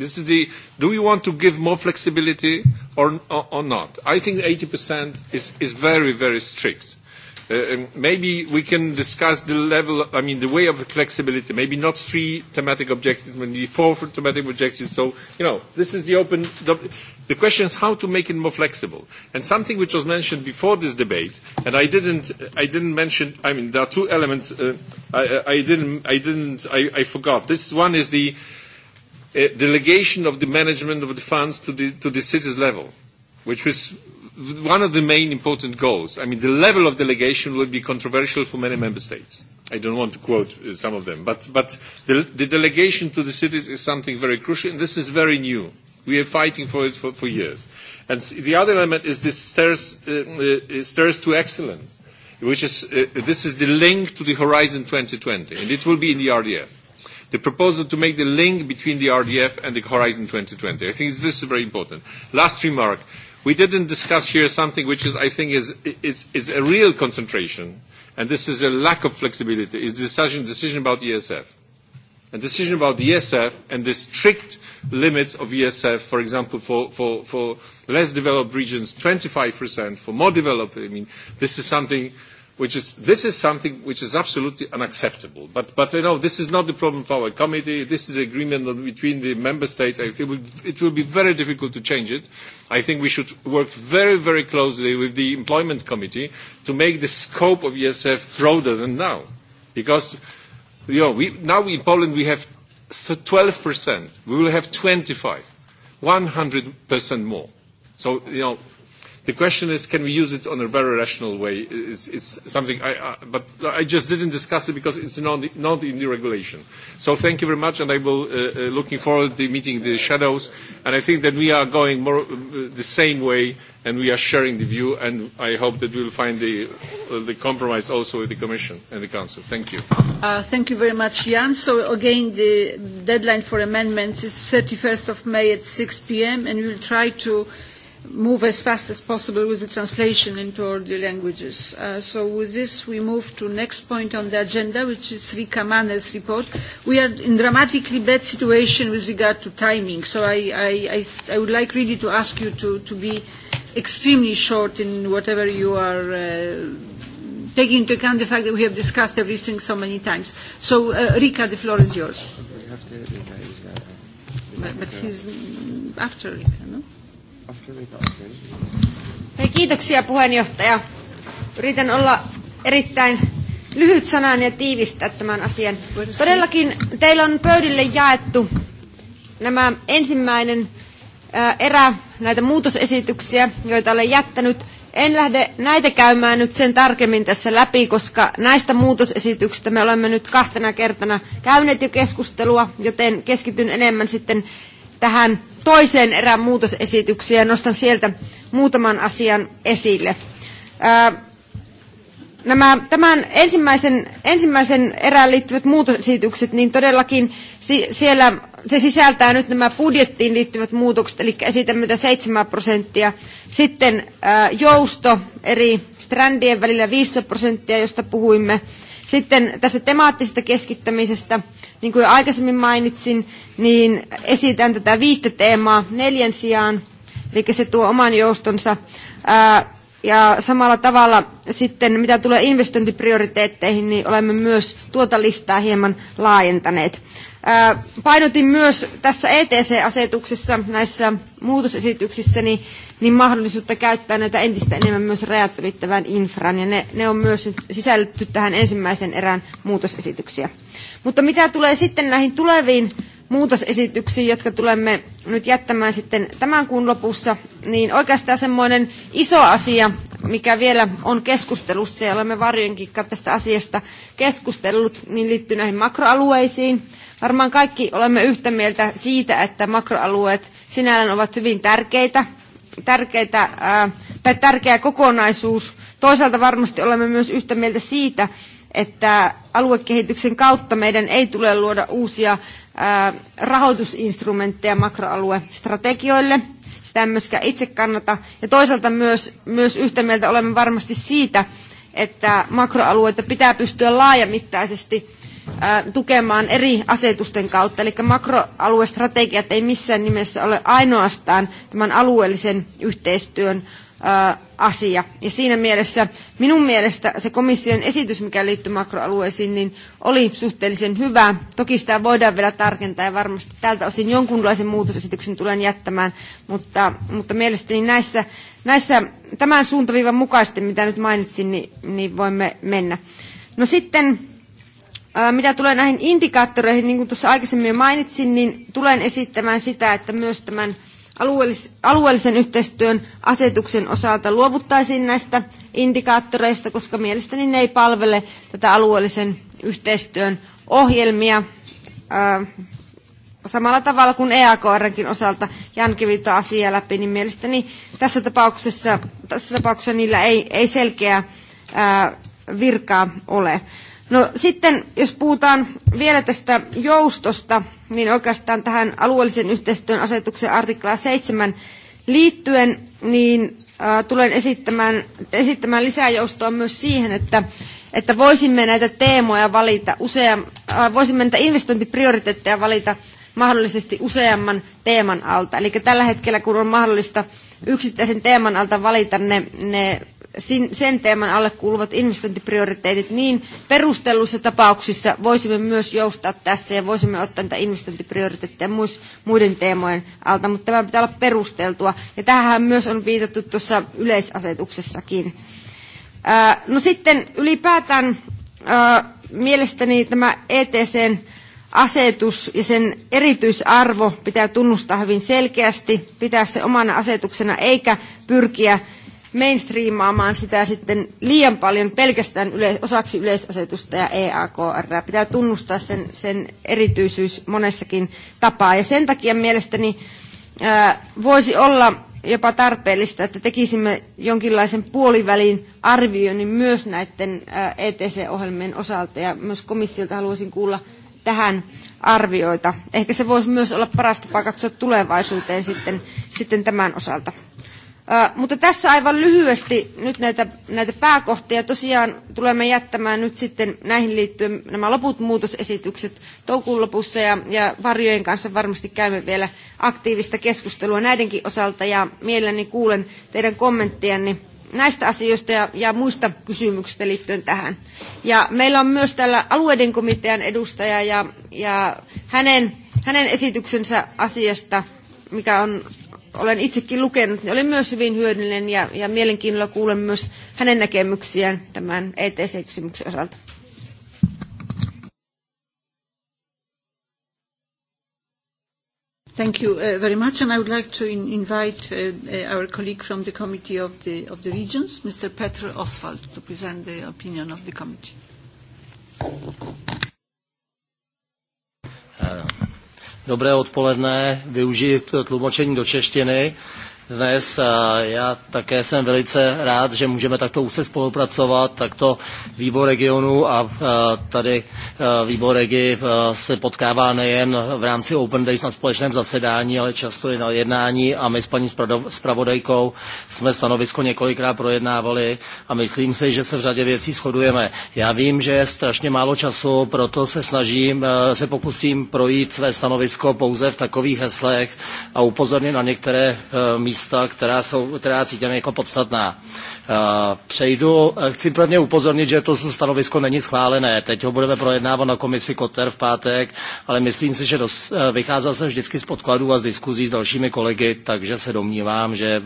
This is the, do you want to give more flexibility or, or, or not? I think 80% is, is very, very strict. Uh, maybe we can discuss the level, I mean, the way of flexibility, maybe not three thematic objectives, maybe four thematic objectives. So, you know, this is the open, the, the question is how to make it more flexible. And something which was mentioned before this debate, and I didn't, I didn't mention, I mean, there are two elements, uh, I, I didn't, I didn't, I, I forgot. This one is the, uh, a delegation of the management of the funds to the, to the cities level, which was one of the main important goals. I mean, the level of delegation will be controversial for many member states. I don't want to quote some of them, but, but the, the delegation to the cities is something very crucial, and this is very new. We are fighting for it for, for years. And the other element is this stairs, uh, uh, stairs to excellence, which is, uh, this is the link to the Horizon 2020, and it will be in the RDF the proposal to make the link between the RDF and the Horizon 2020. I think this is very important. Last remark. We didn't discuss here something which is, I think, is, is, is a real concentration, and this is a lack of flexibility, is the decision, decision about ESF. A decision about the ESF and the strict limits of ESF, for example, for, for, for less developed regions, 25%, for more developed, I mean, this is something which is this is something which is absolutely unacceptable. But but you know this is not the problem for our committee. This is agreement between the member states. I think it will, it will be very difficult to change it. I think we should work very very closely with the employment committee to make the scope of ESF broader than now, because you know we, now in Poland we have 12%. We will have 25, 100% more. So you know The question is, can we use it on a very rational way? It's, it's something I, I, but I just didn't discuss it because it's not, not in the regulation. So thank you very much, and I will uh, looking forward to meeting the shadows. And I think that we are going more the same way, and we are sharing the view. And I hope that we will find the, the compromise also with the Commission and the Council. Thank you. Uh, thank you very much, Jan. So again, the deadline for amendments is 31st of May at 6 p.m., and we will try to move as fast as possible with the translation into all the languages. Uh, so with this, we move to next point on the agenda, which is Rika Manel's report. We are in dramatically bad situation with regard to timing, so I, I, I, I would like really to ask you to, to be extremely short in whatever you are uh, taking into account the fact that we have discussed everything so many times. So, uh, Rika, the floor is yours. But, but he's after Rika. Kiitoksia puheenjohtaja. Yritän olla erittäin lyhyt sanan ja tiivistää tämän asian. Todellakin teillä on pöydille jaettu nämä ensimmäinen erä näitä muutosesityksiä, joita olen jättänyt. En lähde näitä käymään nyt sen tarkemmin tässä läpi, koska näistä muutosesityksistä me olemme nyt kahtena kertana käyneet jo keskustelua, joten keskityn enemmän sitten tähän toiseen erään muutosesityksiä ja nostan sieltä muutaman asian esille. Nämä tämän ensimmäisen, ensimmäisen erään liittyvät muutosesitykset, niin todellakin si, siellä se sisältää nyt nämä budjettiin liittyvät muutokset, eli esitämme tätä 7 prosenttia. Sitten ää, jousto eri strändien välillä 5 prosenttia, josta puhuimme. Sitten tästä temaattisesta keskittämisestä Niin kuin aikaisemmin mainitsin, niin esitän tätä viittä teemaa neljän sijaan, eli se tuo oman joustonsa. ja samalla tavalla sitten, mitä tulee investointiprioriteetteihin, niin olemme myös tuota listaa hieman laajentaneet. Painotin myös tässä ETC-asetuksessa näissä muutosesityksissä niin, niin mahdollisuutta käyttää näitä entistä enemmän myös rajat ylittävään infraan, ja ne, ne on myös sisällytty tähän ensimmäisen erään muutosesityksiä. Mutta mitä tulee sitten näihin tuleviin muutosesityksiin, jotka tulemme nyt jättämään sitten tämän kuun lopussa, niin oikeastaan semmoinen iso asia, mikä vielä on keskustelussa ja olemme varjonkin tästä asiasta keskustellut, niin liittyy näihin makroalueisiin. Varmaan kaikki olemme yhtä mieltä siitä, että makroalueet sinällään ovat hyvin tärkeitä, tärkeitä ää, tai tärkeä kokonaisuus. Toisaalta varmasti olemme myös yhtä mieltä siitä, että aluekehityksen kautta meidän ei tule luoda uusia ää, rahoitusinstrumentteja makroaluestrategioille. Sitä en myöskään itse kannata. Ja toisaalta myös, myös yhtä mieltä olemme varmasti siitä, että makroalueita pitää pystyä laajamittaisesti tukemaan eri asetusten kautta. Eli makroaluestrategiat ei missään nimessä ole ainoastaan tämän alueellisen yhteistyön asia. Ja siinä mielessä minun mielestä se komission esitys, mikä liittyy makroalueisiin, niin oli suhteellisen hyvä. Toki sitä voidaan vielä tarkentaa ja varmasti tältä osin jonkunlaisen muutosesityksen tulen jättämään, mutta, mutta mielestäni näissä, näissä tämän suuntaviivan mukaisesti, mitä nyt mainitsin, niin, niin voimme mennä. No sitten Mitä tulee näihin indikaattoreihin, niin kuin tuossa aikaisemmin jo mainitsin, niin tulen esittämään sitä, että myös tämän alueellisen yhteistyön asetuksen osalta luovuttaisiin näistä indikaattoreista, koska mielestäni ne ei palvele tätä alueellisen yhteistyön ohjelmia samalla tavalla kuin EAKRkin osalta Jan Kiviltä asiaa läpi, niin mielestäni tässä tapauksessa, tässä tapauksessa niillä ei, ei selkeää ää, virkaa ole. No sitten, jos puhutaan vielä tästä joustosta, niin oikeastaan tähän alueellisen yhteistyön asetuksen artiklaa 7 liittyen, niin äh, tulen esittämään, esittämään lisää joustoa myös siihen, että, että voisimme näitä teemoja valita useam, äh, voisimme näitä investointiprioriteetteja valita mahdollisesti useamman teeman alta. Eli tällä hetkellä, kun on mahdollista yksittäisen teeman alta valita ne, ne sen teeman alle kuuluvat investointiprioriteetit, niin perustelluissa tapauksissa voisimme myös joustaa tässä ja voisimme ottaa niitä investointiprioriteetteja muiden teemojen alta, mutta tämä pitää olla perusteltua. Ja tähän myös on viitattu tuossa yleisasetuksessakin. No sitten ylipäätään mielestäni tämä ETCn asetus ja sen erityisarvo pitää tunnustaa hyvin selkeästi, pitää se omana asetuksena eikä pyrkiä mainstreamaamaan sitä sitten liian paljon pelkästään yle, osaksi yleisasetusta ja EAKR. Pitää tunnustaa sen, sen erityisyys monessakin tapaa. Ja sen takia mielestäni ää, voisi olla jopa tarpeellista, että tekisimme jonkinlaisen puolivälin arvioinnin myös näiden ETC-ohjelmien osalta. Ja myös komissiolta haluaisin kuulla tähän arvioita. Ehkä se voisi myös olla paras tapa katsoa tulevaisuuteen sitten, sitten tämän osalta. Mutta tässä aivan lyhyesti nyt näitä, näitä pääkohtia. Tosiaan tulemme jättämään nyt sitten näihin liittyen nämä loput muutosesitykset toukokuun lopussa ja, ja varjojen kanssa varmasti käymme vielä aktiivista keskustelua näidenkin osalta ja mielelläni kuulen teidän kommenttianne näistä asioista ja, ja muista kysymyksistä liittyen tähän. Ja meillä on myös täällä alueiden komitean edustaja ja, ja hänen, hänen esityksensä asiasta, mikä on olen itsekin lukenut, niin oli myös hyvin hyödyllinen ja, ja mielenkiinnolla kuulen myös hänen näkemyksiään tämän ETC-kysymyksen osalta. Thank you very much. and I would like to invite our colleague from the Committee of the of the Regions, Mr. Petr Oswald, to present the opinion of the committee. Dobré odpoledne, využít tlumočení do češtiny dnes. Já také jsem velice rád, že můžeme takto úzce spolupracovat, takto výbor regionu a tady výbor regi se potkává nejen v rámci Open Days na společném zasedání, ale často i na jednání a my s paní zpravodajkou jsme stanovisko několikrát projednávali a myslím si, že se v řadě věcí shodujeme. Já vím, že je strašně málo času, proto se snažím, se pokusím projít své stanovisko pouze v takových heslech a upozornit na některé místa, místa, která, jsou, která cítím jako podstatná. Přejdu, chci prvně upozornit, že to stanovisko není schválené. Teď ho budeme projednávat na komisi Koter v pátek, ale myslím si, že dos, vycházel jsem vždycky z podkladů a z diskuzí s dalšími kolegy, takže se domnívám, že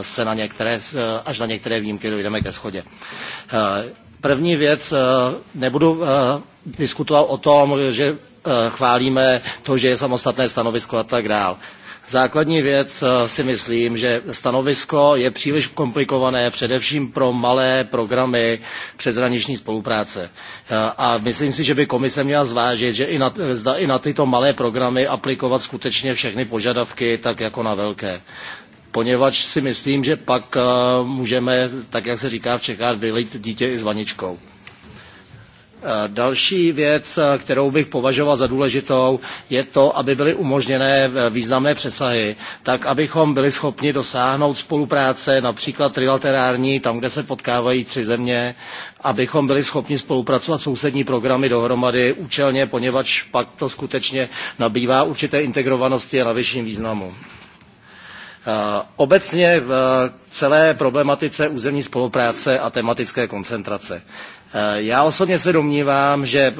se na některé, až na některé výjimky dojdeme ke schodě. První věc, nebudu diskutovat o tom, že chválíme to, že je samostatné stanovisko a tak dál. Základní věc si myslím, že stanovisko je příliš komplikované především pro malé programy přeshraniční spolupráce. A myslím si, že by komise měla zvážit, že i na, zda i na tyto malé programy aplikovat skutečně všechny požadavky, tak jako na velké poněvadž si myslím, že pak můžeme, tak jak se říká v Čechách, vylít dítě i s vaničkou. Další věc, kterou bych považoval za důležitou, je to, aby byly umožněné významné přesahy, tak abychom byli schopni dosáhnout spolupráce, například trilaterární, tam, kde se potkávají tři země, abychom byli schopni spolupracovat sousední programy dohromady účelně, poněvadž pak to skutečně nabývá určité integrovanosti a na vyšším významu. Obecně v celé problematice územní spolupráce a tematické koncentrace. Já osobně se domnívám, že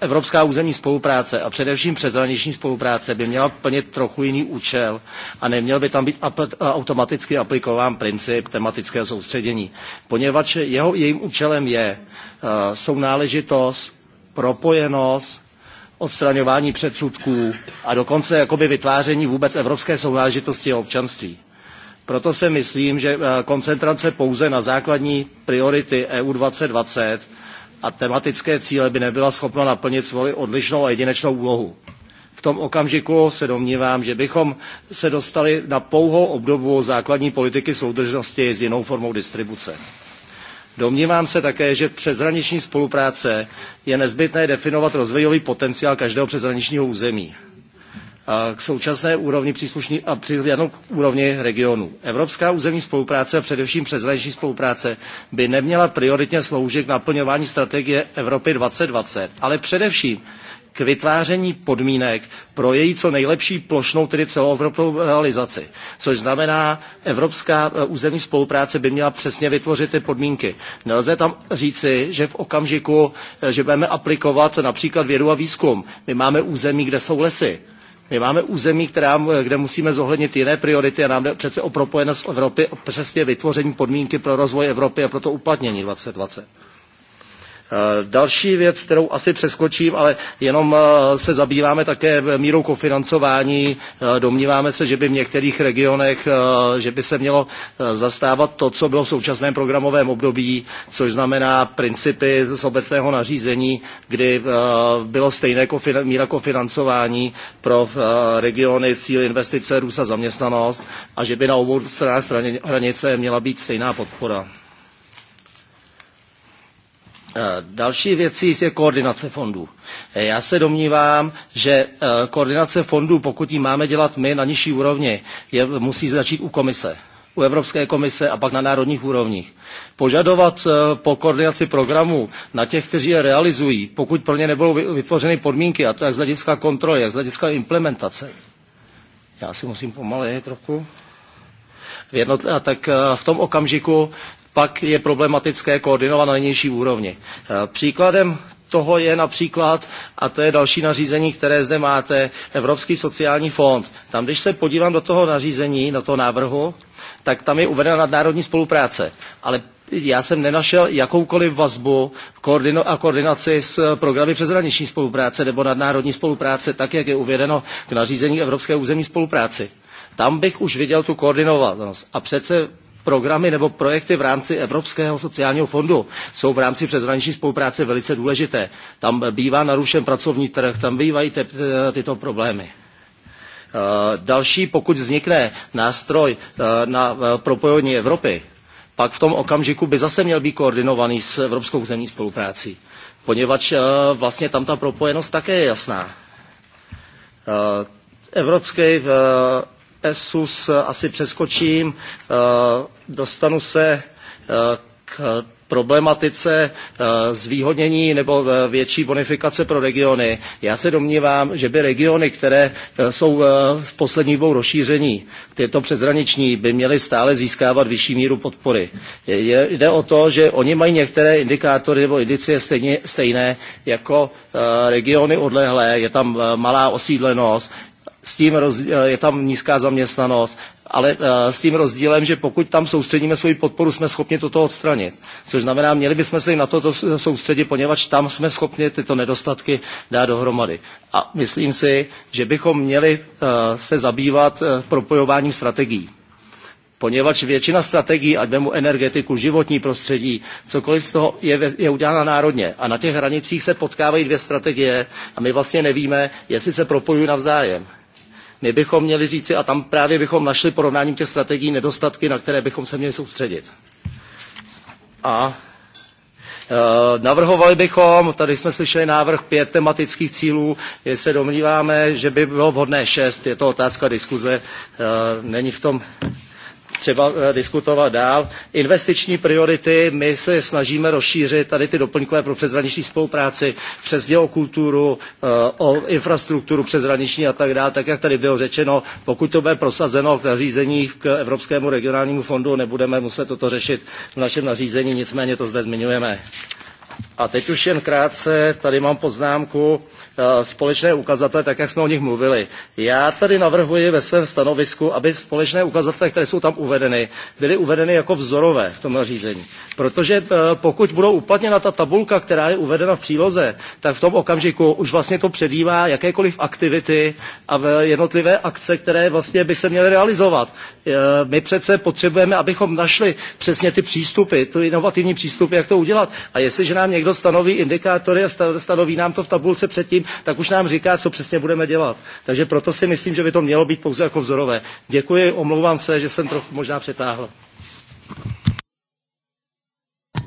evropská územní spolupráce a především přeshraniční spolupráce by měla plnit trochu jiný účel a neměl by tam být automaticky aplikován princip tematického soustředění, poněvadž jeho, jejím účelem je sounáležitost, propojenost, odstraňování předsudků a dokonce jakoby vytváření vůbec evropské sounáležitosti a občanství. Proto si myslím, že koncentrace pouze na základní priority EU 2020 a tematické cíle by nebyla schopna naplnit svoji odlišnou a jedinečnou úlohu. V tom okamžiku se domnívám, že bychom se dostali na pouhou obdobu základní politiky soudržnosti s jinou formou distribuce. Domnívám se také, že v přeshraniční spolupráce je nezbytné definovat rozvojový potenciál každého přeshraničního území k současné úrovni příslušní a přihlednou k úrovni regionu. Evropská územní spolupráce a především přeshraniční spolupráce by neměla prioritně sloužit k naplňování strategie Evropy 2020, ale především k vytváření podmínek pro její co nejlepší plošnou, tedy celoevropskou realizaci. Což znamená, evropská územní spolupráce by měla přesně vytvořit ty podmínky. Nelze tam říci, že v okamžiku, že budeme aplikovat například vědu a výzkum. My máme území, kde jsou lesy. My máme území, která, kde musíme zohlednit jiné priority a nám jde přece o propojenost Evropy, o přesně vytvoření podmínky pro rozvoj Evropy a pro to uplatnění 2020. Další věc, kterou asi přeskočím, ale jenom se zabýváme také mírou kofinancování. Domníváme se, že by v některých regionech, že by se mělo zastávat to, co bylo v současném programovém období, což znamená principy z obecného nařízení, kdy bylo stejné míra kofinancování pro regiony cíl investice, růst a zaměstnanost a že by na obou stranách hranice měla být stejná podpora. Další věcí je koordinace fondů. Já se domnívám, že koordinace fondů, pokud ji máme dělat my na nižší úrovni, je, musí začít u komise u Evropské komise a pak na národních úrovních. Požadovat po koordinaci programů na těch, kteří je realizují, pokud pro ně nebudou vytvořeny podmínky, a to jak z hlediska kontroly, jak z hlediska implementace. Já si musím pomalej trochu. A tak v tom okamžiku pak je problematické koordinovat na nejnižší úrovni. Příkladem toho je například, a to je další nařízení, které zde máte, Evropský sociální fond. Tam, když se podívám do toho nařízení, do toho návrhu, tak tam je uvedena nadnárodní spolupráce. Ale já jsem nenašel jakoukoliv vazbu a koordinaci s programy přeshraniční spolupráce nebo nadnárodní spolupráce, tak jak je uvedeno k nařízení Evropské územní spolupráci. Tam bych už viděl tu koordinovanost. A přece programy nebo projekty v rámci Evropského sociálního fondu jsou v rámci přeshraniční spolupráce velice důležité. Tam bývá narušen pracovní trh, tam bývají tyto problémy. Další, pokud vznikne nástroj na propojení Evropy, pak v tom okamžiku by zase měl být koordinovaný s Evropskou zemní spoluprácí, poněvadž vlastně tam ta propojenost také je jasná. Evropský ESUS asi přeskočím, dostanu se k problematice zvýhodnění nebo větší bonifikace pro regiony. Já se domnívám, že by regiony, které jsou z poslední dvou rozšíření, tyto přezraniční, by měly stále získávat vyšší míru podpory. Jde o to, že oni mají některé indikátory nebo indicie stejné jako regiony odlehlé, je tam malá osídlenost, s tím je tam nízká zaměstnanost, ale s tím rozdílem, že pokud tam soustředíme svoji podporu, jsme schopni toto odstranit. Což znamená, měli bychom se i na toto soustředit, poněvadž tam jsme schopni tyto nedostatky dát dohromady. A myslím si, že bychom měli se zabývat propojováním strategií poněvadž většina strategií, ať vemu energetiku, životní prostředí, cokoliv z toho je, je udělána národně. A na těch hranicích se potkávají dvě strategie a my vlastně nevíme, jestli se propojují navzájem. My bychom měli říci, a tam právě bychom našli porovnáním těch strategií nedostatky, na které bychom se měli soustředit. A Navrhovali bychom, tady jsme slyšeli návrh pět tematických cílů, je se domníváme, že by bylo vhodné šest, je to otázka diskuze, není v tom třeba diskutovat dál. Investiční priority, my se snažíme rozšířit tady ty doplňkové pro přeshraniční spolupráci přes geokulturu, o infrastrukturu přeshraniční a tak dále, tak jak tady bylo řečeno, pokud to bude prosazeno k nařízení k Evropskému regionálnímu fondu, nebudeme muset toto řešit v našem nařízení, nicméně to zde zmiňujeme. A teď už jen krátce, tady mám poznámku, společné ukazatele, tak jak jsme o nich mluvili. Já tady navrhuji ve svém stanovisku, aby společné ukazatele, které jsou tam uvedeny, byly uvedeny jako vzorové v tom nařízení. Protože pokud budou uplatněna ta tabulka, která je uvedena v příloze, tak v tom okamžiku už vlastně to předývá jakékoliv aktivity a jednotlivé akce, které vlastně by se měly realizovat. My přece potřebujeme, abychom našli přesně ty přístupy, tu inovativní přístupy, jak to udělat. A jestliže nám nám někdo stanoví indikátory a stanoví nám to v tabulce předtím, tak už nám říká, co přesně budeme dělat. Takže proto si myslím, že by to mělo být pouze jako vzorové. Děkuji, omlouvám se, že jsem trochu možná přetáhl.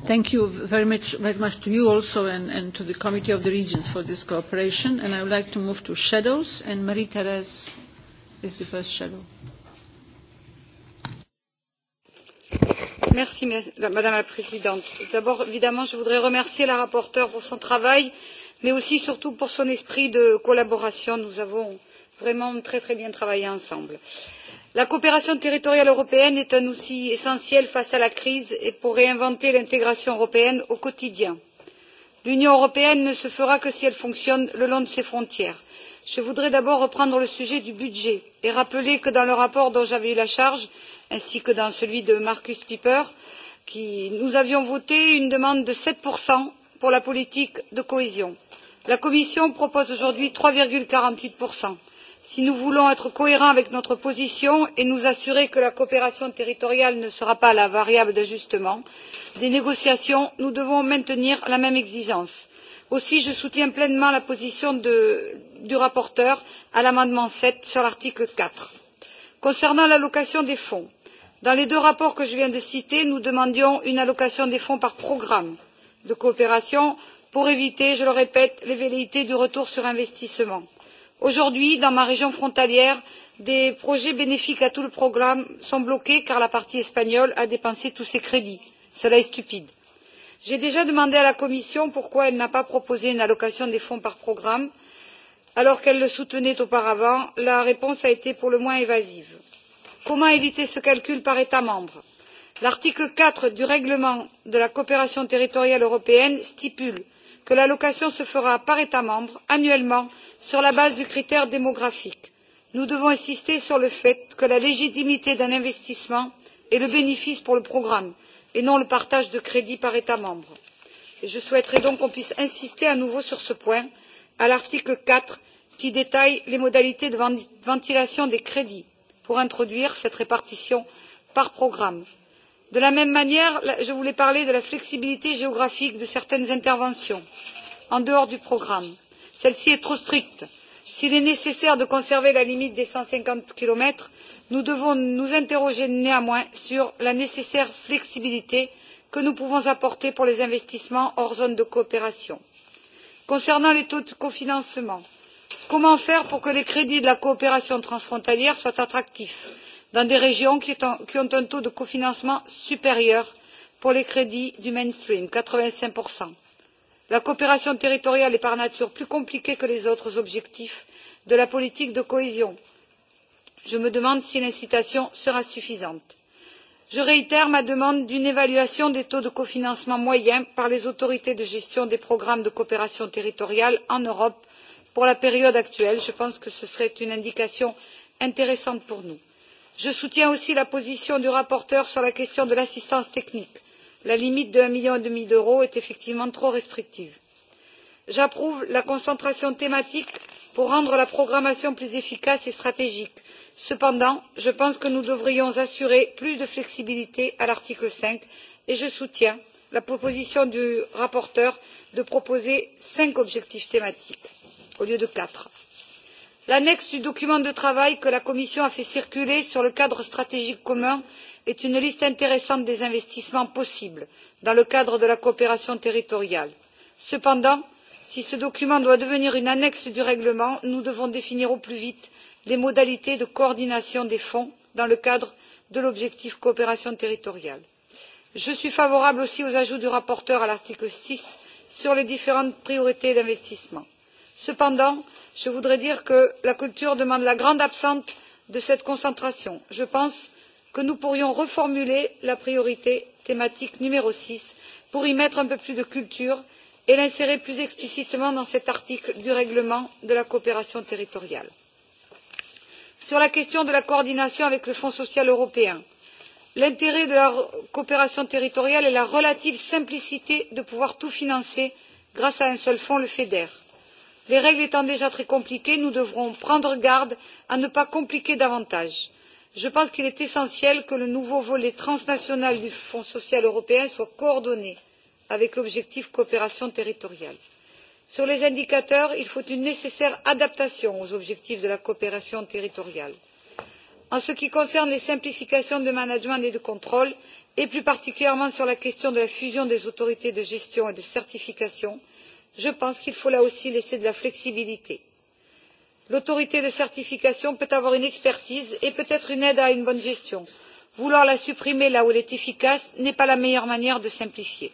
Thank you very much, very much to you also and, and to the Committee of the Regions for this cooperation. And I would like to move to shadows. And Marie-Thérèse is the first shadow. madame la présidente d'abord évidemment je voudrais remercier la rapporteure pour son travail mais aussi et surtout pour son esprit de collaboration nous avons vraiment très très bien travaillé ensemble. la coopération territoriale européenne est un outil essentiel face à la crise et pour réinventer l'intégration européenne au quotidien. l'union européenne ne se fera que si elle fonctionne le long de ses frontières. je voudrais d'abord reprendre le sujet du budget et rappeler que dans le rapport dont j'avais eu la charge ainsi que dans celui de Markus Pieper, qui nous avions voté une demande de sept pour la politique de cohésion. La Commission propose aujourd'hui trois quarante huit si nous voulons être cohérents avec notre position et nous assurer que la coopération territoriale ne sera pas la variable d'ajustement des négociations nous devons maintenir la même exigence. aussi je soutiens pleinement la position du rapporteur à l'amendement sept sur l'article. quatre concernant l'allocation des fonds dans les deux rapports que je viens de citer nous demandions une allocation des fonds par programme de coopération pour éviter je le répète les velléités du retour sur investissement. aujourd'hui dans ma région frontalière des projets bénéfiques à tout le programme sont bloqués car la partie espagnole a dépensé tous ses crédits. cela est stupide. j'ai déjà demandé à la commission pourquoi elle n'a pas proposé une allocation des fonds par programme alors qu'elle le soutenait auparavant. la réponse a été pour le moins évasive comment éviter ce calcul par état membre? l'article quatre du règlement de la coopération territoriale européenne stipule que l'allocation se fera par état membre annuellement sur la base du critère démographique. nous devons insister sur le fait que la légitimité d'un investissement est le bénéfice pour le programme et non le partage de crédits par état membre. je souhaiterais donc qu'on puisse insister à nouveau sur ce point à l'article quatre qui détaille les modalités de ventilation des crédits pour introduire cette répartition par programme. de la même manière je voulais parler de la flexibilité géographique de certaines interventions en dehors du programme. celle ci est trop stricte. s'il est nécessaire de conserver la limite des cent cinquante km nous devons nous interroger néanmoins sur la nécessaire flexibilité que nous pouvons apporter pour les investissements hors zone de coopération. concernant les taux de cofinancement comment faire pour que les crédits de la coopération transfrontalière soient attractifs dans des régions qui ont un taux de cofinancement supérieur pour les crédits du mainstream quatre vingt cinq la coopération territoriale est par nature plus compliquée que les autres objectifs de la politique de cohésion. je me demande si l'incitation sera suffisante. je réitère ma demande d'une évaluation des taux de cofinancement moyens par les autorités de gestion des programmes de coopération territoriale en europe pour la période actuelle je pense que ce serait une indication intéressante pour nous. je soutiens aussi la position du rapporteur sur la question de l'assistance technique la limite de un million et demi d'euros est effectivement trop restrictive. j'approuve la concentration thématique pour rendre la programmation plus efficace et stratégique. cependant je pense que nous devrions assurer plus de flexibilité à l'article cinq et je soutiens la proposition du rapporteur de proposer cinq objectifs thématiques au lieu de quatre. L'annexe du document de travail que la Commission a fait circuler sur le cadre stratégique commun est une liste intéressante des investissements possibles dans le cadre de la coopération territoriale. Cependant, si ce document doit devenir une annexe du règlement, nous devons définir au plus vite les modalités de coordination des fonds dans le cadre de l'objectif coopération territoriale. Je suis favorable aussi aux ajouts du rapporteur à l'article six sur les différentes priorités d'investissement cependant je voudrais dire que la culture demande la grande absente de cette concentration. je pense que nous pourrions reformuler la priorité thématique n six pour y mettre un peu plus de culture et l'insérer plus explicitement dans cet article du règlement de la coopération territoriale. sur la question de la coordination avec le fonds social européen l'intérêt de la coopération territoriale est la relative simplicité de pouvoir tout financer grâce à un seul fonds le feder les règles étant déjà très compliquées nous devrons prendre garde à ne pas compliquer davantage. je pense qu'il est essentiel que le nouveau volet transnational du fonds social européen soit coordonné avec l'objectif coopération territoriale. sur les indicateurs il faut une nécessaire adaptation aux objectifs de la coopération territoriale. en ce qui concerne les simplifications de management et de contrôle et plus particulièrement sur la question de la fusion des autorités de gestion et de certification je pense qu'il faut là aussi laisser de la flexibilité. l'autorité de certification peut avoir une expertise et peut être une aide à une bonne gestion. vouloir la supprimer là où elle est efficace n'est pas la meilleure manière de simplifier.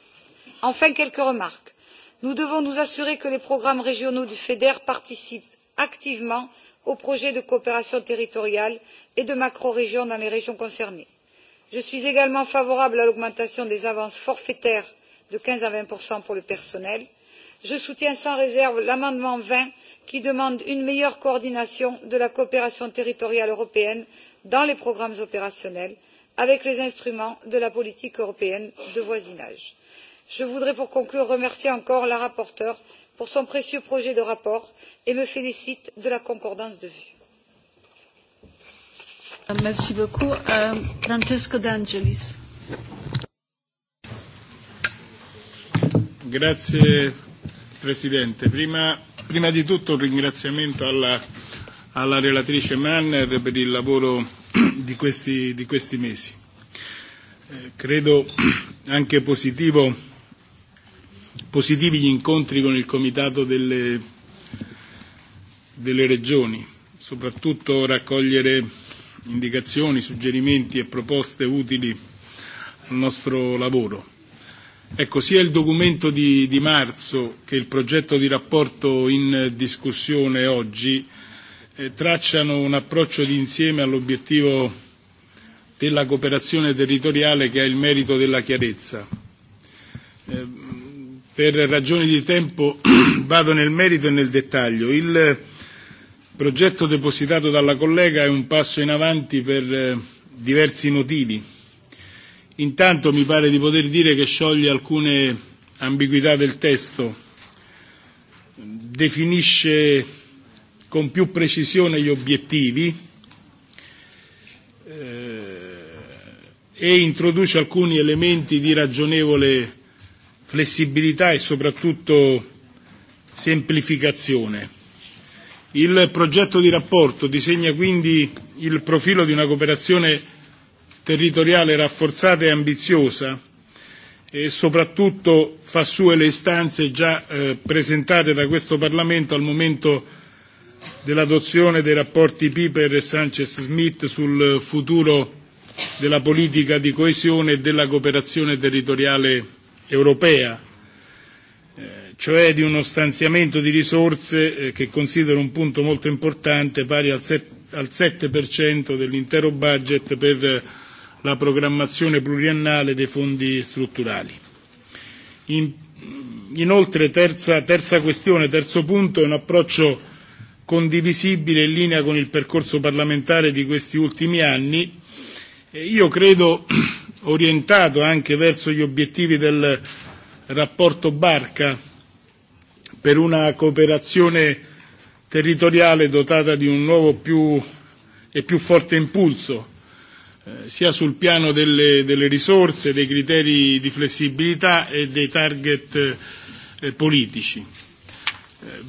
enfin quelques remarques. nous devons nous assurer que les programmes régionaux du feder participent activement aux projets de coopération territoriale et de macrorégions dans les régions concernées. je suis également favorable à l'augmentation des avances forfaitaires de quinze à vingt pour le personnel je soutiens sans réserve l'amendement vingt qui demande une meilleure coordination de la coopération territoriale européenne dans les programmes opérationnels avec les instruments de la politique européenne de voisinage. je voudrais pour conclure remercier encore la rapporteure pour son précieux projet de rapport et me félicite de la concordance de vues. Presidente. Prima, prima di tutto un ringraziamento alla, alla relatrice Manner per il lavoro di questi, di questi mesi. Eh, credo anche positivo, positivi gli incontri con il Comitato delle, delle Regioni, soprattutto raccogliere indicazioni, suggerimenti e proposte utili al nostro lavoro Ecco, sia il documento di, di marzo che il progetto di rapporto in discussione oggi eh, tracciano un approccio d'insieme all'obiettivo della cooperazione territoriale che ha il merito della chiarezza. Eh, per ragioni di tempo vado nel merito e nel dettaglio. Il progetto depositato dalla collega è un passo in avanti per eh, diversi motivi Intanto mi pare di poter dire che scioglie alcune ambiguità del testo, definisce con più precisione gli obiettivi e introduce alcuni elementi di ragionevole flessibilità e soprattutto semplificazione. Il progetto di rapporto disegna quindi il profilo di una cooperazione territoriale rafforzata e ambiziosa e soprattutto fa sue le istanze già eh, presentate da questo Parlamento al momento dell'adozione dei rapporti Piper e Sanchez-Smith sul futuro della politica di coesione e della cooperazione territoriale europea, cioè di uno stanziamento di risorse che considero un punto molto importante pari al 7% dell'intero budget per la programmazione pluriennale dei fondi strutturali. inoltre, terza, terza questione, terzo punto, è un approccio condivisibile in linea con il percorso parlamentare di questi ultimi anni. Io credo orientato anche verso gli obiettivi del rapporto Barca per una cooperazione territoriale dotata di un nuovo più e più forte impulso sia sul piano delle, delle risorse, dei criteri di flessibilità e dei target eh, politici.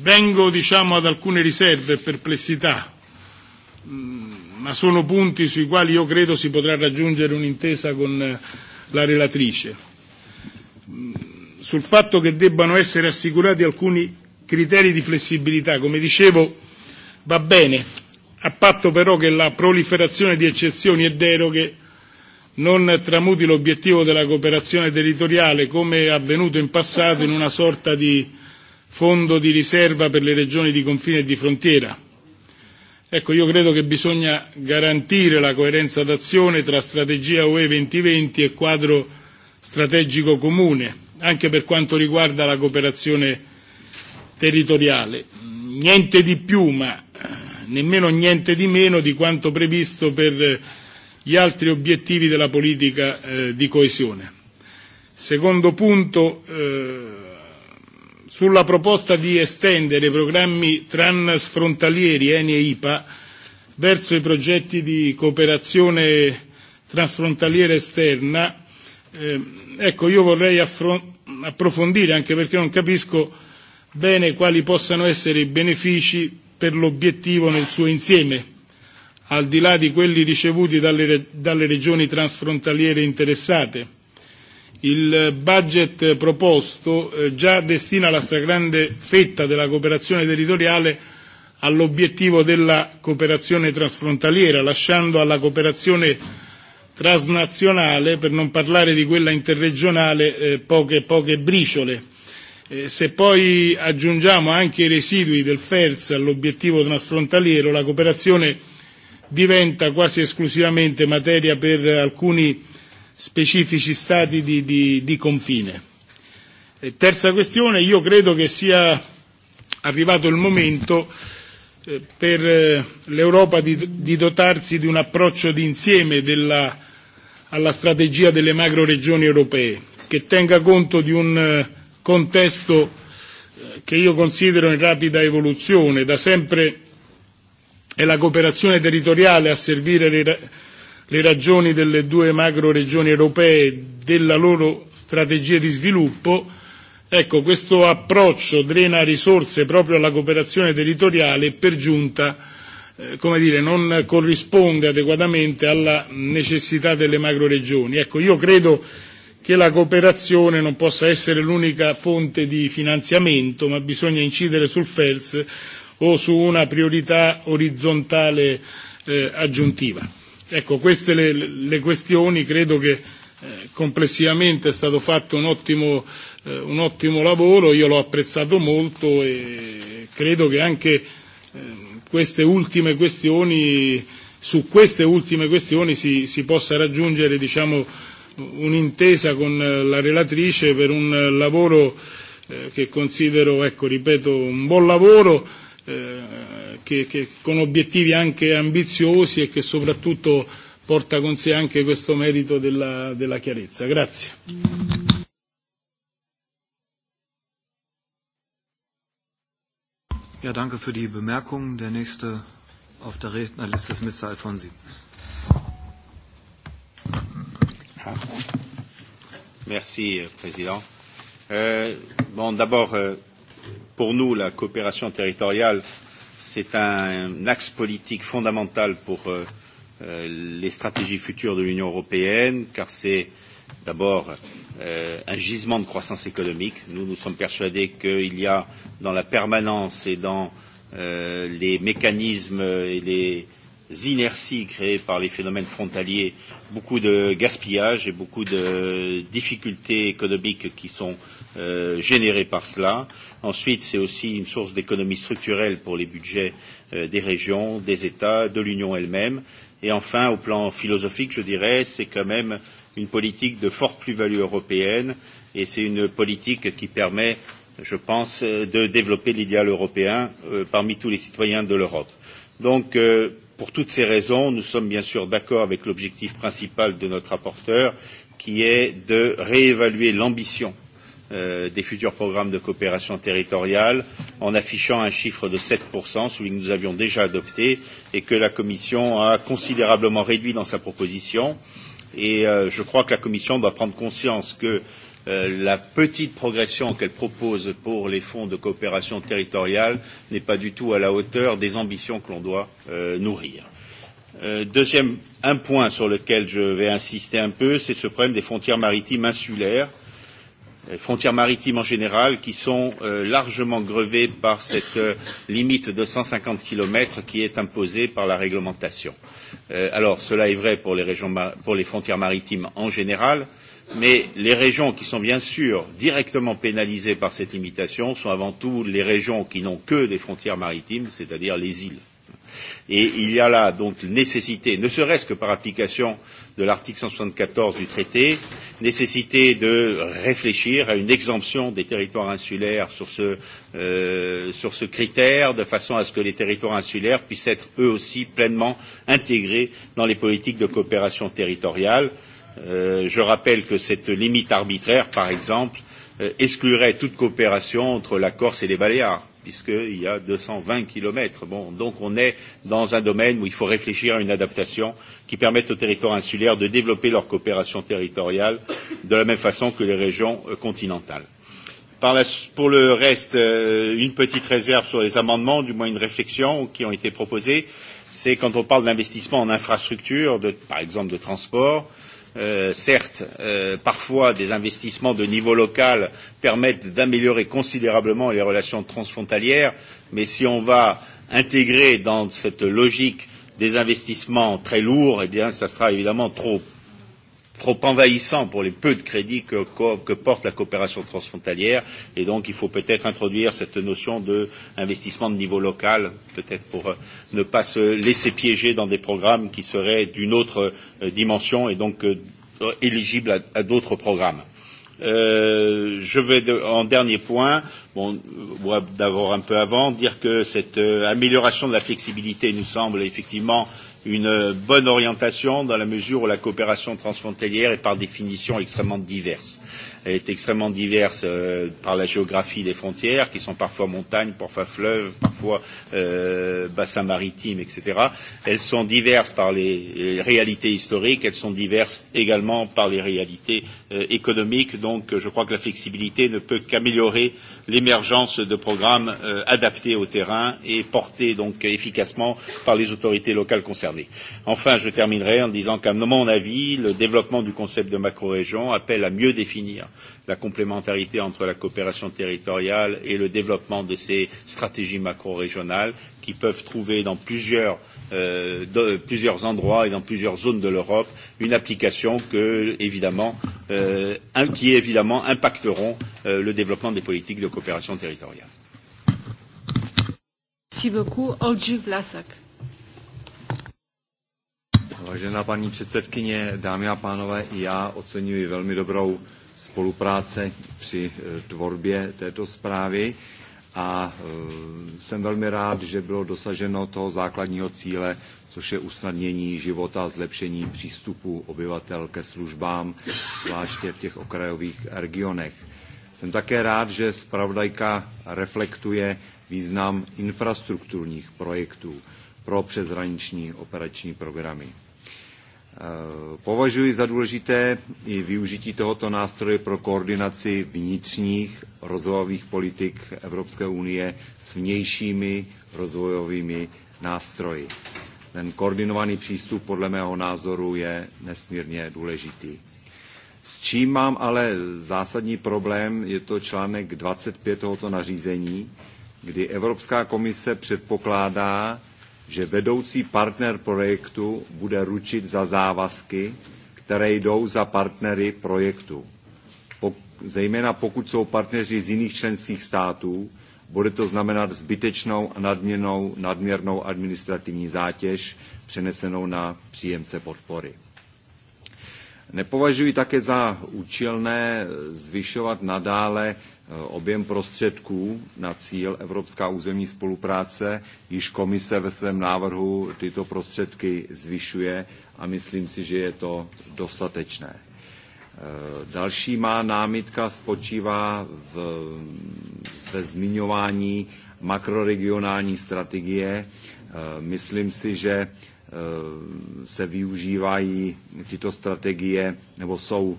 Vengo diciamo, ad alcune riserve e perplessità, ma sono punti sui quali io credo si potrà raggiungere un'intesa con la relatrice, sul fatto che debbano essere assicurati alcuni criteri di flessibilità. Come dicevo, va bene a patto però che la proliferazione di eccezioni e deroghe non tramuti l'obiettivo della cooperazione territoriale, come è avvenuto in passato, in una sorta di fondo di riserva per le regioni di confine e di frontiera. Ecco, io credo che bisogna garantire la coerenza d'azione tra strategia UE 2020 e quadro strategico comune, anche per quanto riguarda la cooperazione territoriale. Niente di più, ma nemmeno niente di meno di quanto previsto per gli altri obiettivi della politica eh, di coesione. Secondo punto, eh, sulla proposta di estendere i programmi transfrontalieri ENI e IPA verso i progetti di cooperazione transfrontaliera esterna, eh, ecco io vorrei approfondire anche perché non capisco bene quali possano essere i benefici per l'obiettivo nel suo insieme, al di là di quelli ricevuti dalle, dalle regioni transfrontaliere interessate. Il budget proposto eh, già destina la stragrande fetta della cooperazione territoriale all'obiettivo della cooperazione transfrontaliera, lasciando alla cooperazione transnazionale, per non parlare di quella interregionale, eh, poche, poche briciole Eh, se poi aggiungiamo anche i residui del FERS all'obiettivo transfrontaliero, la cooperazione diventa quasi esclusivamente materia per alcuni specifici stati di, di, di confine. E terza questione, io credo che sia arrivato il momento per l'Europa di, di dotarsi di un approccio d'insieme della, alla strategia delle macro regioni europee, che tenga conto di un contesto che io considero in rapida evoluzione. Da sempre è la cooperazione territoriale a servire le, le ragioni delle due macro regioni europee della loro strategia di sviluppo. Ecco, questo approccio drena risorse proprio alla cooperazione territoriale e per giunta come dire, non corrisponde adeguatamente alla necessità delle regioni. Ecco, io credo che la cooperazione non possa essere l'unica fonte di finanziamento, ma bisogna incidere sul FELS o su una priorità orizzontale eh, aggiuntiva. Ecco, queste le, le questioni, credo che eh, complessivamente è stato fatto un ottimo, eh, un ottimo lavoro, io l'ho apprezzato molto e credo che anche eh, queste ultime questioni, su queste ultime questioni si, si possa raggiungere diciamo, un'intesa con la relatrice per un lavoro che considero, ecco, ripeto, un buon lavoro eh, che, che, con obiettivi anche ambiziosi e che soprattutto porta con sé anche questo merito della, della chiarezza. Grazie. Ja, danke für die Bemerkung. Der nächste auf der Rednerliste ist Mr. Alfonsi. Merci, Président. bon, d'abord, pour nous, la coopération territoriale, c'est un, axe politique fondamental pour les stratégies futures de l'Union européenne, car c'est d'abord un gisement de croissance économique. Nous, nous sommes persuadés qu'il y a dans la permanence et dans les mécanismes et les inerties créées par les phénomènes frontaliers, beaucoup de gaspillage et beaucoup de difficultés économiques qui sont euh, générées par cela. Ensuite, c'est aussi une source d'économie structurelle pour les budgets euh, des régions, des États, de l'Union elle-même. Et enfin, au plan philosophique, je dirais, c'est quand même une politique de forte plus-value européenne et c'est une politique qui permet, je pense, de développer l'idéal européen euh, parmi tous les citoyens de l'Europe. Donc, euh, Pour toutes ces raisons, nous sommes bien sûr d'accord avec l'objectif principal de notre rapporteur, qui est de réévaluer l'ambition des futurs programmes de coopération territoriale en affichant un chiffre de 7%, celui que nous avions déjà adopté et que la Commission a considérablement réduit dans sa proposition. Et je crois que la Commission doit prendre conscience que la petite progression qu'elle propose pour les fonds de coopération territoriale n'est pas du tout à la hauteur des ambitions que l'on doit nourrir. deuxième un point sur lequel je vais insister un peu, c'est ce problème des frontières maritimes insulaires, les frontières maritimes en général, qui sont largement grevées par cette limite de cent cinquante km qui est imposée par la réglementation. alors, cela est vrai pour les, frontières maritimes en général, euh, Mais les régions qui sont bien sûr directement pénalisées par cette limitation sont avant tout les régions qui n'ont que des frontières maritimes, c'est-à-dire les îles. Et il y a là donc nécessité, ne serait-ce que par application de l'article 174 du traité, nécessité de réfléchir à une exemption des territoires insulaires sur ce, euh, sur ce critère, de façon à ce que les territoires insulaires puissent être eux aussi pleinement intégrés dans les politiques de coopération territoriale je rappelle que cette limite arbitraire, par exemple, exclurait toute coopération entre la Corse et les Baléares puisqu'il y a deux cent vingt kilomètres. Bon, donc on est dans un domaine où il faut réfléchir à une adaptation qui permette aux territoires insulaires de développer leur coopération territoriale de la même façon que les régions continentales. pour le reste, une petite réserve sur les amendements, du moins une réflexion qui ont été proposés, c'est quand on parle d'investissement en infrastructures, par exemple de transport, certes, parfois des investissements de niveau local permettent d'améliorer considérablement les relations transfrontalières, mais si on va intégrer dans cette logique des investissements très lourds, eh bien, ça sera évidemment trop trop envahissant pour les peu de crédits que, que porte la coopération transfrontalière et donc il faut peut-être introduire cette notion d'investissement de niveau local, peut-être pour ne pas se laisser piéger dans des programmes qui seraient d'une autre dimension et donc éligibles à, à d'autres programmes. Euh, je vais de, en dernier point, bon, d'abord un peu avant, dire que cette euh, amélioration de la flexibilité nous semble effectivement euh, une bonne orientation dans la mesure où la coopération transfrontalière est par définition extrêmement diverse est extrêmement diverse euh, par la géographie des frontières, qui sont parfois montagnes, parfois fleuves, parfois euh, bassins maritimes, etc. Elles sont diverses par les, les réalités historiques, elles sont diverses également par les réalités euh, économiques. Donc je crois que la flexibilité ne peut qu'améliorer l'émergence de programmes euh, adaptés au terrain et portés donc efficacement par les autorités locales concernées. Enfin, je terminerai en disant qu'à mon avis, le développement du concept de macro-région appelle à mieux définir la complémentarité entre la coopération territoriale et le développement de ces stratégies macro-régionales qui peuvent trouver dans plusieurs de plusieurs endroits et dans plusieurs zones de l'Europe une application que, évidemment, euh, qui évidemment impacteront euh, le développement des politiques de coopération territoriale. Merci beaucoup. Olji Vlasak. Vážená paní předsedkyně, dámy a pánové, já oceňuji velmi dobrou spolupráce při tvorbě této zprávy a jsem velmi rád, že bylo dosaženo toho základního cíle, což je usnadnění života, zlepšení přístupu obyvatel ke službám, zvláště v těch okrajových regionech. Jsem také rád, že zpravodajka reflektuje význam infrastrukturních projektů pro přeshraniční operační programy. Považuji za důležité i využití tohoto nástroje pro koordinaci vnitřních rozvojových politik Evropské unie s vnějšími rozvojovými nástroji. Ten koordinovaný přístup podle mého názoru je nesmírně důležitý. S čím mám ale zásadní problém, je to článek 25 tohoto nařízení, kdy Evropská komise předpokládá, že vedoucí partner projektu bude ručit za závazky, které jdou za partnery projektu. Zejména pokud jsou partneři z jiných členských států, bude to znamenat zbytečnou a nadměrnou, nadměrnou administrativní zátěž přenesenou na příjemce podpory. Nepovažuji také za účelné zvyšovat nadále Objem prostředků na cíl Evropská územní spolupráce již komise ve svém návrhu tyto prostředky zvyšuje a myslím si, že je to dostatečné. Další má námitka spočívá v, ve zmiňování makroregionální strategie. Myslím si, že se využívají tyto strategie nebo jsou,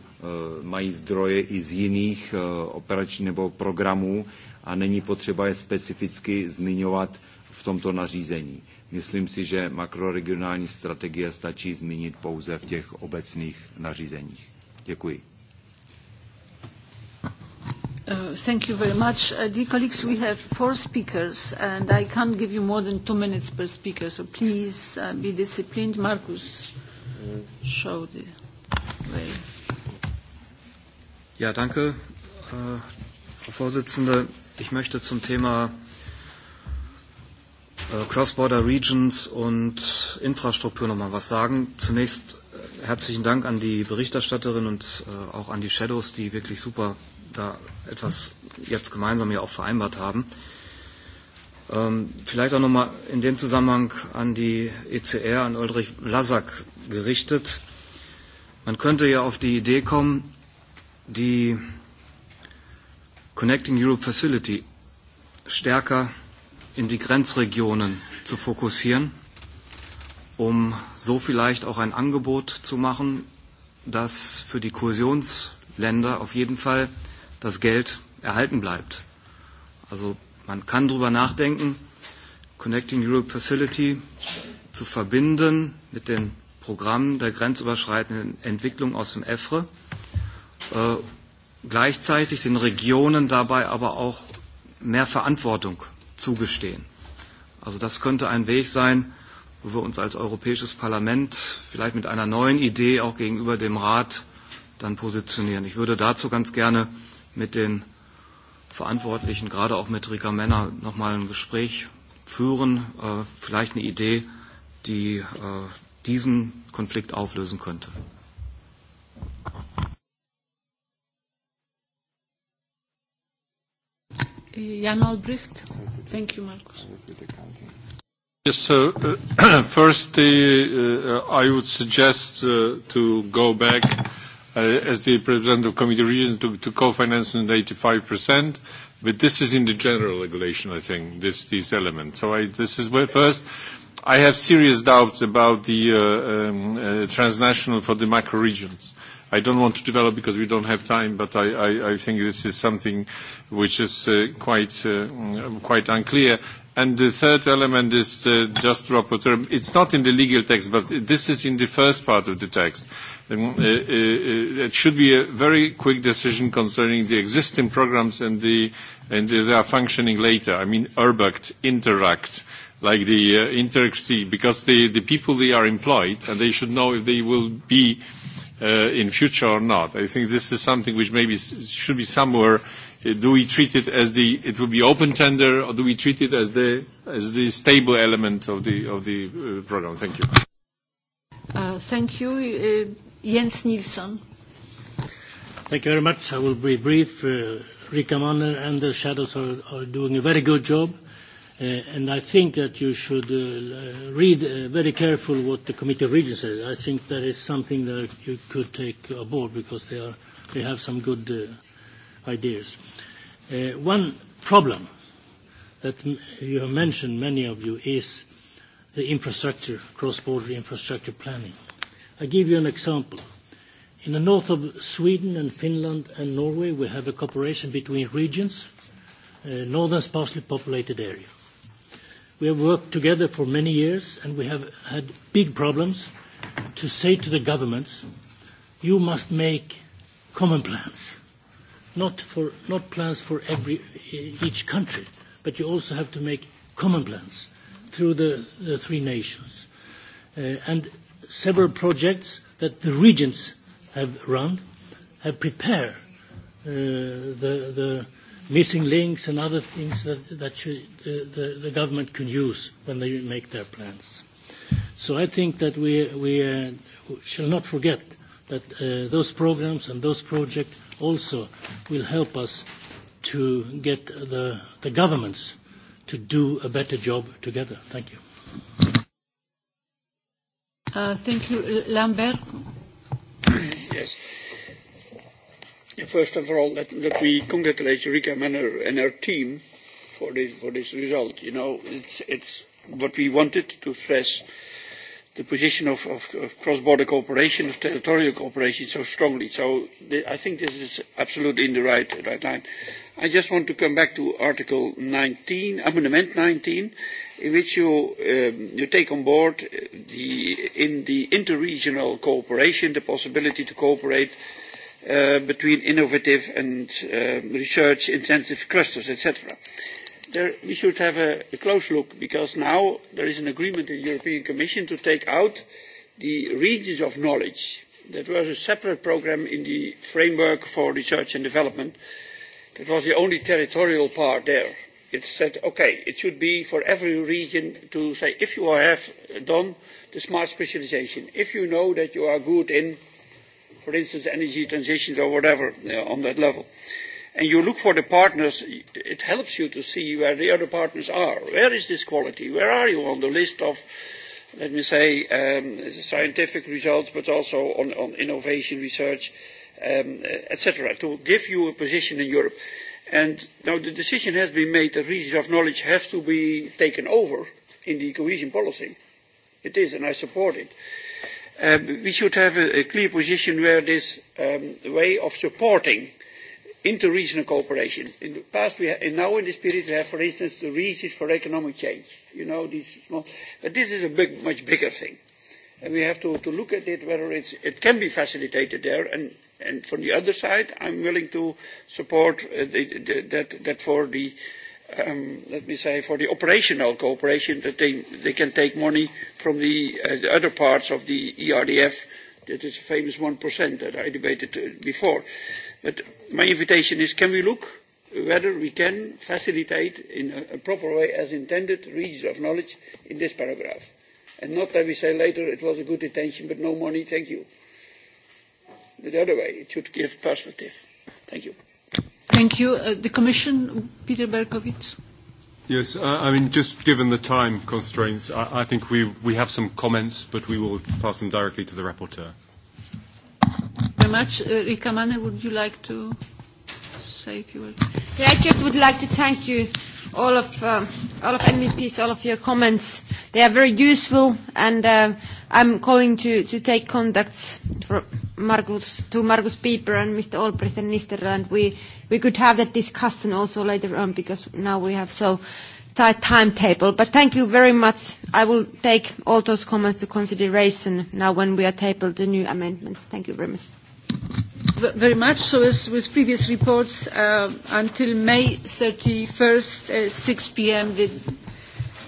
mají zdroje i z jiných operačních nebo programů a není potřeba je specificky zmiňovat v tomto nařízení. Myslím si, že makroregionální strategie stačí zmínit pouze v těch obecných nařízeních. Děkuji. Thank you very much. Dear colleagues, we have four speakers, and I can't give you more than two minutes per speaker, so please be disciplined. Markus, show the way. Ja, danke, Frau Vorsitzende. Ich möchte zum Thema Cross-Border Regions und Infrastruktur noch mal was sagen. Zunächst herzlichen Dank an die Berichterstatterin und äh, auch an die Shadows, die wirklich super da etwas jetzt gemeinsam ja auch vereinbart haben. Ähm, vielleicht auch nochmal in dem Zusammenhang an die ECR, an Ulrich Lasak gerichtet. Man könnte ja auf die Idee kommen, die Connecting Europe Facility stärker in die Grenzregionen zu fokussieren um so vielleicht auch ein Angebot zu machen, dass für die Kohäsionsländer auf jeden Fall das Geld erhalten bleibt. Also man kann darüber nachdenken, Connecting Europe Facility zu verbinden mit den Programmen der grenzüberschreitenden Entwicklung aus dem EFRE, äh, gleichzeitig den Regionen dabei aber auch mehr Verantwortung zugestehen. Also das könnte ein Weg sein, wo wir uns als Europäisches Parlament vielleicht mit einer neuen Idee auch gegenüber dem Rat dann positionieren. Ich würde dazu ganz gerne mit den Verantwortlichen, gerade auch mit Rika Männer, nochmal ein Gespräch führen, vielleicht eine Idee, die diesen Konflikt auflösen könnte. Jan Albrecht. Thank you, Markus. Yes, so first, I would suggest to go back, as the President of Committee of Regions, to co-financement 85%, but this is in the general regulation, I think, this element. So I this is where first, I have serious doubts about the transnational for the macro regions. I don't want to develop because we don't have time, but I I I think this is something which is quite quite unclear. And the third element is the just rapporteur. It's not in the legal text, but this is in the first part of the text. It should be a very quick decision concerning the existing programs and the and they are functioning later. I mean, Urbact, Interact, like the uh, Interact, because the the people they are employed and they should know if they will be uh, in future or not. I think this is something which maybe should be somewhere do we treat it as the it will be open tender, or do we treat it as the as the stable element of the of the uh, program? Thank you. Uh, thank you, uh, Jens Nilsson. Thank you very much. I will be brief. Uh, Rika Manner and the shadows are, are doing a very good job. Uh, and I think that you should uh, read uh, very carefully what the Committee of Regions says. I think that is something that you could take aboard because they, are, they have some good uh, ideas. One problem that you have mentioned, many of you, is the infrastructure, cross-border infrastructure planning. I give you an example. In the north of Sweden and Finland and Norway, we have a cooperation between regions, northern sparsely populated areas. We have worked together for many years, and we have had big problems to say to the governments, "You must make common plans not, for, not plans for every, each country, but you also have to make common plans through the, the three nations. and several projects that the regions have run have prepared the, the missing links and other things that, that should, the, the government can use when they make their plans. So I think that we, we uh, shall not forget that uh, those programs and those projects also will help us to get the, the governments to do a better job together. Thank you. Uh, thank you. Lambert? Yes. First of all, let, let me congratulate Rika Manner and her team for this, for this result. You know, it's, it's what we wanted to stress the position of, of, of cross-border cooperation, of territorial cooperation so strongly. So I think this is absolutely in the right, right line. I just want to come back to Article 19, Amendment 19, in which you, um, you take on board the, in the interregional cooperation the possibility to cooperate uh, between innovative and uh, research-intensive clusters, etc we should have a, close look because now there is an agreement in the European Commission to take out the regions of knowledge. That was a separate programme in the framework for research and development. That was the only territorial part there. It said, okay, it should be for every region to say, if you have done the smart specialisation, if you know that you are good in, for instance, energy transitions or whatever on that level. Uh, and you look for the partners, it helps you to see where the other partners are. Where is this quality? Where are you on the list of, let me say, um, scientific results, but also on, on innovation research, um, etc., to give you a position in Europe. And now the decision has been made that regions of knowledge have to be taken over in the cohesion policy. It is, and I support it. Um, we should have a, a clear position where this um, way of supporting interregional cooperation. In the past, we have, and now in this period, we have, for instance, the reasons for economic change. You know, these small, but this is a big, much bigger thing, and we have to, to look at it whether it's, it can be facilitated there. And, and from the other side, I'm willing to support uh, the, the, that that for the um, let me say, for the operational cooperation that they, they can take money from the, uh, the other parts of the ERDF. That is the famous 1% that I debated before. But my invitation is, can we look whether we can facilitate in a, proper way, as intended, reaches of knowledge in this paragraph? And not that we say later it was a good intention, but no money, thank you. The other way, it should give perspective. Thank you. Thank you. Uh, the Commission, Peter Berkowitz. Yes. I mean, just given the time constraints, I think we we have some comments, but we will pass them directly to the rapporteur very much. Rika Manne, would you like to say a few words? Yeah, I just would like to thank you, all of, um, all of MEPs, all of your comments. They are very useful, and uh, I'm going to, to take contacts for Margus, to Margus Pieper and Mr. Albrecht and Mr. And we, we could have that discussion also later on, because now we have so tight timetable. But thank you very much. I will take all those comments to consideration now when we are tabled the new amendments. Thank you very much. Very much. So as with previous reports, uh, until May 31st, uh, 6 p.m., the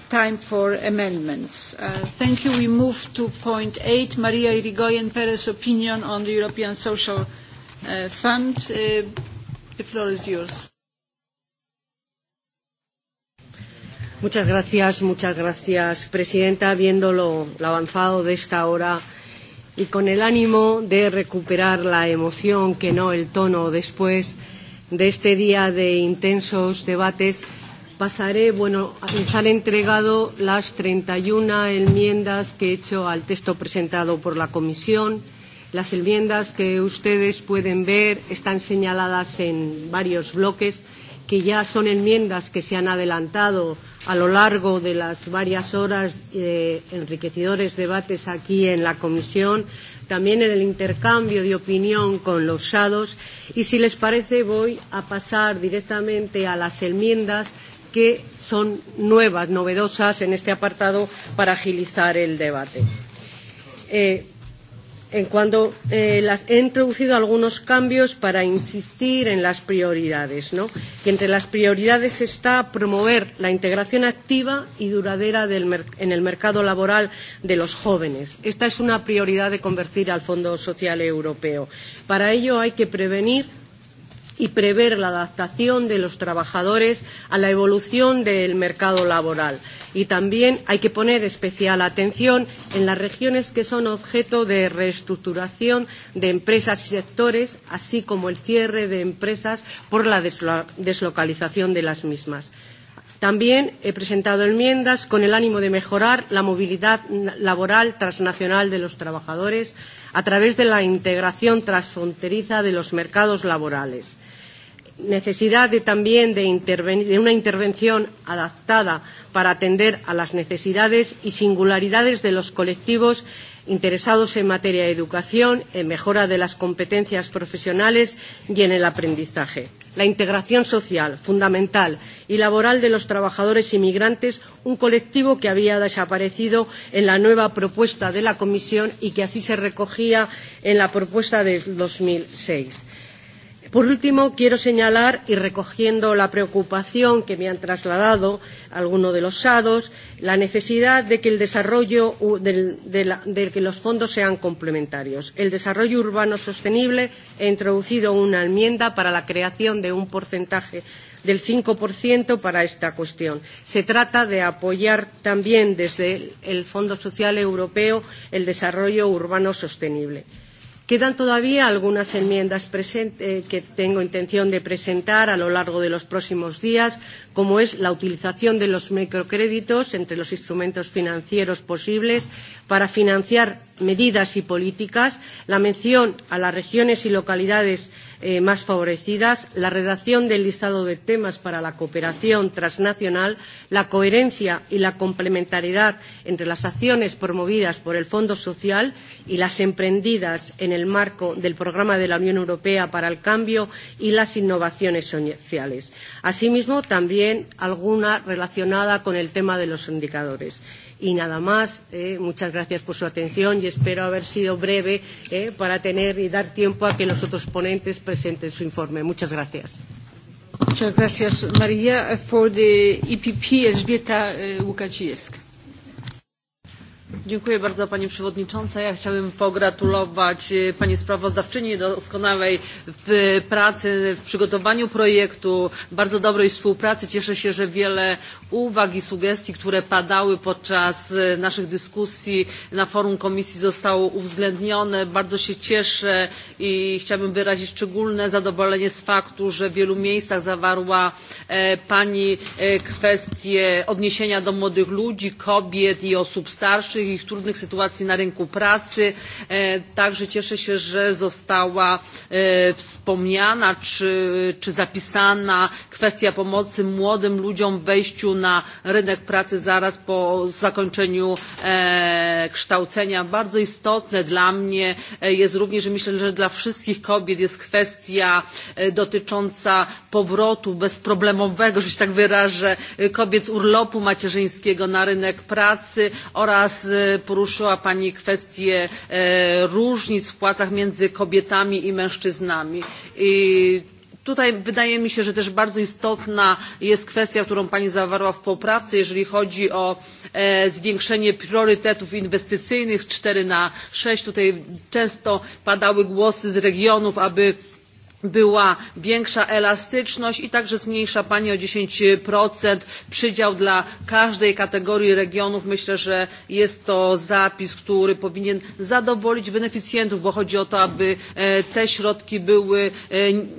time for amendments. Uh, thank you. We move to point eight, Maria Irigoyen-Perez opinion on the European Social uh, Fund. Uh, the floor is yours. Muchas gracias, muchas gracias, Presidenta. Viendo lo, lo avanzado de esta hora, y con el ánimo de recuperar la emoción, que no el tono después de este día de intensos debates, pasaré, bueno, les han entregado las 31 enmiendas que he hecho al texto presentado por la Comisión. Las enmiendas que ustedes pueden ver están señaladas en varios bloques, que ya son enmiendas que se han adelantado a lo largo de las varias horas de enriquecedores debates aquí en la comisión, también en el intercambio de opinión con los shadows y si les parece voy a pasar directamente a las enmiendas que son nuevas, novedosas en este apartado para agilizar el debate. Eh, en cuanto eh, las, he introducido algunos cambios para insistir en las prioridades, ¿no? que entre las prioridades está promover la integración activa y duradera del en el mercado laboral de los jóvenes. Esta es una prioridad de convertir al Fondo Social Europeo. Para ello hay que prevenir y prever la adaptación de los trabajadores a la evolución del mercado laboral y también hay que poner especial atención en las regiones que son objeto de reestructuración de empresas y sectores, así como el cierre de empresas por la deslocalización de las mismas. También he presentado enmiendas con el ánimo de mejorar la movilidad laboral transnacional de los trabajadores a través de la integración transfronteriza de los mercados laborales necesidad de, también de, de una intervención adaptada para atender a las necesidades y singularidades de los colectivos interesados en materia de educación, en mejora de las competencias profesionales y en el aprendizaje. La integración social, fundamental, y laboral de los trabajadores inmigrantes, un colectivo que había desaparecido en la nueva propuesta de la Comisión y que así se recogía en la propuesta de dos mil seis Por último, quiero señalar, y recogiendo la preocupación que me han trasladado algunos de los SADOS, la necesidad de que el desarrollo de, que los fondos sean complementarios. El desarrollo urbano sostenible ha introducido una enmienda para la creación de un porcentaje del 5% para esta cuestión. Se trata de apoyar también desde el Fondo Social Europeo el desarrollo urbano sostenible. Quedan todavía algunas enmiendas que tengo intención de presentar a lo largo de los próximos días, como es la utilización de los microcréditos entre los instrumentos financieros posibles para financiar medidas y políticas, la mención a las regiones y localidades eh, más favorecidas, la redacción del listado de temas para la cooperación transnacional, la coherencia y la complementariedad entre las acciones promovidas por el Fondo Social y las emprendidas en el marco del Programa de la Unión Europea para el Cambio y las innovaciones sociales. Asimismo, también alguna relacionada con el tema de los indicadores. Y nada más, eh, muchas gracias por su atención y espero haber sido breve eh, para tener y dar tiempo a que los otros ponentes presenten su informe. Muchas gracias. Muchas gracias, María. For the EPP, Elżbieta Dziękuję bardzo Pani Przewodnicząca. Ja chciałbym pogratulować Pani sprawozdawczyni doskonałej pracy w przygotowaniu projektu, bardzo dobrej współpracy. Cieszę się, że wiele uwag i sugestii, które padały podczas naszych dyskusji na forum komisji zostało uwzględnione. Bardzo się cieszę i chciałabym wyrazić szczególne zadowolenie z faktu, że w wielu miejscach zawarła Pani kwestię odniesienia do młodych ludzi, kobiet i osób starszych ich trudnych sytuacji na rynku pracy. Także cieszę się, że została wspomniana czy, czy zapisana kwestia pomocy młodym ludziom w wejściu na rynek pracy zaraz po zakończeniu kształcenia. Bardzo istotne dla mnie jest również, że myślę, że dla wszystkich kobiet jest kwestia dotycząca powrotu bezproblemowego, że się tak wyrażę, kobiet z urlopu macierzyńskiego na rynek pracy oraz poruszyła Pani kwestię różnic w płacach między kobietami i mężczyznami. I Tutaj wydaje mi się, że też bardzo istotna jest kwestia, którą Pani zawarła w poprawce, jeżeli chodzi o zwiększenie priorytetów inwestycyjnych z cztery na sześć. Tutaj często padały głosy z regionów, aby była większa elastyczność i także zmniejsza Pani o dziesięć przydział dla każdej kategorii regionów. Myślę, że jest to zapis, który powinien zadowolić beneficjentów, bo chodzi o to, aby te środki były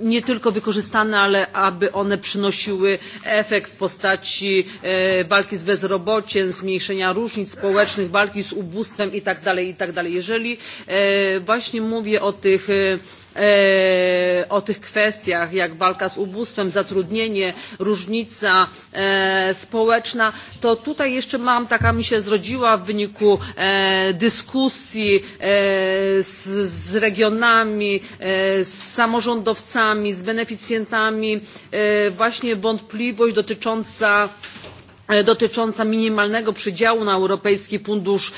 nie tylko wykorzystane, ale aby one przynosiły efekt w postaci walki z bezrobociem, zmniejszenia różnic społecznych, walki z ubóstwem itd. itd. Jeżeli właśnie mówię o tych o tych kwestiach jak walka z ubóstwem, zatrudnienie, różnica społeczna, to tutaj jeszcze mam, taka mi się zrodziła w wyniku dyskusji z, regionami, z samorządowcami, z beneficjentami właśnie wątpliwość dotycząca dotycząca minimalnego przydziału na Europejski Fundusz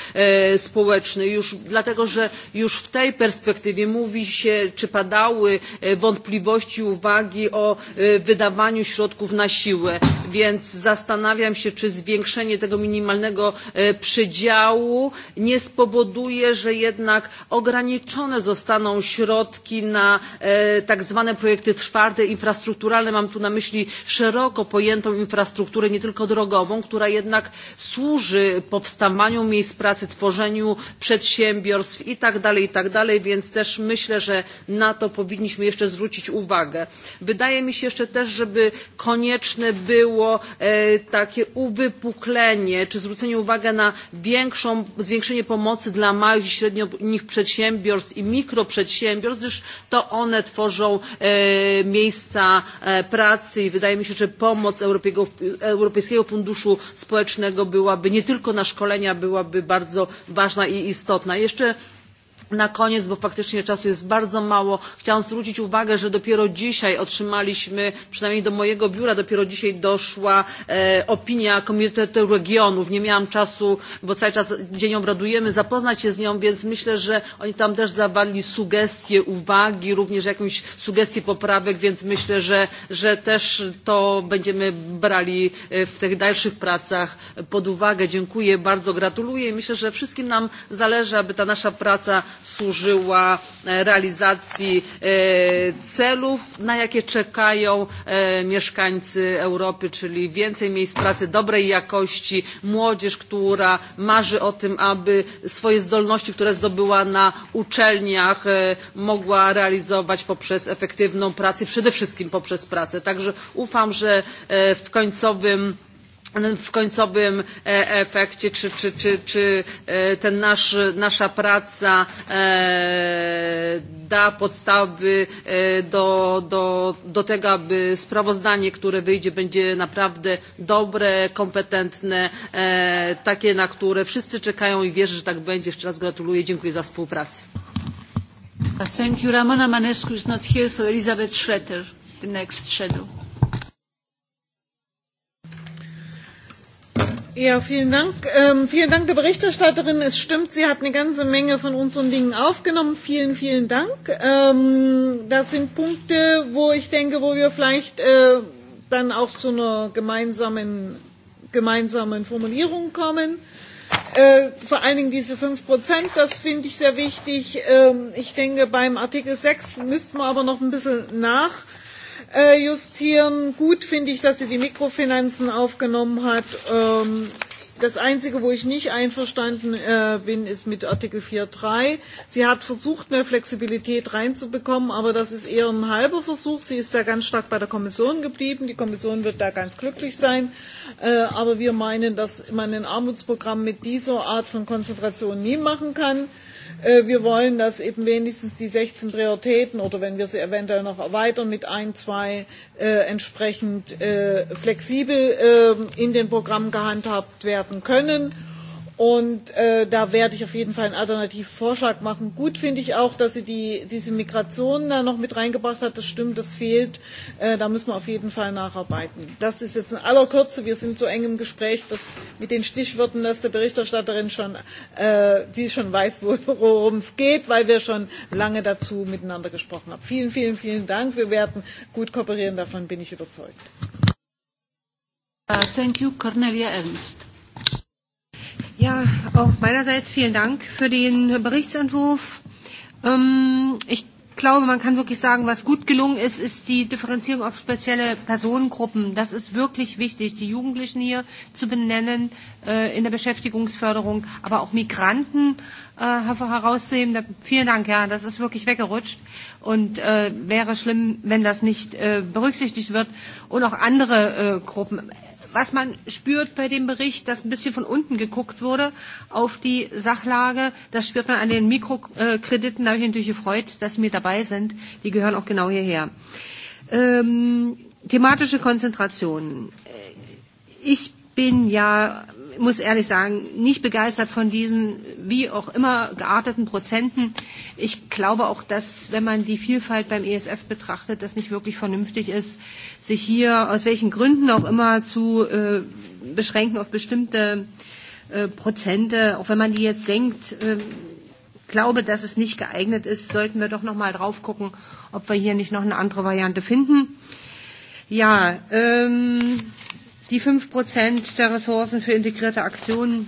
Społeczny, dlatego że już w tej perspektywie mówi się, czy padały wątpliwości, uwagi o wydawaniu środków na siłę, więc zastanawiam się, czy zwiększenie tego minimalnego przydziału nie spowoduje, że jednak ograniczone zostaną środki na tak zwane projekty twarde, infrastrukturalne, mam tu na myśli szeroko pojętą infrastrukturę, nie tylko drogową, nową, która jednak służy powstawaniu miejsc pracy, tworzeniu przedsiębiorstw itd. itd. Więc też myślę, że na to powinniśmy jeszcze zwrócić uwagę. Wydaje mi się jeszcze też, żeby konieczne było takie uwypuklenie czy zwrócenie uwagi na większą, zwiększenie pomocy dla małych i średnich przedsiębiorstw i mikroprzedsiębiorstw, gdyż to one tworzą miejsca pracy i wydaje mi się, że pomoc Europejskiego Funduszu funduszu społecznego byłaby nie tylko na szkolenia byłaby bardzo ważna i istotna. Jeszcze na koniec, bo faktycznie czasu jest bardzo mało, chciałam zwrócić uwagę, że dopiero dzisiaj otrzymaliśmy, przynajmniej do mojego biura, dopiero dzisiaj doszła opinia Komitetu Regionów. Nie miałam czasu, bo cały czas dzień obradujemy, zapoznać się z nią, więc myślę, że oni tam też zawarli sugestie, uwagi, również jakąś sugestie poprawek, więc myślę, że, że też to będziemy brali w tych dalszych pracach pod uwagę. Dziękuję bardzo, gratuluję i myślę, że wszystkim nam zależy, aby ta nasza praca służyła realizacji celów, na jakie czekają mieszkańcy Europy, czyli więcej miejsc pracy dobrej jakości, młodzież, która marzy o tym, aby swoje zdolności, które zdobyła na uczelniach, mogła realizować poprzez efektywną pracę, przede wszystkim poprzez pracę. Także ufam, że w końcowym w końcowym efekcie, czy, czy, czy, czy ten nasz, nasza praca da podstawy do, do, do tego, aby sprawozdanie, które wyjdzie, będzie naprawdę dobre, kompetentne, takie, na które wszyscy czekają i wierzę, że tak będzie. Jeszcze raz gratuluję. Dziękuję za współpracę. Thank you. Ramona Manescu is not here, so Elizabeth Schroeder, the next shadow. Ja, vielen Dank. Ähm, vielen Dank der Berichterstatterin. Es stimmt, sie hat eine ganze Menge von unseren Dingen aufgenommen. Vielen, vielen Dank. Ähm, das sind Punkte, wo ich denke, wo wir vielleicht äh, dann auch zu einer gemeinsamen, gemeinsamen Formulierung kommen. Äh, vor allen Dingen diese 5 Prozent, das finde ich sehr wichtig. Ähm, ich denke, beim Artikel 6 müssten wir aber noch ein bisschen nach justieren. Gut finde ich, dass sie die Mikrofinanzen aufgenommen hat. das Einzige, wo ich nicht einverstanden bin, ist mit Artikel 4.3. Sie hat versucht, mehr Flexibilität reinzubekommen, aber das ist eher ein halber Versuch. Sie ist da ganz stark bei der Kommission geblieben. Die Kommission wird da ganz glücklich sein. aber wir meinen, dass man ein Armutsprogramm mit dieser Art von Konzentration nie machen kann. Äh, wir wollen, dass eben wenigstens die sechzehn Prioritäten oder wenn wir sie eventuell noch erweitern mit ein, zwei entsprechend flexibel in den Programmen gehandhabt werden können Und äh, da werde ich auf jeden Fall einen Alternativvorschlag machen. Gut finde ich auch, dass sie die, diese Migration da noch mit reingebracht hat. Das stimmt, das fehlt. Äh, da müssen wir auf jeden Fall nacharbeiten. Das ist jetzt in aller Kürze. Wir sind so eng im Gespräch, dass mit den Stichwörtern dass der Berichterstatterin schon, äh, die schon weiß, worum es geht, weil wir schon lange dazu miteinander gesprochen haben. Vielen, vielen, vielen Dank. Wir werden gut kooperieren. Davon bin ich überzeugt. Uh, thank you, Cornelia Ernst. Ja, auch meinerseits vielen Dank für den Berichtsentwurf. Ich glaube, man kann wirklich sagen, was gut gelungen ist, ist die Differenzierung auf spezielle Personengruppen. Das ist wirklich wichtig, die Jugendlichen hier zu benennen in der Beschäftigungsförderung, aber auch Migranten herauszuheben. Vielen Dank, ja, das ist wirklich weggerutscht und wäre schlimm, wenn das nicht berücksichtigt wird und auch andere Gruppen. Was man spürt bei dem Bericht, dass ein bisschen von unten geguckt wurde auf die Sachlage, das spürt man an den Mikrokrediten. Da habe ich natürlich gefreut, dass Sie mit dabei sind. Die gehören auch genau hierher. Ähm, thematische Konzentration. Ich bin ja muss ehrlich sagen, nicht begeistert von diesen wie auch immer gearteten Prozenten. Ich glaube auch, dass, wenn man die Vielfalt beim ESF betrachtet, das nicht wirklich vernünftig ist, sich hier aus welchen Gründen auch immer zu äh, beschränken auf bestimmte äh, Prozente, auch wenn man die jetzt senkt. Äh, glaube, dass es nicht geeignet ist, sollten wir doch noch mal drauf gucken, ob wir hier nicht noch eine andere Variante finden. Ja, ähm, Die fünf Prozent der Ressourcen für integrierte Aktionen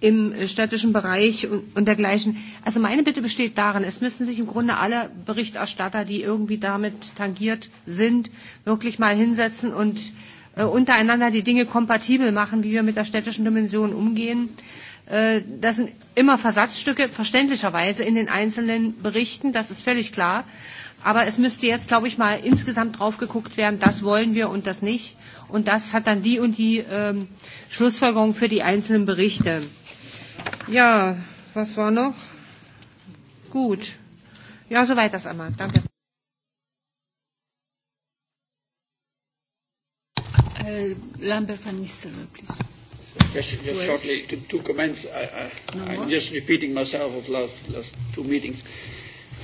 im städtischen Bereich und, und dergleichen. Also meine Bitte besteht darin, es müssen sich im Grunde alle Berichterstatter, die irgendwie damit tangiert sind, wirklich mal hinsetzen und äh, untereinander die Dinge kompatibel machen, wie wir mit der städtischen Dimension umgehen. Äh, das sind immer Versatzstücke, verständlicherweise in den einzelnen Berichten, das ist völlig klar. Aber es müsste jetzt, glaube ich, mal insgesamt drauf geguckt werden, das wollen wir und das nicht Und das hat dann die und die ähm, Schlussfolgerung für die einzelnen Berichte. Ja, was war noch? Gut. Ja, soweit das einmal. Danke. Lambert van Nistelrooy, please. Just, just shortly, two, two comments. I, I, no I'm just repeating myself of last, last two meetings.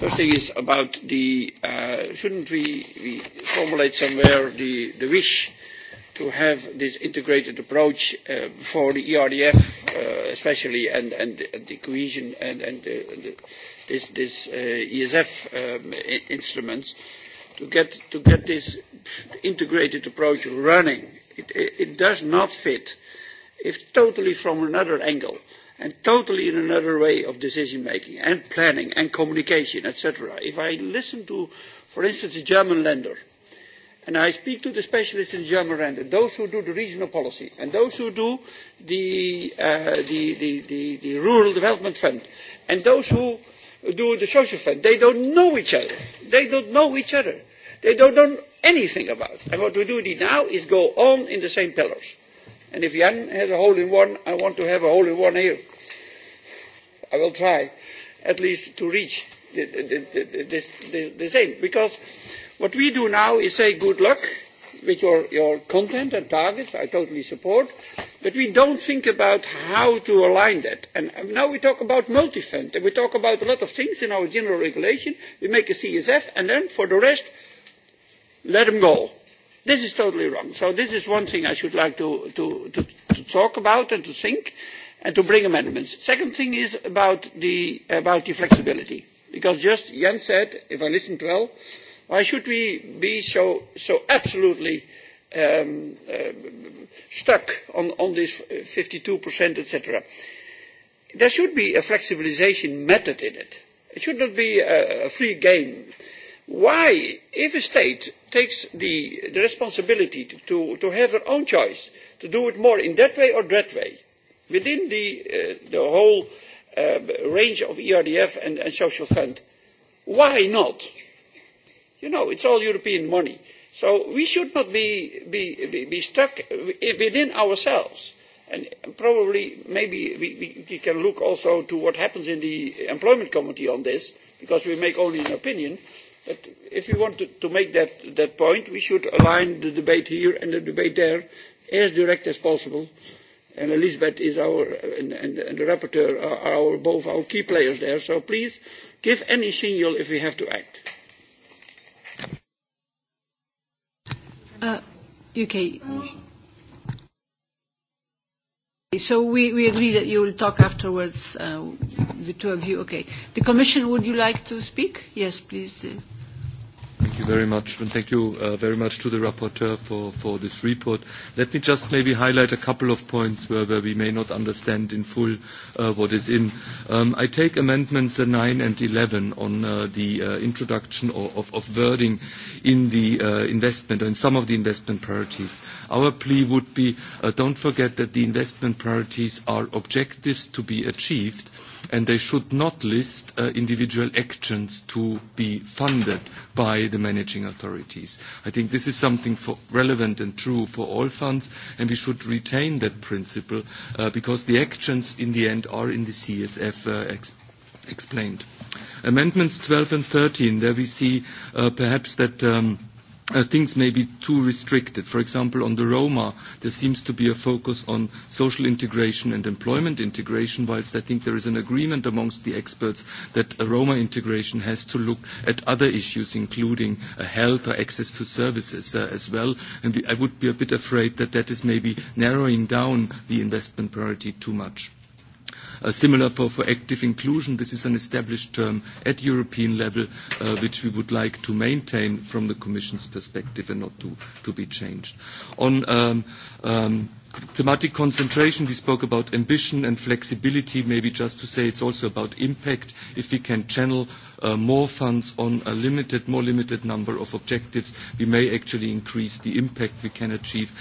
First thing is about the, uh, shouldn't we, we formulate somewhere the, the wish to have this integrated approach uh, for the ERDF uh, especially and, and, the cohesion and, and the, the, this, this uh, ESF um, instruments to get, to get this integrated approach running. It, it, it does not fit if totally from another angle and totally in another way of decision making and planning and communication, etc. If I listen to, for instance, the German lender – And I speak to the specialists in German Rand, those who do the regional policy, and those who do the, rural development fund, and those who do the social fund. They don't know each other. They don't know each other. They don't know anything about. And what we do now is go on in the same pillars. And if Jan has a hole in one, I want to have a hole in one here. I will try, at least, to reach the, the, the, the, the, the same. Because What we do now is say good luck with your, your content and targets, I totally support, but we don't think about how to align that. And now we talk about multifend, and we talk about a lot of things in our general regulation. We make a CSF, and then for the rest, let them go. This is totally wrong. So this is one thing I should like to, to, to, to talk about and to think and to bring amendments. Second thing is about the, about the flexibility. Because just Jan said, if I listened well, Why should we be so, so absolutely um, uh, stuck on, on this 52%, etc.? There should be a flexibilisation method in it. It should not be a, a free game. Why, if a state takes the, the responsibility to, to, to have their own choice, to do it more in that way or that way, within the, uh, the whole uh, range of ERDF and, and social fund, why not? You know, it's all European money. So we should not be, be, be, be stuck within ourselves. And probably, maybe we, we, we can look also to what happens in the employment committee on this, because we make only an opinion. But if you want to, to make that, that point, we should align the debate here and the debate there as direct as possible. And Elizabeth is our, and, and, and the rapporteur are our, both our key players there. So please give any signal if we have to act. Uh, UK. So we, we agree that you will talk afterwards, uh, the two of you. Okay. The Commission, would you like to speak? Yes, please. The Thank you very much, and thank you uh, very much to the rapporteur for, for this report. Let me just maybe highlight a couple of points where, where we may not understand in full uh, what is in. Um, I take amendments uh, 9 and 11 on uh, the uh, introduction of, of wording in the uh, investment, or in some of the investment priorities. Our plea would be, uh, don't forget that the investment priorities are objectives to be achieved, and they should not list individual actions to be funded by the managing authorities. I think this is something relevant and true for all funds, and we should retain that principle because the actions in the end are in the CSF explained. Amendments twelve and thirteen there we see perhaps that uh, things may be too restricted. For example, on the Roma, there seems to be a focus on social integration and employment integration, whilst I think there is an agreement amongst the experts that Roma integration has to look at other issues, including uh, health or access to services uh, as well. And the, I would be a bit afraid that that is maybe narrowing down the investment priority too much. Similar for active inclusion, this is an established term at European level, which we would like to maintain from the Commission's perspective and not to be changed. On thematic concentration, we spoke about ambition and flexibility. Maybe just to say it's also about impact. If we can channel more funds on a limited, more limited number of objectives, we may actually increase the impact we can achieve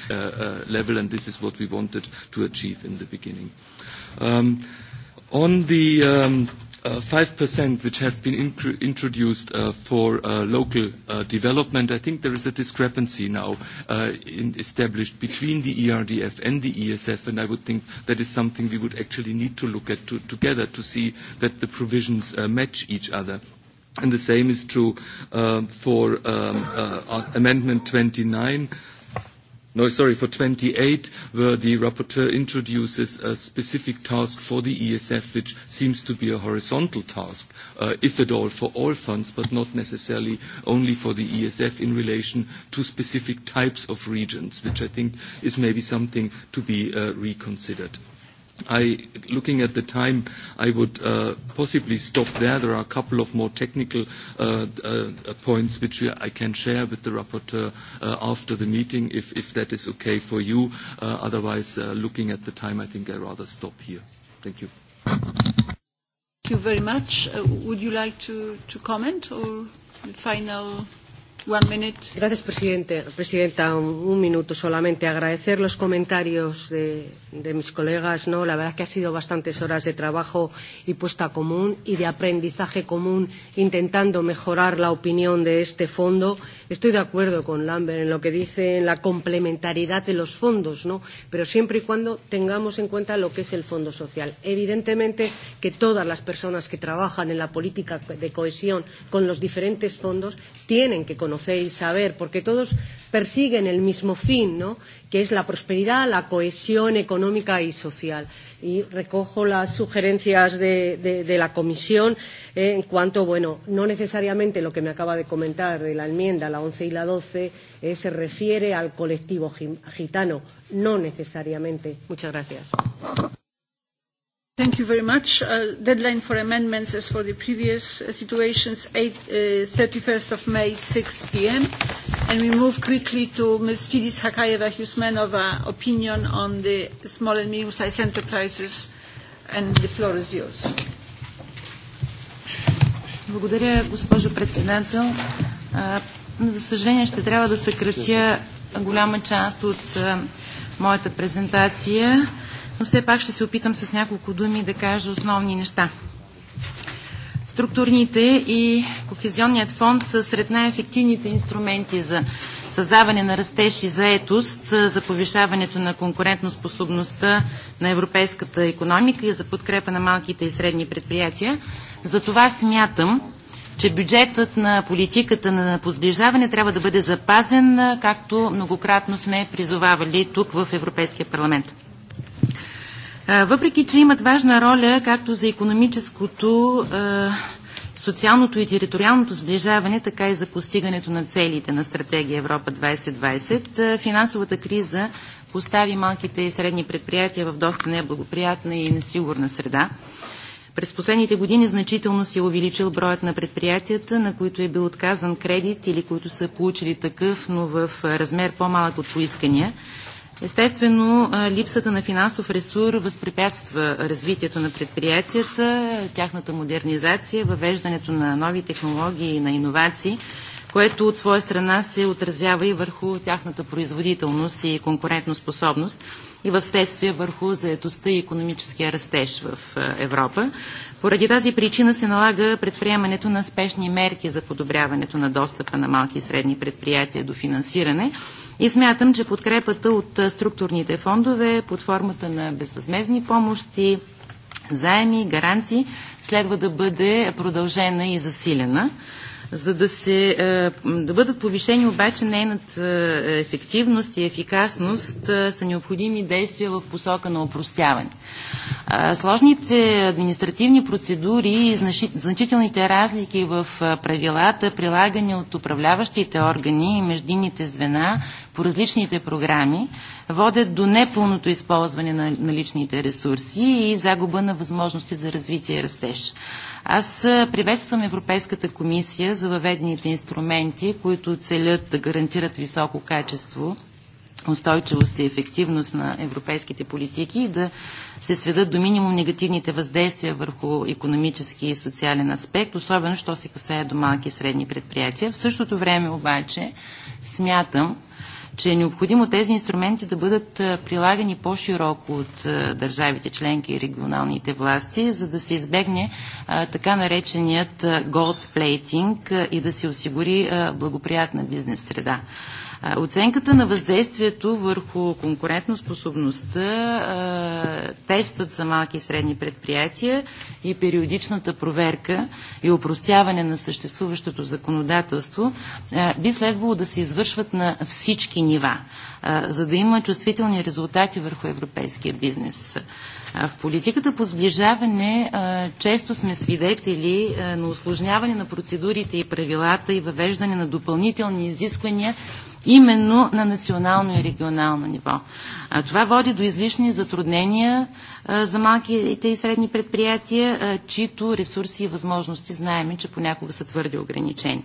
level, and this is what we wanted to achieve in the beginning. On the um, uh, 5% which have been introduced uh, for uh, local uh, development, I think there is a discrepancy now uh, in established between the ERDF and the ESF, and I would think that is something we would actually need to look at to, together to see that the provisions uh, match each other. And the same is true for um, uh, Amendment 29, No, sorry, for 28, where the rapporteur introduces a specific task for the ESF, which seems to be a horizontal task, if at all, for all funds, but not necessarily only for the ESF in relation to specific types of regions, which I think is maybe something to be reconsidered. I, looking at the time, I would uh, possibly stop there. There are a couple of more technical points which I can share with the rapporteur after the meeting, if, that is okay for you. otherwise, looking at the time, I think I rather stop here. Thank you. Thank you very much. would you like to, to comment or the final? Gracias, presidente. Presidenta, un, un minuto solamente. Agradecer los comentarios de, de mis colegas. ¿no? La verdad es que ha sido bastantes horas de trabajo y puesta común y de aprendizaje común intentando mejorar la opinión de este fondo. Estoy de acuerdo con Lambert en lo que dice en la complementariedad de los fondos, ¿no? pero siempre y cuando tengamos en cuenta lo que es el Fondo Social. Evidentemente que todas las personas que trabajan en la política de cohesión con los diferentes fondos tienen que conocer y saber, porque todos persiguen el mismo fin, ¿no? que es la prosperidad, la cohesión económica y social. Y recojo las sugerencias de, de, de la Comisión eh, en cuanto, bueno, no necesariamente lo que me acaba de comentar de la enmienda, la 11 y la 12, eh, se refiere al colectivo gitano, no necesariamente. Muchas gracias. Thank you very much. Uh, deadline for amendments, as for the previous uh, situations, 8, uh, 31st of May, 6 p.m. And we move quickly to Ms. Fidis Hakaeva-Husmanova opinion on the small and medium-sized enterprises. And the floor is yours. Благодаря, госпожо председател. За съжаление ще трябва да съкратя голяма част от моята презентация но все пак ще се опитам с няколко думи да кажа основни неща. Структурните и Кохезионният фонд са сред най-ефективните инструменти за създаване на растеж и заетост, за повишаването на конкурентоспособността на европейската економика и за подкрепа на малките и средни предприятия. За това смятам, че бюджетът на политиката на позближаване трябва да бъде запазен, както многократно сме призовавали тук в Европейския парламент. Въпреки, че имат важна роля както за економическото, социалното и териториалното сближаване, така и за постигането на целите на стратегия Европа 2020, финансовата криза постави малките и средни предприятия в доста неблагоприятна и несигурна среда. През последните години значително се е увеличил броят на предприятията, на които е бил отказан кредит или които са получили такъв, но в размер по-малък от поискания. Естествено, липсата на финансов ресурс възпрепятства развитието на предприятията, тяхната модернизация, въвеждането на нови технологии и на иновации, което от своя страна се отразява и върху тяхната производителност и конкурентоспособност и в следствие върху заетостта и економическия растеж в Европа. Поради тази причина се налага предприемането на спешни мерки за подобряването на достъпа на малки и средни предприятия до финансиране – и смятам, че подкрепата от структурните фондове под формата на безвъзмезни помощи, заеми, гаранции следва да бъде продължена и засилена за да, се, е, да бъдат повишени обаче нейната е, ефективност и ефикасност е, са необходими действия в посока на опростяване. Сложните административни процедури и значи, значителните разлики в правилата, прилагани от управляващите органи и междинните звена по различните програми, водят до непълното използване на наличните ресурси и загуба на възможности за развитие и растеж. Аз приветствам Европейската комисия за въведените инструменти, които целят да гарантират високо качество устойчивост и ефективност на европейските политики и да се сведат до минимум негативните въздействия върху економически и социален аспект, особено що се касае до малки и средни предприятия. В същото време обаче смятам, че е необходимо тези инструменти да бъдат прилагани по-широко от държавите членки и регионалните власти, за да се избегне така нареченият gold plating и да се осигури благоприятна бизнес среда. Оценката на въздействието върху конкурентоспособността, тестът за малки и средни предприятия и периодичната проверка и упростяване на съществуващото законодателство би следвало да се извършват на всички нива, за да има чувствителни резултати върху европейския бизнес. В политиката по сближаване често сме свидетели на осложняване на процедурите и правилата и въвеждане на допълнителни изисквания именно на национално и регионално ниво. А, това води до излишни затруднения а, за малките и средни предприятия, а, чието ресурси и възможности знаем, че понякога са твърде ограничени.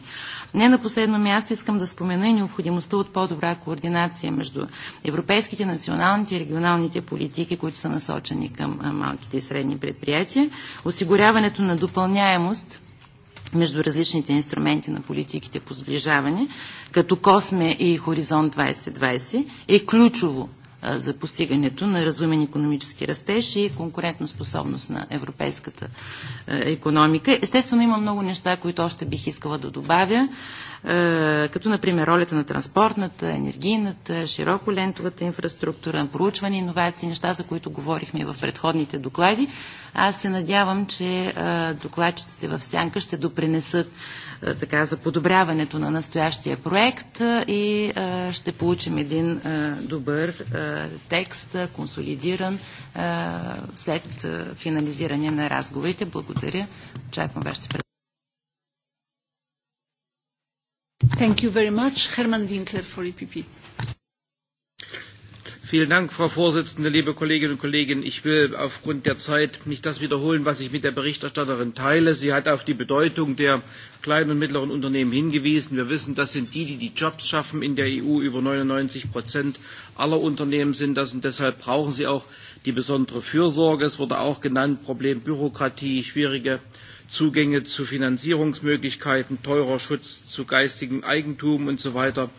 Не на последно място искам да спомена и необходимостта от по-добра координация между европейските, националните и регионалните политики, които са насочени към малките и средни предприятия, осигуряването на допълняемост между различните инструменти на политиките по сближаване, като Косме и Хоризонт 2020, е ключово за постигането на разумен економически растеж и способност на европейската економика. Естествено, има много неща, които още бих искала да добавя, като например ролята на транспортната, енергийната, широколентовата инфраструктура, проучване, иновации, неща, за които говорихме в предходните доклади. Аз се надявам, че докладчиците в Сянка ще допринесат така, за подобряването на настоящия проект и ще получим един добър текст, консолидиран след финализиране на разговорите. Благодаря. Очаквам вашите предложения. Thank you very much. Herman Winkler for EPP. Vielen Dank, Frau Vorsitzende, liebe Kolleginnen und Kollegen. Ich will aufgrund der Zeit nicht das wiederholen, was ich mit der Berichterstatterin teile. Sie hat auf die Bedeutung der kleinen und mittleren Unternehmen hingewiesen. Wir wissen, das sind die, die die Jobs schaffen in der EU. Über 99 Prozent aller Unternehmen sind das und deshalb brauchen sie auch die besondere Fürsorge. Es wurde auch genannt, Problem Bürokratie, schwierige äh, Zugänge zu Finanzierungsmöglichkeiten, teurer Schutz zu geistigem Eigentum und so weiter.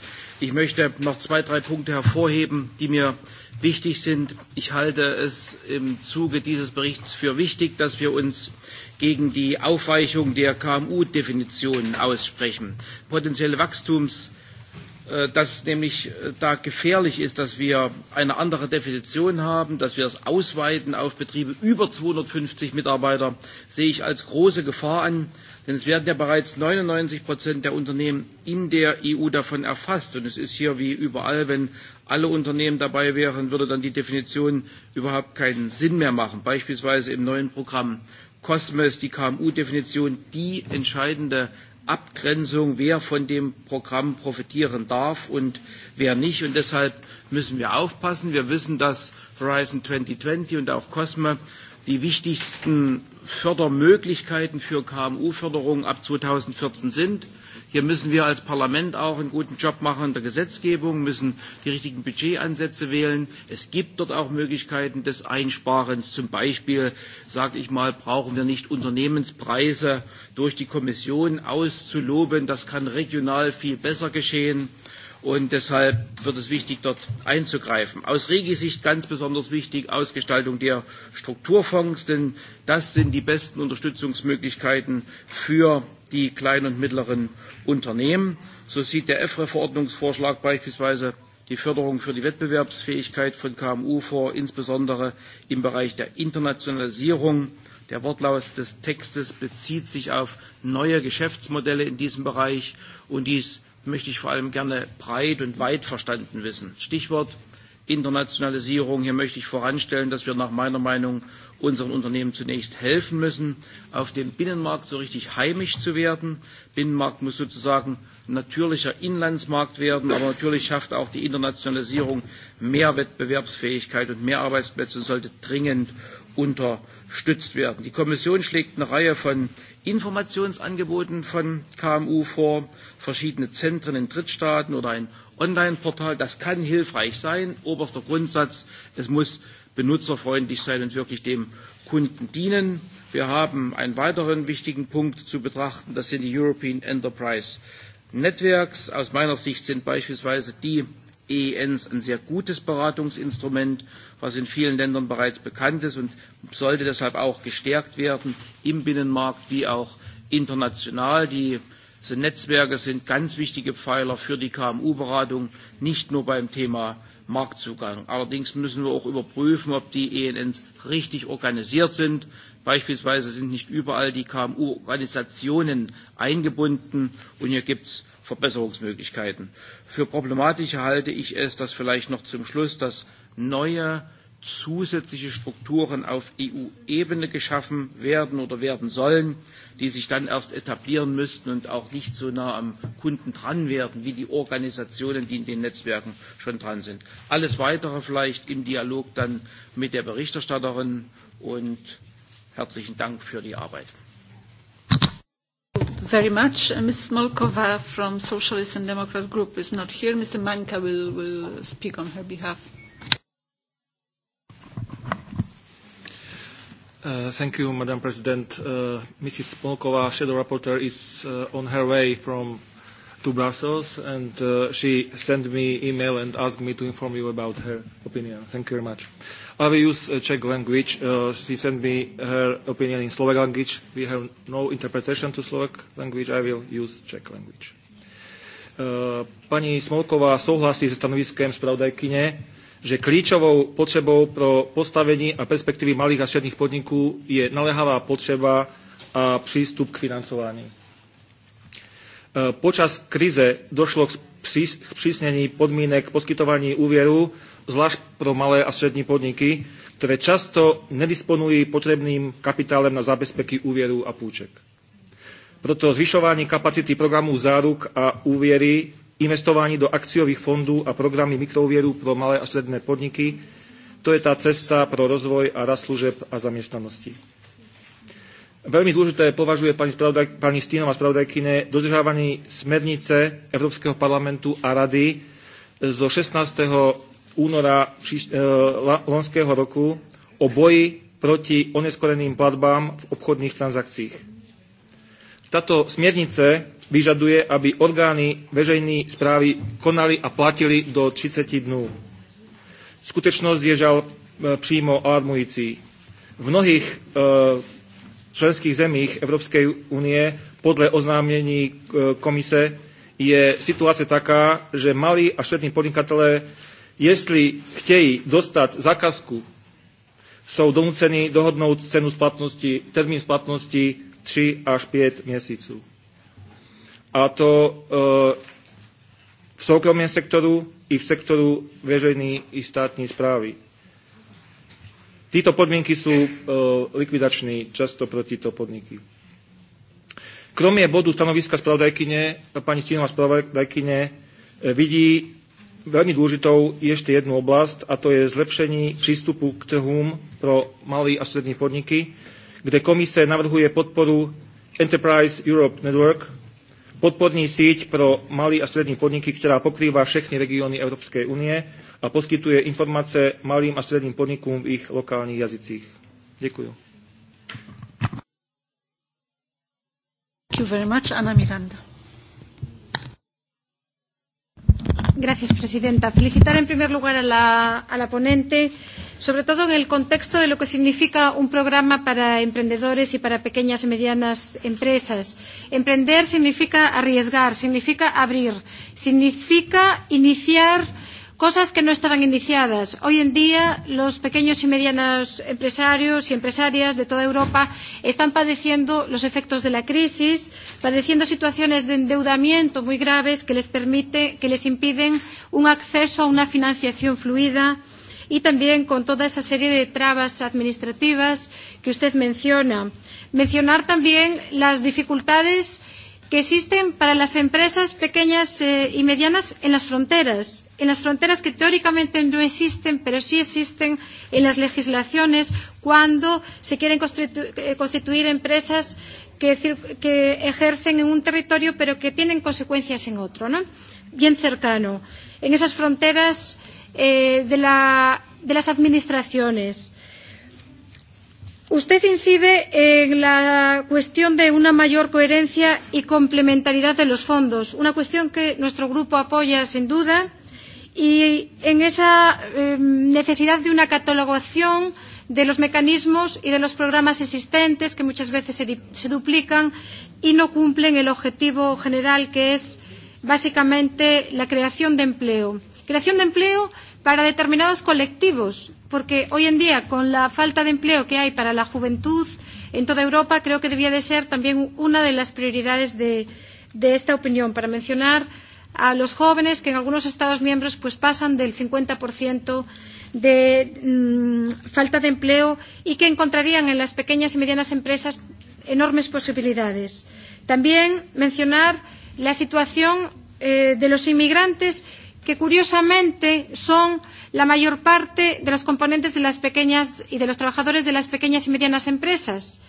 Ich möchte noch zwei, drei Punkte hervorheben, die mir wichtig sind. Ich halte es im Zuge dieses Berichts für wichtig, dass wir uns gegen die Aufweichung der KMU-Definition aussprechen. Potenzielle Wachstums dass es nämlich da gefährlich ist, dass wir eine andere Definition haben, dass wir es ausweiten auf Betriebe über 250 Mitarbeiter, sehe ich als große Gefahr an. Denn es werden ja bereits 99 Prozent der Unternehmen in der EU davon erfasst. Und es ist hier wie überall, wenn alle Unternehmen dabei wären, würde dann die Definition überhaupt keinen Sinn mehr machen. Beispielsweise im neuen Programm COSMES, die KMU-Definition, die entscheidende Abgrenzung, wer von dem Programm profitieren darf und wer nicht. Und deshalb müssen wir aufpassen. Wir wissen, dass Horizon 2020 und auch COSME die wichtigsten Fördermöglichkeiten für KMU-Förderung ab 2014 sind. Hier müssen wir als Parlament auch einen guten Job machen in der Gesetzgebung, müssen die richtigen Budgetansätze wählen. Es gibt dort auch Möglichkeiten des Einsparens. Zum Beispiel, sage ich mal, brauchen wir nicht Unternehmenspreise durch die Kommission auszuloben. Das kann regional viel besser geschehen. Und deshalb wird es wichtig, dort einzugreifen. Aus Regisicht ganz besonders wichtig Ausgestaltung der Strukturfonds, denn das sind die besten Unterstützungsmöglichkeiten für die kleinen und mittleren Unternehmen. So sieht der EFRE-Verordnungsvorschlag beispielsweise die Förderung für die Wettbewerbsfähigkeit von KMU vor, insbesondere im Bereich der Internationalisierung. Der Wortlaut des Textes bezieht sich auf neue Geschäftsmodelle in diesem Bereich und dies möchte ich vor allem gerne breit und weit verstanden wissen. Stichwort Internationalisierung. Hier möchte ich voranstellen, dass wir nach meiner Meinung unseren Unternehmen zunächst helfen müssen, auf dem Binnenmarkt so richtig heimisch zu werden. Binnenmarkt muss sozusagen natürlicher Inlandsmarkt werden, aber natürlich schafft auch die Internationalisierung mehr Wettbewerbsfähigkeit und mehr Arbeitsplätze und sollte dringend unterstützt werden. Die Kommission schlägt eine Reihe von Informationsangeboten von KMU vor, verschiedene Zentren in Drittstaaten oder ein Online-Portal, das kann hilfreich sein. Oberster Grundsatz, es muss benutzerfreundlich sein und wirklich dem Kunden dienen. Wir haben einen weiteren wichtigen Punkt zu betrachten, das sind die European Enterprise Networks. Aus meiner Sicht sind beispielsweise die EENs ein sehr gutes Beratungsinstrument, was in vielen Ländern bereits bekannt ist und sollte deshalb auch gestärkt werden im Binnenmarkt wie auch international. Die Also Netzwerke sind ganz wichtige Pfeiler für die KMU-Beratung, nicht nur beim Thema Marktzugang. Allerdings müssen wir auch überprüfen, ob die ENNs richtig organisiert sind. Beispielsweise sind nicht überall die KMU-Organisationen eingebunden und hier gibt es Verbesserungsmöglichkeiten. Für problematisch halte ich es, dass vielleicht noch zum Schluss das neue zusätzliche Strukturen auf EU-Ebene geschaffen werden oder werden sollen, die sich dann erst etablieren müssten und auch nicht so nah am Kunden dran werden, wie die Organisationen, die in den Netzwerken schon dran sind. Alles Weitere vielleicht im Dialog dann mit der Berichterstatterin und herzlichen Dank für die Arbeit. Very much. Ms. from Socialist and Democrat Group is not here. Mr. Manka will, will speak on her behalf. Thank you, Madam President. Mrs. Polkova, Shadow Rapporteur, is on her way from to Brussels, and she sent me email and asked me to inform you about her opinion. Thank you very much. I will use Czech language. She sent me her opinion in Slovak language. We have no interpretation to Slovak language. I will use Czech language. Pani Smolková souhlasí se stanoviskem zpravodajkyně že kľúčovou potrebou pro postavenie a perspektívy malých a stredných podnikov je naléhavá potreba a prístup k financování. Počas krize došlo k přísnení podmínek poskytování úvěru, zvlášť pro malé a střední podniky, ktoré často nedisponují potrebným kapitálem na zabezpeky úvěru a půjček. Proto zvyšování kapacity programů záruk a úvěry investování do akciových fondů a programy mikrouvěrů pro malé a střední podniky, to je tá cesta pro rozvoj a rast služeb a zamestnanosti. Veľmi dôležité považuje pani, spravodaj, pani Stínová spravodajkyne dodržávanie smernice Európskeho parlamentu a rady zo 16. února lonského roku o boji proti oneskoreným platbám v obchodných transakciách. Táto smernice vyžaduje, aby orgány veřejnej správy konali a platili do 30 dnú. Skutečnosť je žal přímo alarmující. V mnohých členských zemích Európskej unie podle oznámení komise je situácia taká, že malí a střední podnikatelé, jestli chtějí dostať zakazku, sú donuceni dohodnúť cenu splatnosti, termín splatnosti 3 až 5 mesiacov a to v soukromém sektoru i v sektoru veřejné i státní správy. Títo podmienky sú likvidační často pre tyto podniky. Kromě bodu stanoviska spravodajkyne, pani Stínová spravodajkyne vidí veľmi dôležitou ešte jednu oblasť, a to je zlepšení prístupu k trhům pro malé a strední podniky, kde komise navrhuje podporu Enterprise Europe Network podporní síť pro malé a strední podniky, ktorá pokrýva všechny regióny Európskej únie a poskytuje informácie malým a stredným podnikom v ich lokálnych jazycích. Ďakujem. Thank you very much, Anna Miranda. Gracias, presidenta. Felicitar en primer lugar a la, a la ponente, sobre todo en el contexto de lo que significa un programa para emprendedores y para pequeñas y medianas empresas. Emprender significa arriesgar, significa abrir, significa iniciar Cosas que no estaban iniciadas. Hoy en día los pequeños y medianos empresarios y empresarias de toda Europa están padeciendo los efectos de la crisis, padeciendo situaciones de endeudamiento muy graves que les, permite, que les impiden un acceso a una financiación fluida y también con toda esa serie de trabas administrativas que usted menciona. Mencionar también las dificultades que existen para las empresas pequeñas eh, y medianas en las fronteras, en las fronteras que teóricamente no existen, pero sí existen en las legislaciones cuando se quieren constitu constituir empresas que, que ejercen en un territorio pero que tienen consecuencias en otro, ¿no? bien cercano, en esas fronteras eh, de, la, de las administraciones Usted incide en la cuestión de una mayor coherencia y complementariedad de los fondos, una cuestión que nuestro grupo apoya sin duda, y en esa necesidad de una catalogación de los mecanismos y de los programas existentes que muchas veces se, duplican y no cumplen el objetivo general que es básicamente la creación de empleo. Creación de empleo para determinados colectivos, porque hoy en día, con la falta de empleo que hay para la juventud en toda Europa, creo que debía de ser también una de las prioridades de, de esta opinión, para mencionar a los jóvenes que en algunos Estados miembros pues, pasan del 50% de mmm, falta de empleo y que encontrarían en las pequeñas y medianas empresas enormes posibilidades. También mencionar la situación eh, de los inmigrantes que curiosamente son la mayor parte de los componentes de las pequeñas y de los trabajadores de las pequeñas y medianas empresas.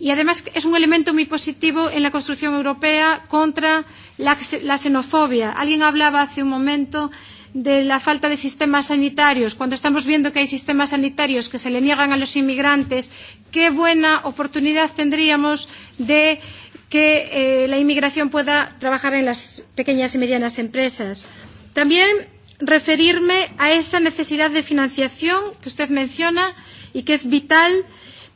Y además es un elemento muy positivo en la construcción europea contra la, la xenofobia. Alguien hablaba hace un momento de la falta de sistemas sanitarios, cuando estamos viendo que hay sistemas sanitarios que se le niegan a los inmigrantes, qué buena oportunidad tendríamos de que eh, la inmigración pueda trabajar en las pequeñas y medianas empresas. También referirme a esa necesidad de financiación que usted menciona y que es vital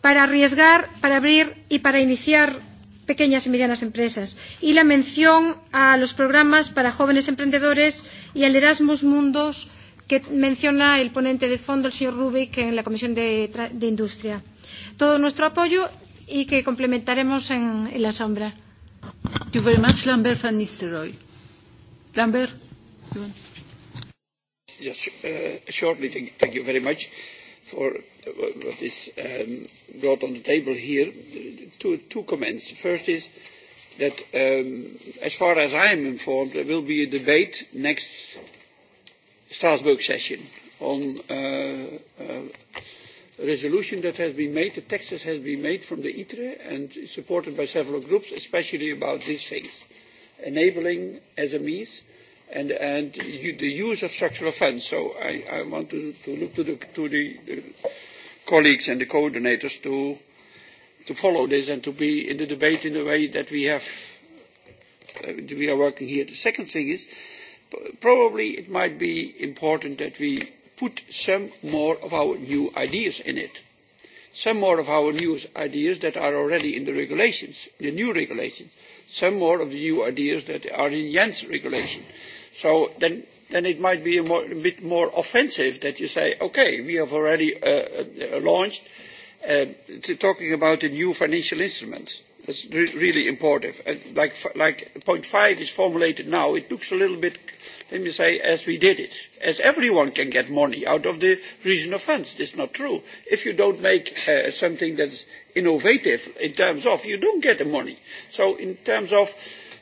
para arriesgar, para abrir y para iniciar pequeñas y medianas empresas. Y la mención a los programas para jóvenes emprendedores y al Erasmus Mundos que menciona el ponente de fondo, el señor Rubik, en la Comisión de, de Industria. Todo nuestro apoyo y que complementaremos en, en la sombra. Thank you very much, Lambert van Nistelrooy. Lambert. Yes, uh, shortly, thank, thank you very much for what is um, brought on the table here. Two, two comments. The first is that, um, as far as I am informed, there will be a debate next Strasbourg session on uh, a resolution that has been made, the text that has been made from the ITRE and supported by several groups, especially about these things. Enabling SMEs and, and the use of structural funds. So I, I want to, to look to the, to the colleagues and the coordinators to, to follow this and to be in the debate in the way that we have uh, we are working here. The second thing is probably it might be important that we put some more of our new ideas in it. Some more of our new ideas that are already in the regulations, the new regulations. Some more of the new ideas that are in Jens' regulation So then, then it might be a, more, a bit more offensive that you say, okay, we have already uh, launched uh, talking about the new financial instruments. That's re really important. And like, like point five is formulated now, it looks a little bit, let me say, as we did it. As everyone can get money out of the regional funds. is not true. If you don't make uh, something that's innovative in terms of, you don't get the money. So in terms of,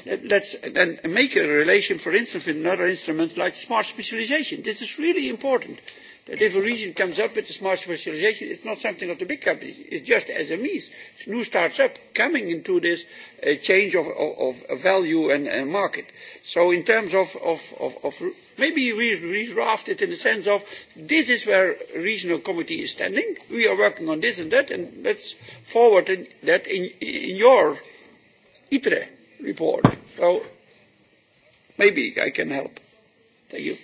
let's and make a relation, for instance, with another instrument like smart specialisation. This is really important. That if a region comes up with a smart specialisation, it's not something of the big companies. It's just SMEs, new starts up coming into this uh, change of, of, of value and, and market. So in terms of, of, of, of maybe we redraft it in the sense of this is where regional committee is standing. We are working on this and that, and let's forward in, that in, in your ITRE report. So maybe I can help. Thank you.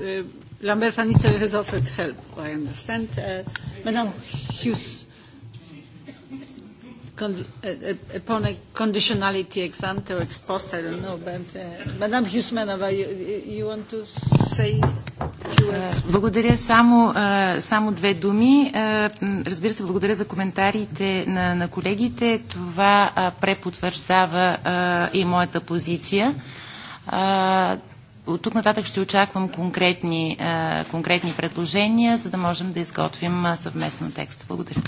Uh, Lambert van Nistel has offered help, I understand. Uh, but Madam Hughes, con- uh, upon a conditionality ex ante or ex post, I don't know, but uh, Madame Hughes-Manova, you, you want to say благодаря. Само, само две думи. Разбира се, благодаря за коментарите на, на колегите. Това препотвърждава и моята позиция. От тук нататък ще очаквам конкретни, конкретни предложения, за да можем да изготвим съвместно текст. Благодаря.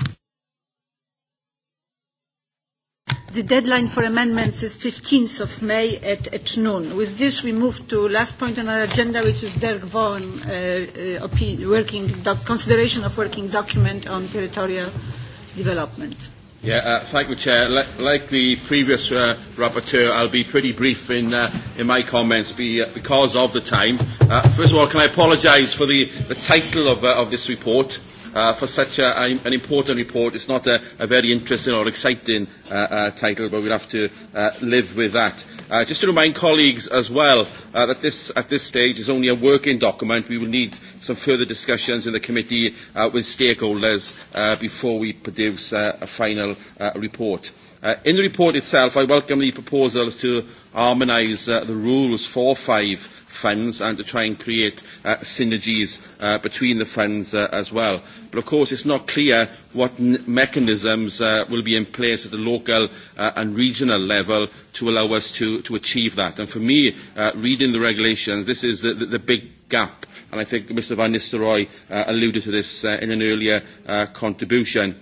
The deadline for amendments is 15th of May at, at noon. With this, we move to last point on our agenda, which is Dirk Vaughan, uh, uh, working doc- consideration of working document on territorial development. Yeah, uh, thank you, Chair. L- like the previous uh, rapporteur, I'll be pretty brief in, uh, in my comments be, uh, because of the time. Uh, first of all, can I apologise for the, the title of, uh, of this report? Uh, uh, for such a, an important report. It's not a, a very interesting or exciting uh, uh, title, but we'll have to uh, live with that. Uh, just to remind colleagues as well uh, that this, at this stage, is only a working document. We will need some further discussions in the committee uh, with stakeholders uh, before we produce uh, a final uh, report. Uh, in the report itself, I welcome the proposals to harmonise uh, the rules for five funds and to try and create uh, synergies uh, between the funds uh, as well. But of course it's not clear what mechanisms uh, will be in place at the local uh, and regional level to allow us to, to achieve that. And for me, uh, reading the regulations, this is the, the, the big gap. And I think Mr Van Nistelrooy uh, alluded to this uh, in an earlier uh, contribution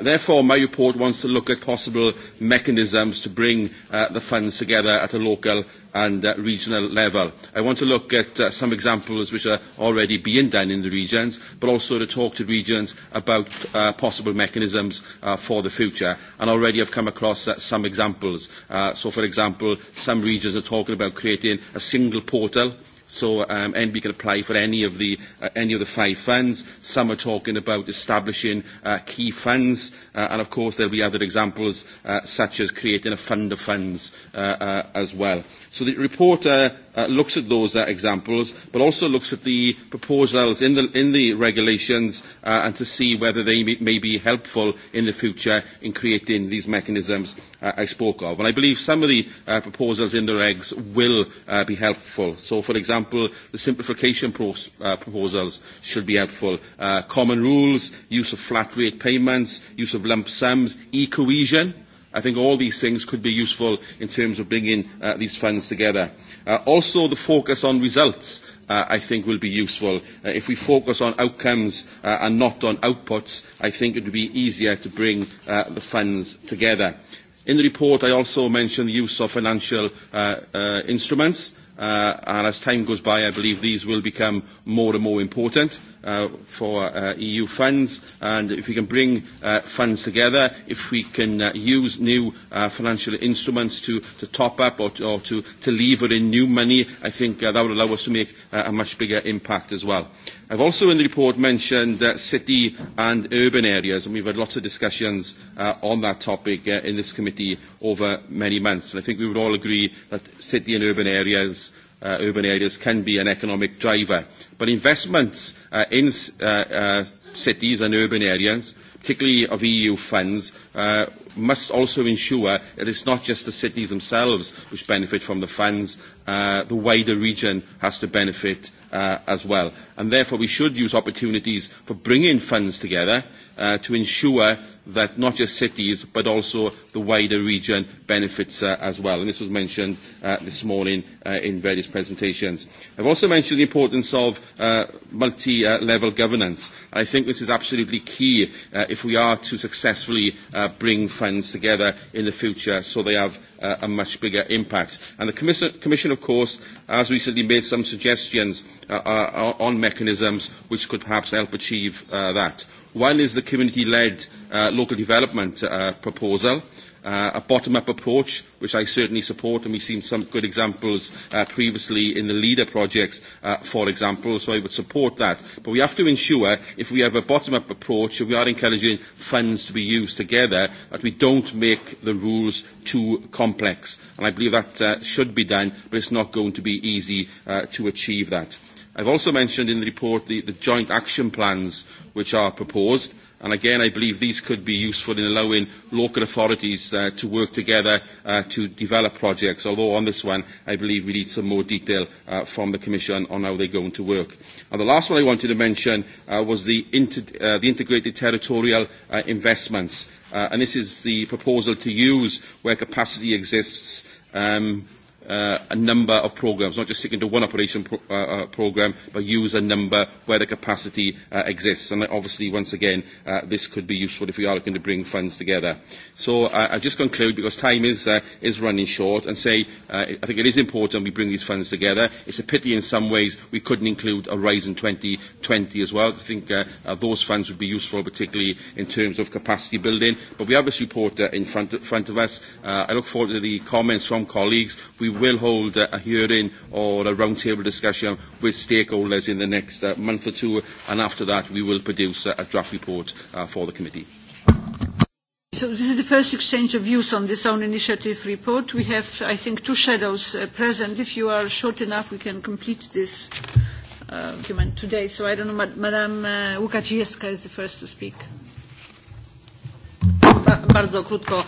therefore, my report wants to look at possible mechanisms to bring the funds together at a local and regional level. I want to look at some examples which are already being done in the regions, but also to talk to regions about possible mechanisms for the future. And already have come across some examples. so, for example, some regions are talking about creating a single portal So um, NB can apply for any of the uh, any of the five funds. Some are talking about establishing uh, key funds, uh, and of course there will be other examples uh, such as creating a fund of funds uh, uh, as well. So the report uh, uh, looks at those uh, examples, but also looks at the proposals in the, in the regulations uh, and to see whether they may, may be helpful in the future in creating these mechanisms uh, I spoke of. And I believe some of the uh, proposals in the regs will uh, be helpful. So, for example, the simplification pro- uh, proposals should be helpful. Uh, common rules, use of flat rate payments, use of lump sums, e-cohesion, I think all these things could be useful in terms of bringing uh, these funds together. Uh, also, the focus on results uh, I think will be useful. Uh, if we focus on outcomes uh, and not on outputs, I think it would be easier to bring uh, the funds together. In the report, I also mentioned the use of financial uh, uh, instruments, uh, and as time goes by, I believe these will become more and more important for EU funds, and if we can bring funds together, if we can use new financial instruments to top up or to lever in new money, I think that will allow us to make a much bigger impact as well. I've also in the report mentioned uh, city and urban areas, and we've had lots of discussions uh, on that topic uh, in this committee over many months. And I think we would all agree that city and urban areas uh, urban areas can be an economic driver. But investments uh, in uh, uh, cities and urban areas, particularly of EU funds, uh, must also ensure that it's not just the cities themselves which benefit from the funds. Uh, the wider region has to benefit uh, as well. And therefore we should use opportunities for bringing funds together uh, to ensure that not just cities but also the wider region benefits uh, as well. And this was mentioned uh, this morning uh, in various presentations. I've also mentioned the importance of uh, multi-level governance. I think this is absolutely key uh, if we are to successfully uh, bring funds together in the future so they have uh, a much bigger impact. And the commission, commission, of course, has recently made some suggestions uh, uh, on mechanisms which could perhaps help achieve uh, that. One is the community-led uh, local development uh, proposal. Uh, uh, a bottom-up approach, which I certainly support, and we've seen some good examples uh, previously in the leader projects, uh, for example, so I would support that. But we have to ensure, if we have a bottom-up approach, if we are encouraging funds to be used together, that we don't make the rules too complex. And I believe that uh, should be done, but it's not going to be easy uh, to achieve that. I've also mentioned in the report the, the joint action plans which are proposed And again, I believe these could be useful in allowing local authorities uh, to work together uh, to develop projects, although on this one, I believe we need some more detail uh, from the Commission on how they're going to work. And the last one I wanted to mention uh, was the, inter uh, the integrated territorial uh, investments. Uh, and this is the proposal to use where capacity exists um, uh, a number of programs, not just sticking to one operation pro- uh, uh, program, but use a number where the capacity uh, exists. And obviously, once again, uh, this could be useful if we are looking to bring funds together. So uh, I just conclude because time is uh, is running short, and say uh, I think it is important we bring these funds together. It's a pity in some ways we couldn't include Horizon 2020 as well. I think uh, uh, those funds would be useful, particularly in terms of capacity building. But we have this report uh, in front of, front of us. Uh, I look forward to the comments from colleagues. We will hold a hearing or a roundtable discussion with stakeholders in the next uh, month or two, and after that we will produce a draft report uh, for the committee. So this is the first exchange of views on this own initiative report. We have, I think, two shadows uh, present. If you are short enough, we can complete this uh, document today. So I don't know, Madame uh, Łukacijewska is the first to speak. Bardzo krótko.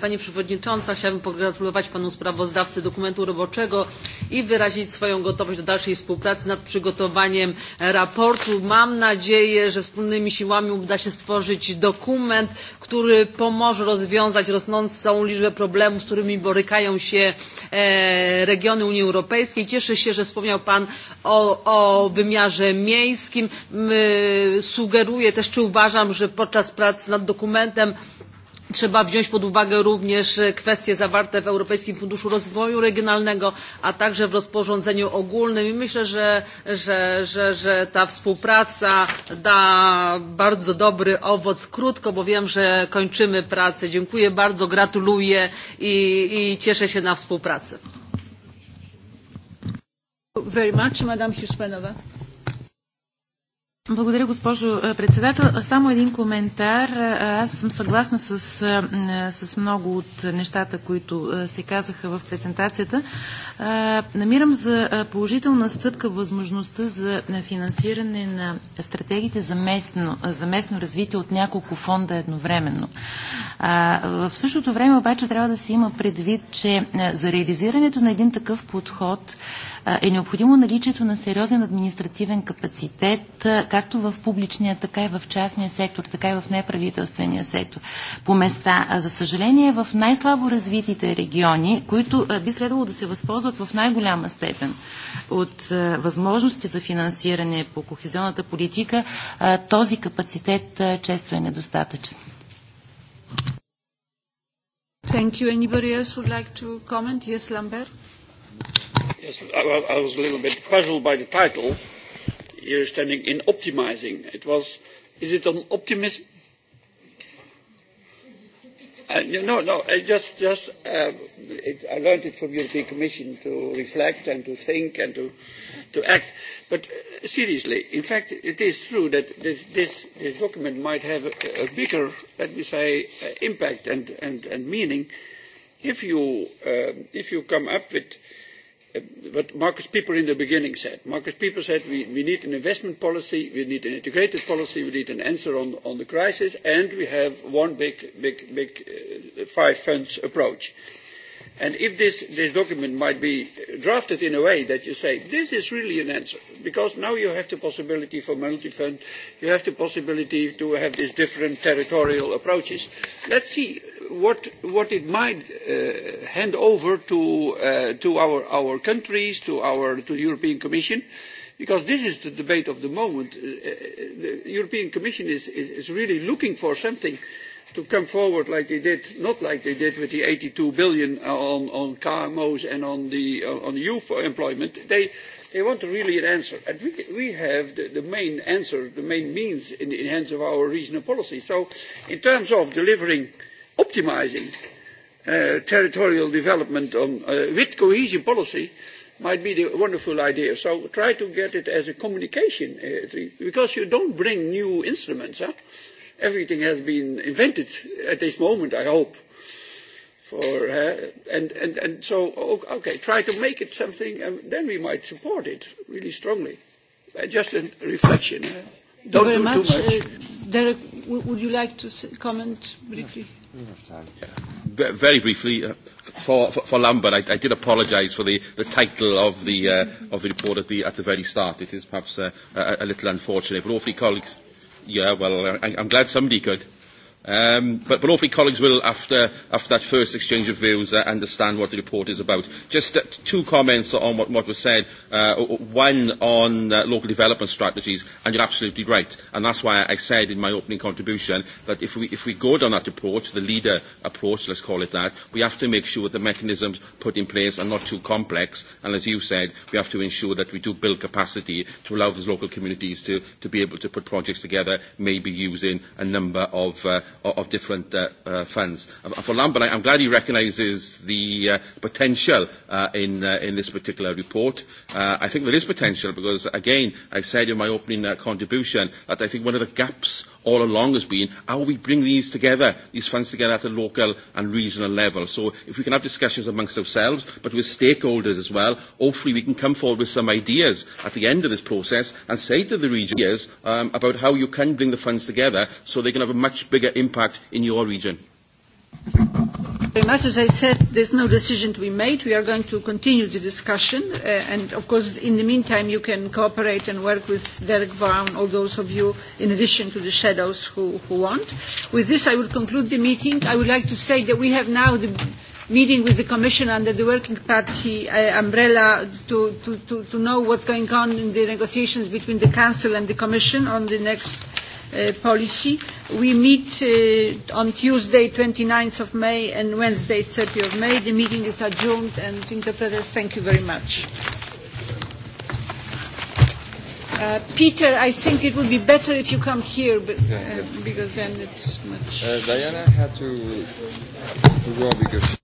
Pani Przewodnicząca, chciałabym pogratulować Panu sprawozdawcy dokumentu roboczego i wyrazić swoją gotowość do dalszej współpracy nad przygotowaniem raportu. Mam nadzieję, że wspólnymi siłami uda się stworzyć dokument, który pomoże rozwiązać rosnącą liczbę problemów, z którymi borykają się regiony Unii Europejskiej. Cieszę się, że wspomniał Pan o, wymiarze miejskim. Sugeruję też, czy uważam, że podczas prac nad dokumentem Trzeba wziąć pod uwagę również kwestie zawarte w Europejskim Funduszu Rozwoju Regionalnego, a także w rozporządzeniu ogólnym i myślę, że, że, że, że ta współpraca da bardzo dobry owoc krótko, bo wiem, że kończymy pracę. Dziękuję bardzo, gratuluję i, i cieszę się na współpracę. Very much, Madame благодаря, госпожо председател. Само един коментар. Аз съм съгласна с, с много от нещата, които се казаха в презентацията. Намирам за положителна стъпка възможността за финансиране на стратегиите за местно, за местно развитие от няколко фонда едновременно. В същото време обаче трябва да се има предвид, че за реализирането на един такъв подход е необходимо наличието на сериозен административен капацитет, както в публичния, така и в частния сектор, така и в неправителствения сектор по места. А за съжаление, в най-слабо развитите региони, които би следвало да се възползват в най-голяма степен от възможности за финансиране по кохезионната политика, този капацитет често е недостатъчен. Thank you. Anybody else would like to comment? Yes, Lambert yes, I, was a little bit puzzled by the title. You're standing in optimizing. It was, is it an optimism? Uh, no, no, I just, just uh, it, I learned it from European Commission to reflect and to think and to, to act. But uh, seriously, in fact, it is true that this, this, this document might have a, a bigger, let me say, uh, impact and, and, and meaning if you, um, if you come up with what Marcus Pieper in the beginning said. Marcus Pieper said we, we need an investment policy, we need an integrated policy, we need an answer on, on the crisis, and we have one big, big, big uh, five funds approach. And if this, this document might be drafted in a way that you say, this is really an answer, because now you have the possibility for multi-fund, you have the possibility to have these different territorial approaches. Let's see, what it might hand over to our countries, to the European Commission, because this is the debate of the moment. The European Commission is really looking for something to come forward like they did, not like they did with the eighty two billion on KMOs and on the youth employment. They they want really an answer. And we, we have the, the main answer, the main means in the hands of our regional policy. So in terms of delivering optimising territorial development with cohesion policy might be a wonderful idea. So try to get it as a communication, uh, because you don't bring new instruments. Huh? Everything has been invented at this moment, I hope. For, uh, and, and, and so, okay, try to make it something, and then we might support it really strongly. Uh, just a reflection. Uh, don't do too much. Uh, Derek, w- would you like to comment briefly? Yeah. Yeah. Very briefly, uh, for, for, for Lambert, I, I did apologise for the, the title of the, uh, of the report at the, at the very start. It is perhaps uh, a, a little unfortunate, but hopefully colleagues... Yeah, well, I, I'm glad somebody could. Um, but, but hopefully colleagues will, after, after that first exchange of views, uh, understand what the report is about. Just uh, two comments on what, what was said. Uh, one on uh, local development strategies, and you're absolutely right. And that's why I said in my opening contribution that if we, if we go down that approach, the leader approach, let's call it that, we have to make sure that the mechanisms put in place are not too complex. And as you said, we have to ensure that we do build capacity to allow those local communities to, to be able to put projects together, maybe using a number of uh, of different uh, funds. For Lambert, I'm glad he recognises the uh, potential uh, in, uh, in this particular report. Uh, I think there is potential because, again, I said in my opening uh, contribution that I think one of the gaps all along has been how we bring these together, these funds together at a local and regional level. So if we can have discussions amongst ourselves, but with stakeholders as well, hopefully we can come forward with some ideas at the end of this process and say to the region um, about how you can bring the funds together so they can have a much bigger impact in your region. Very much. As I said, there's no decision to be made. We are going to continue the discussion. Uh, and of course, in the meantime, you can cooperate and work with Derek Brown, all those of you, in addition to the shadows who, who want. With this, I will conclude the meeting. I would like to say that we have now the meeting with the Commission under the Working Party uh, umbrella to, to, to, to know what's going on in the negotiations between the Council and the Commission on the next policy. We meet on Tuesday, 29th of May, and Wednesday, 30th of May. The meeting is adjourned, and interpreters, thank you very much. Uh, Peter, I think it would be better if you come here, but, uh, because then it's much. Uh, Diana had to, to go because.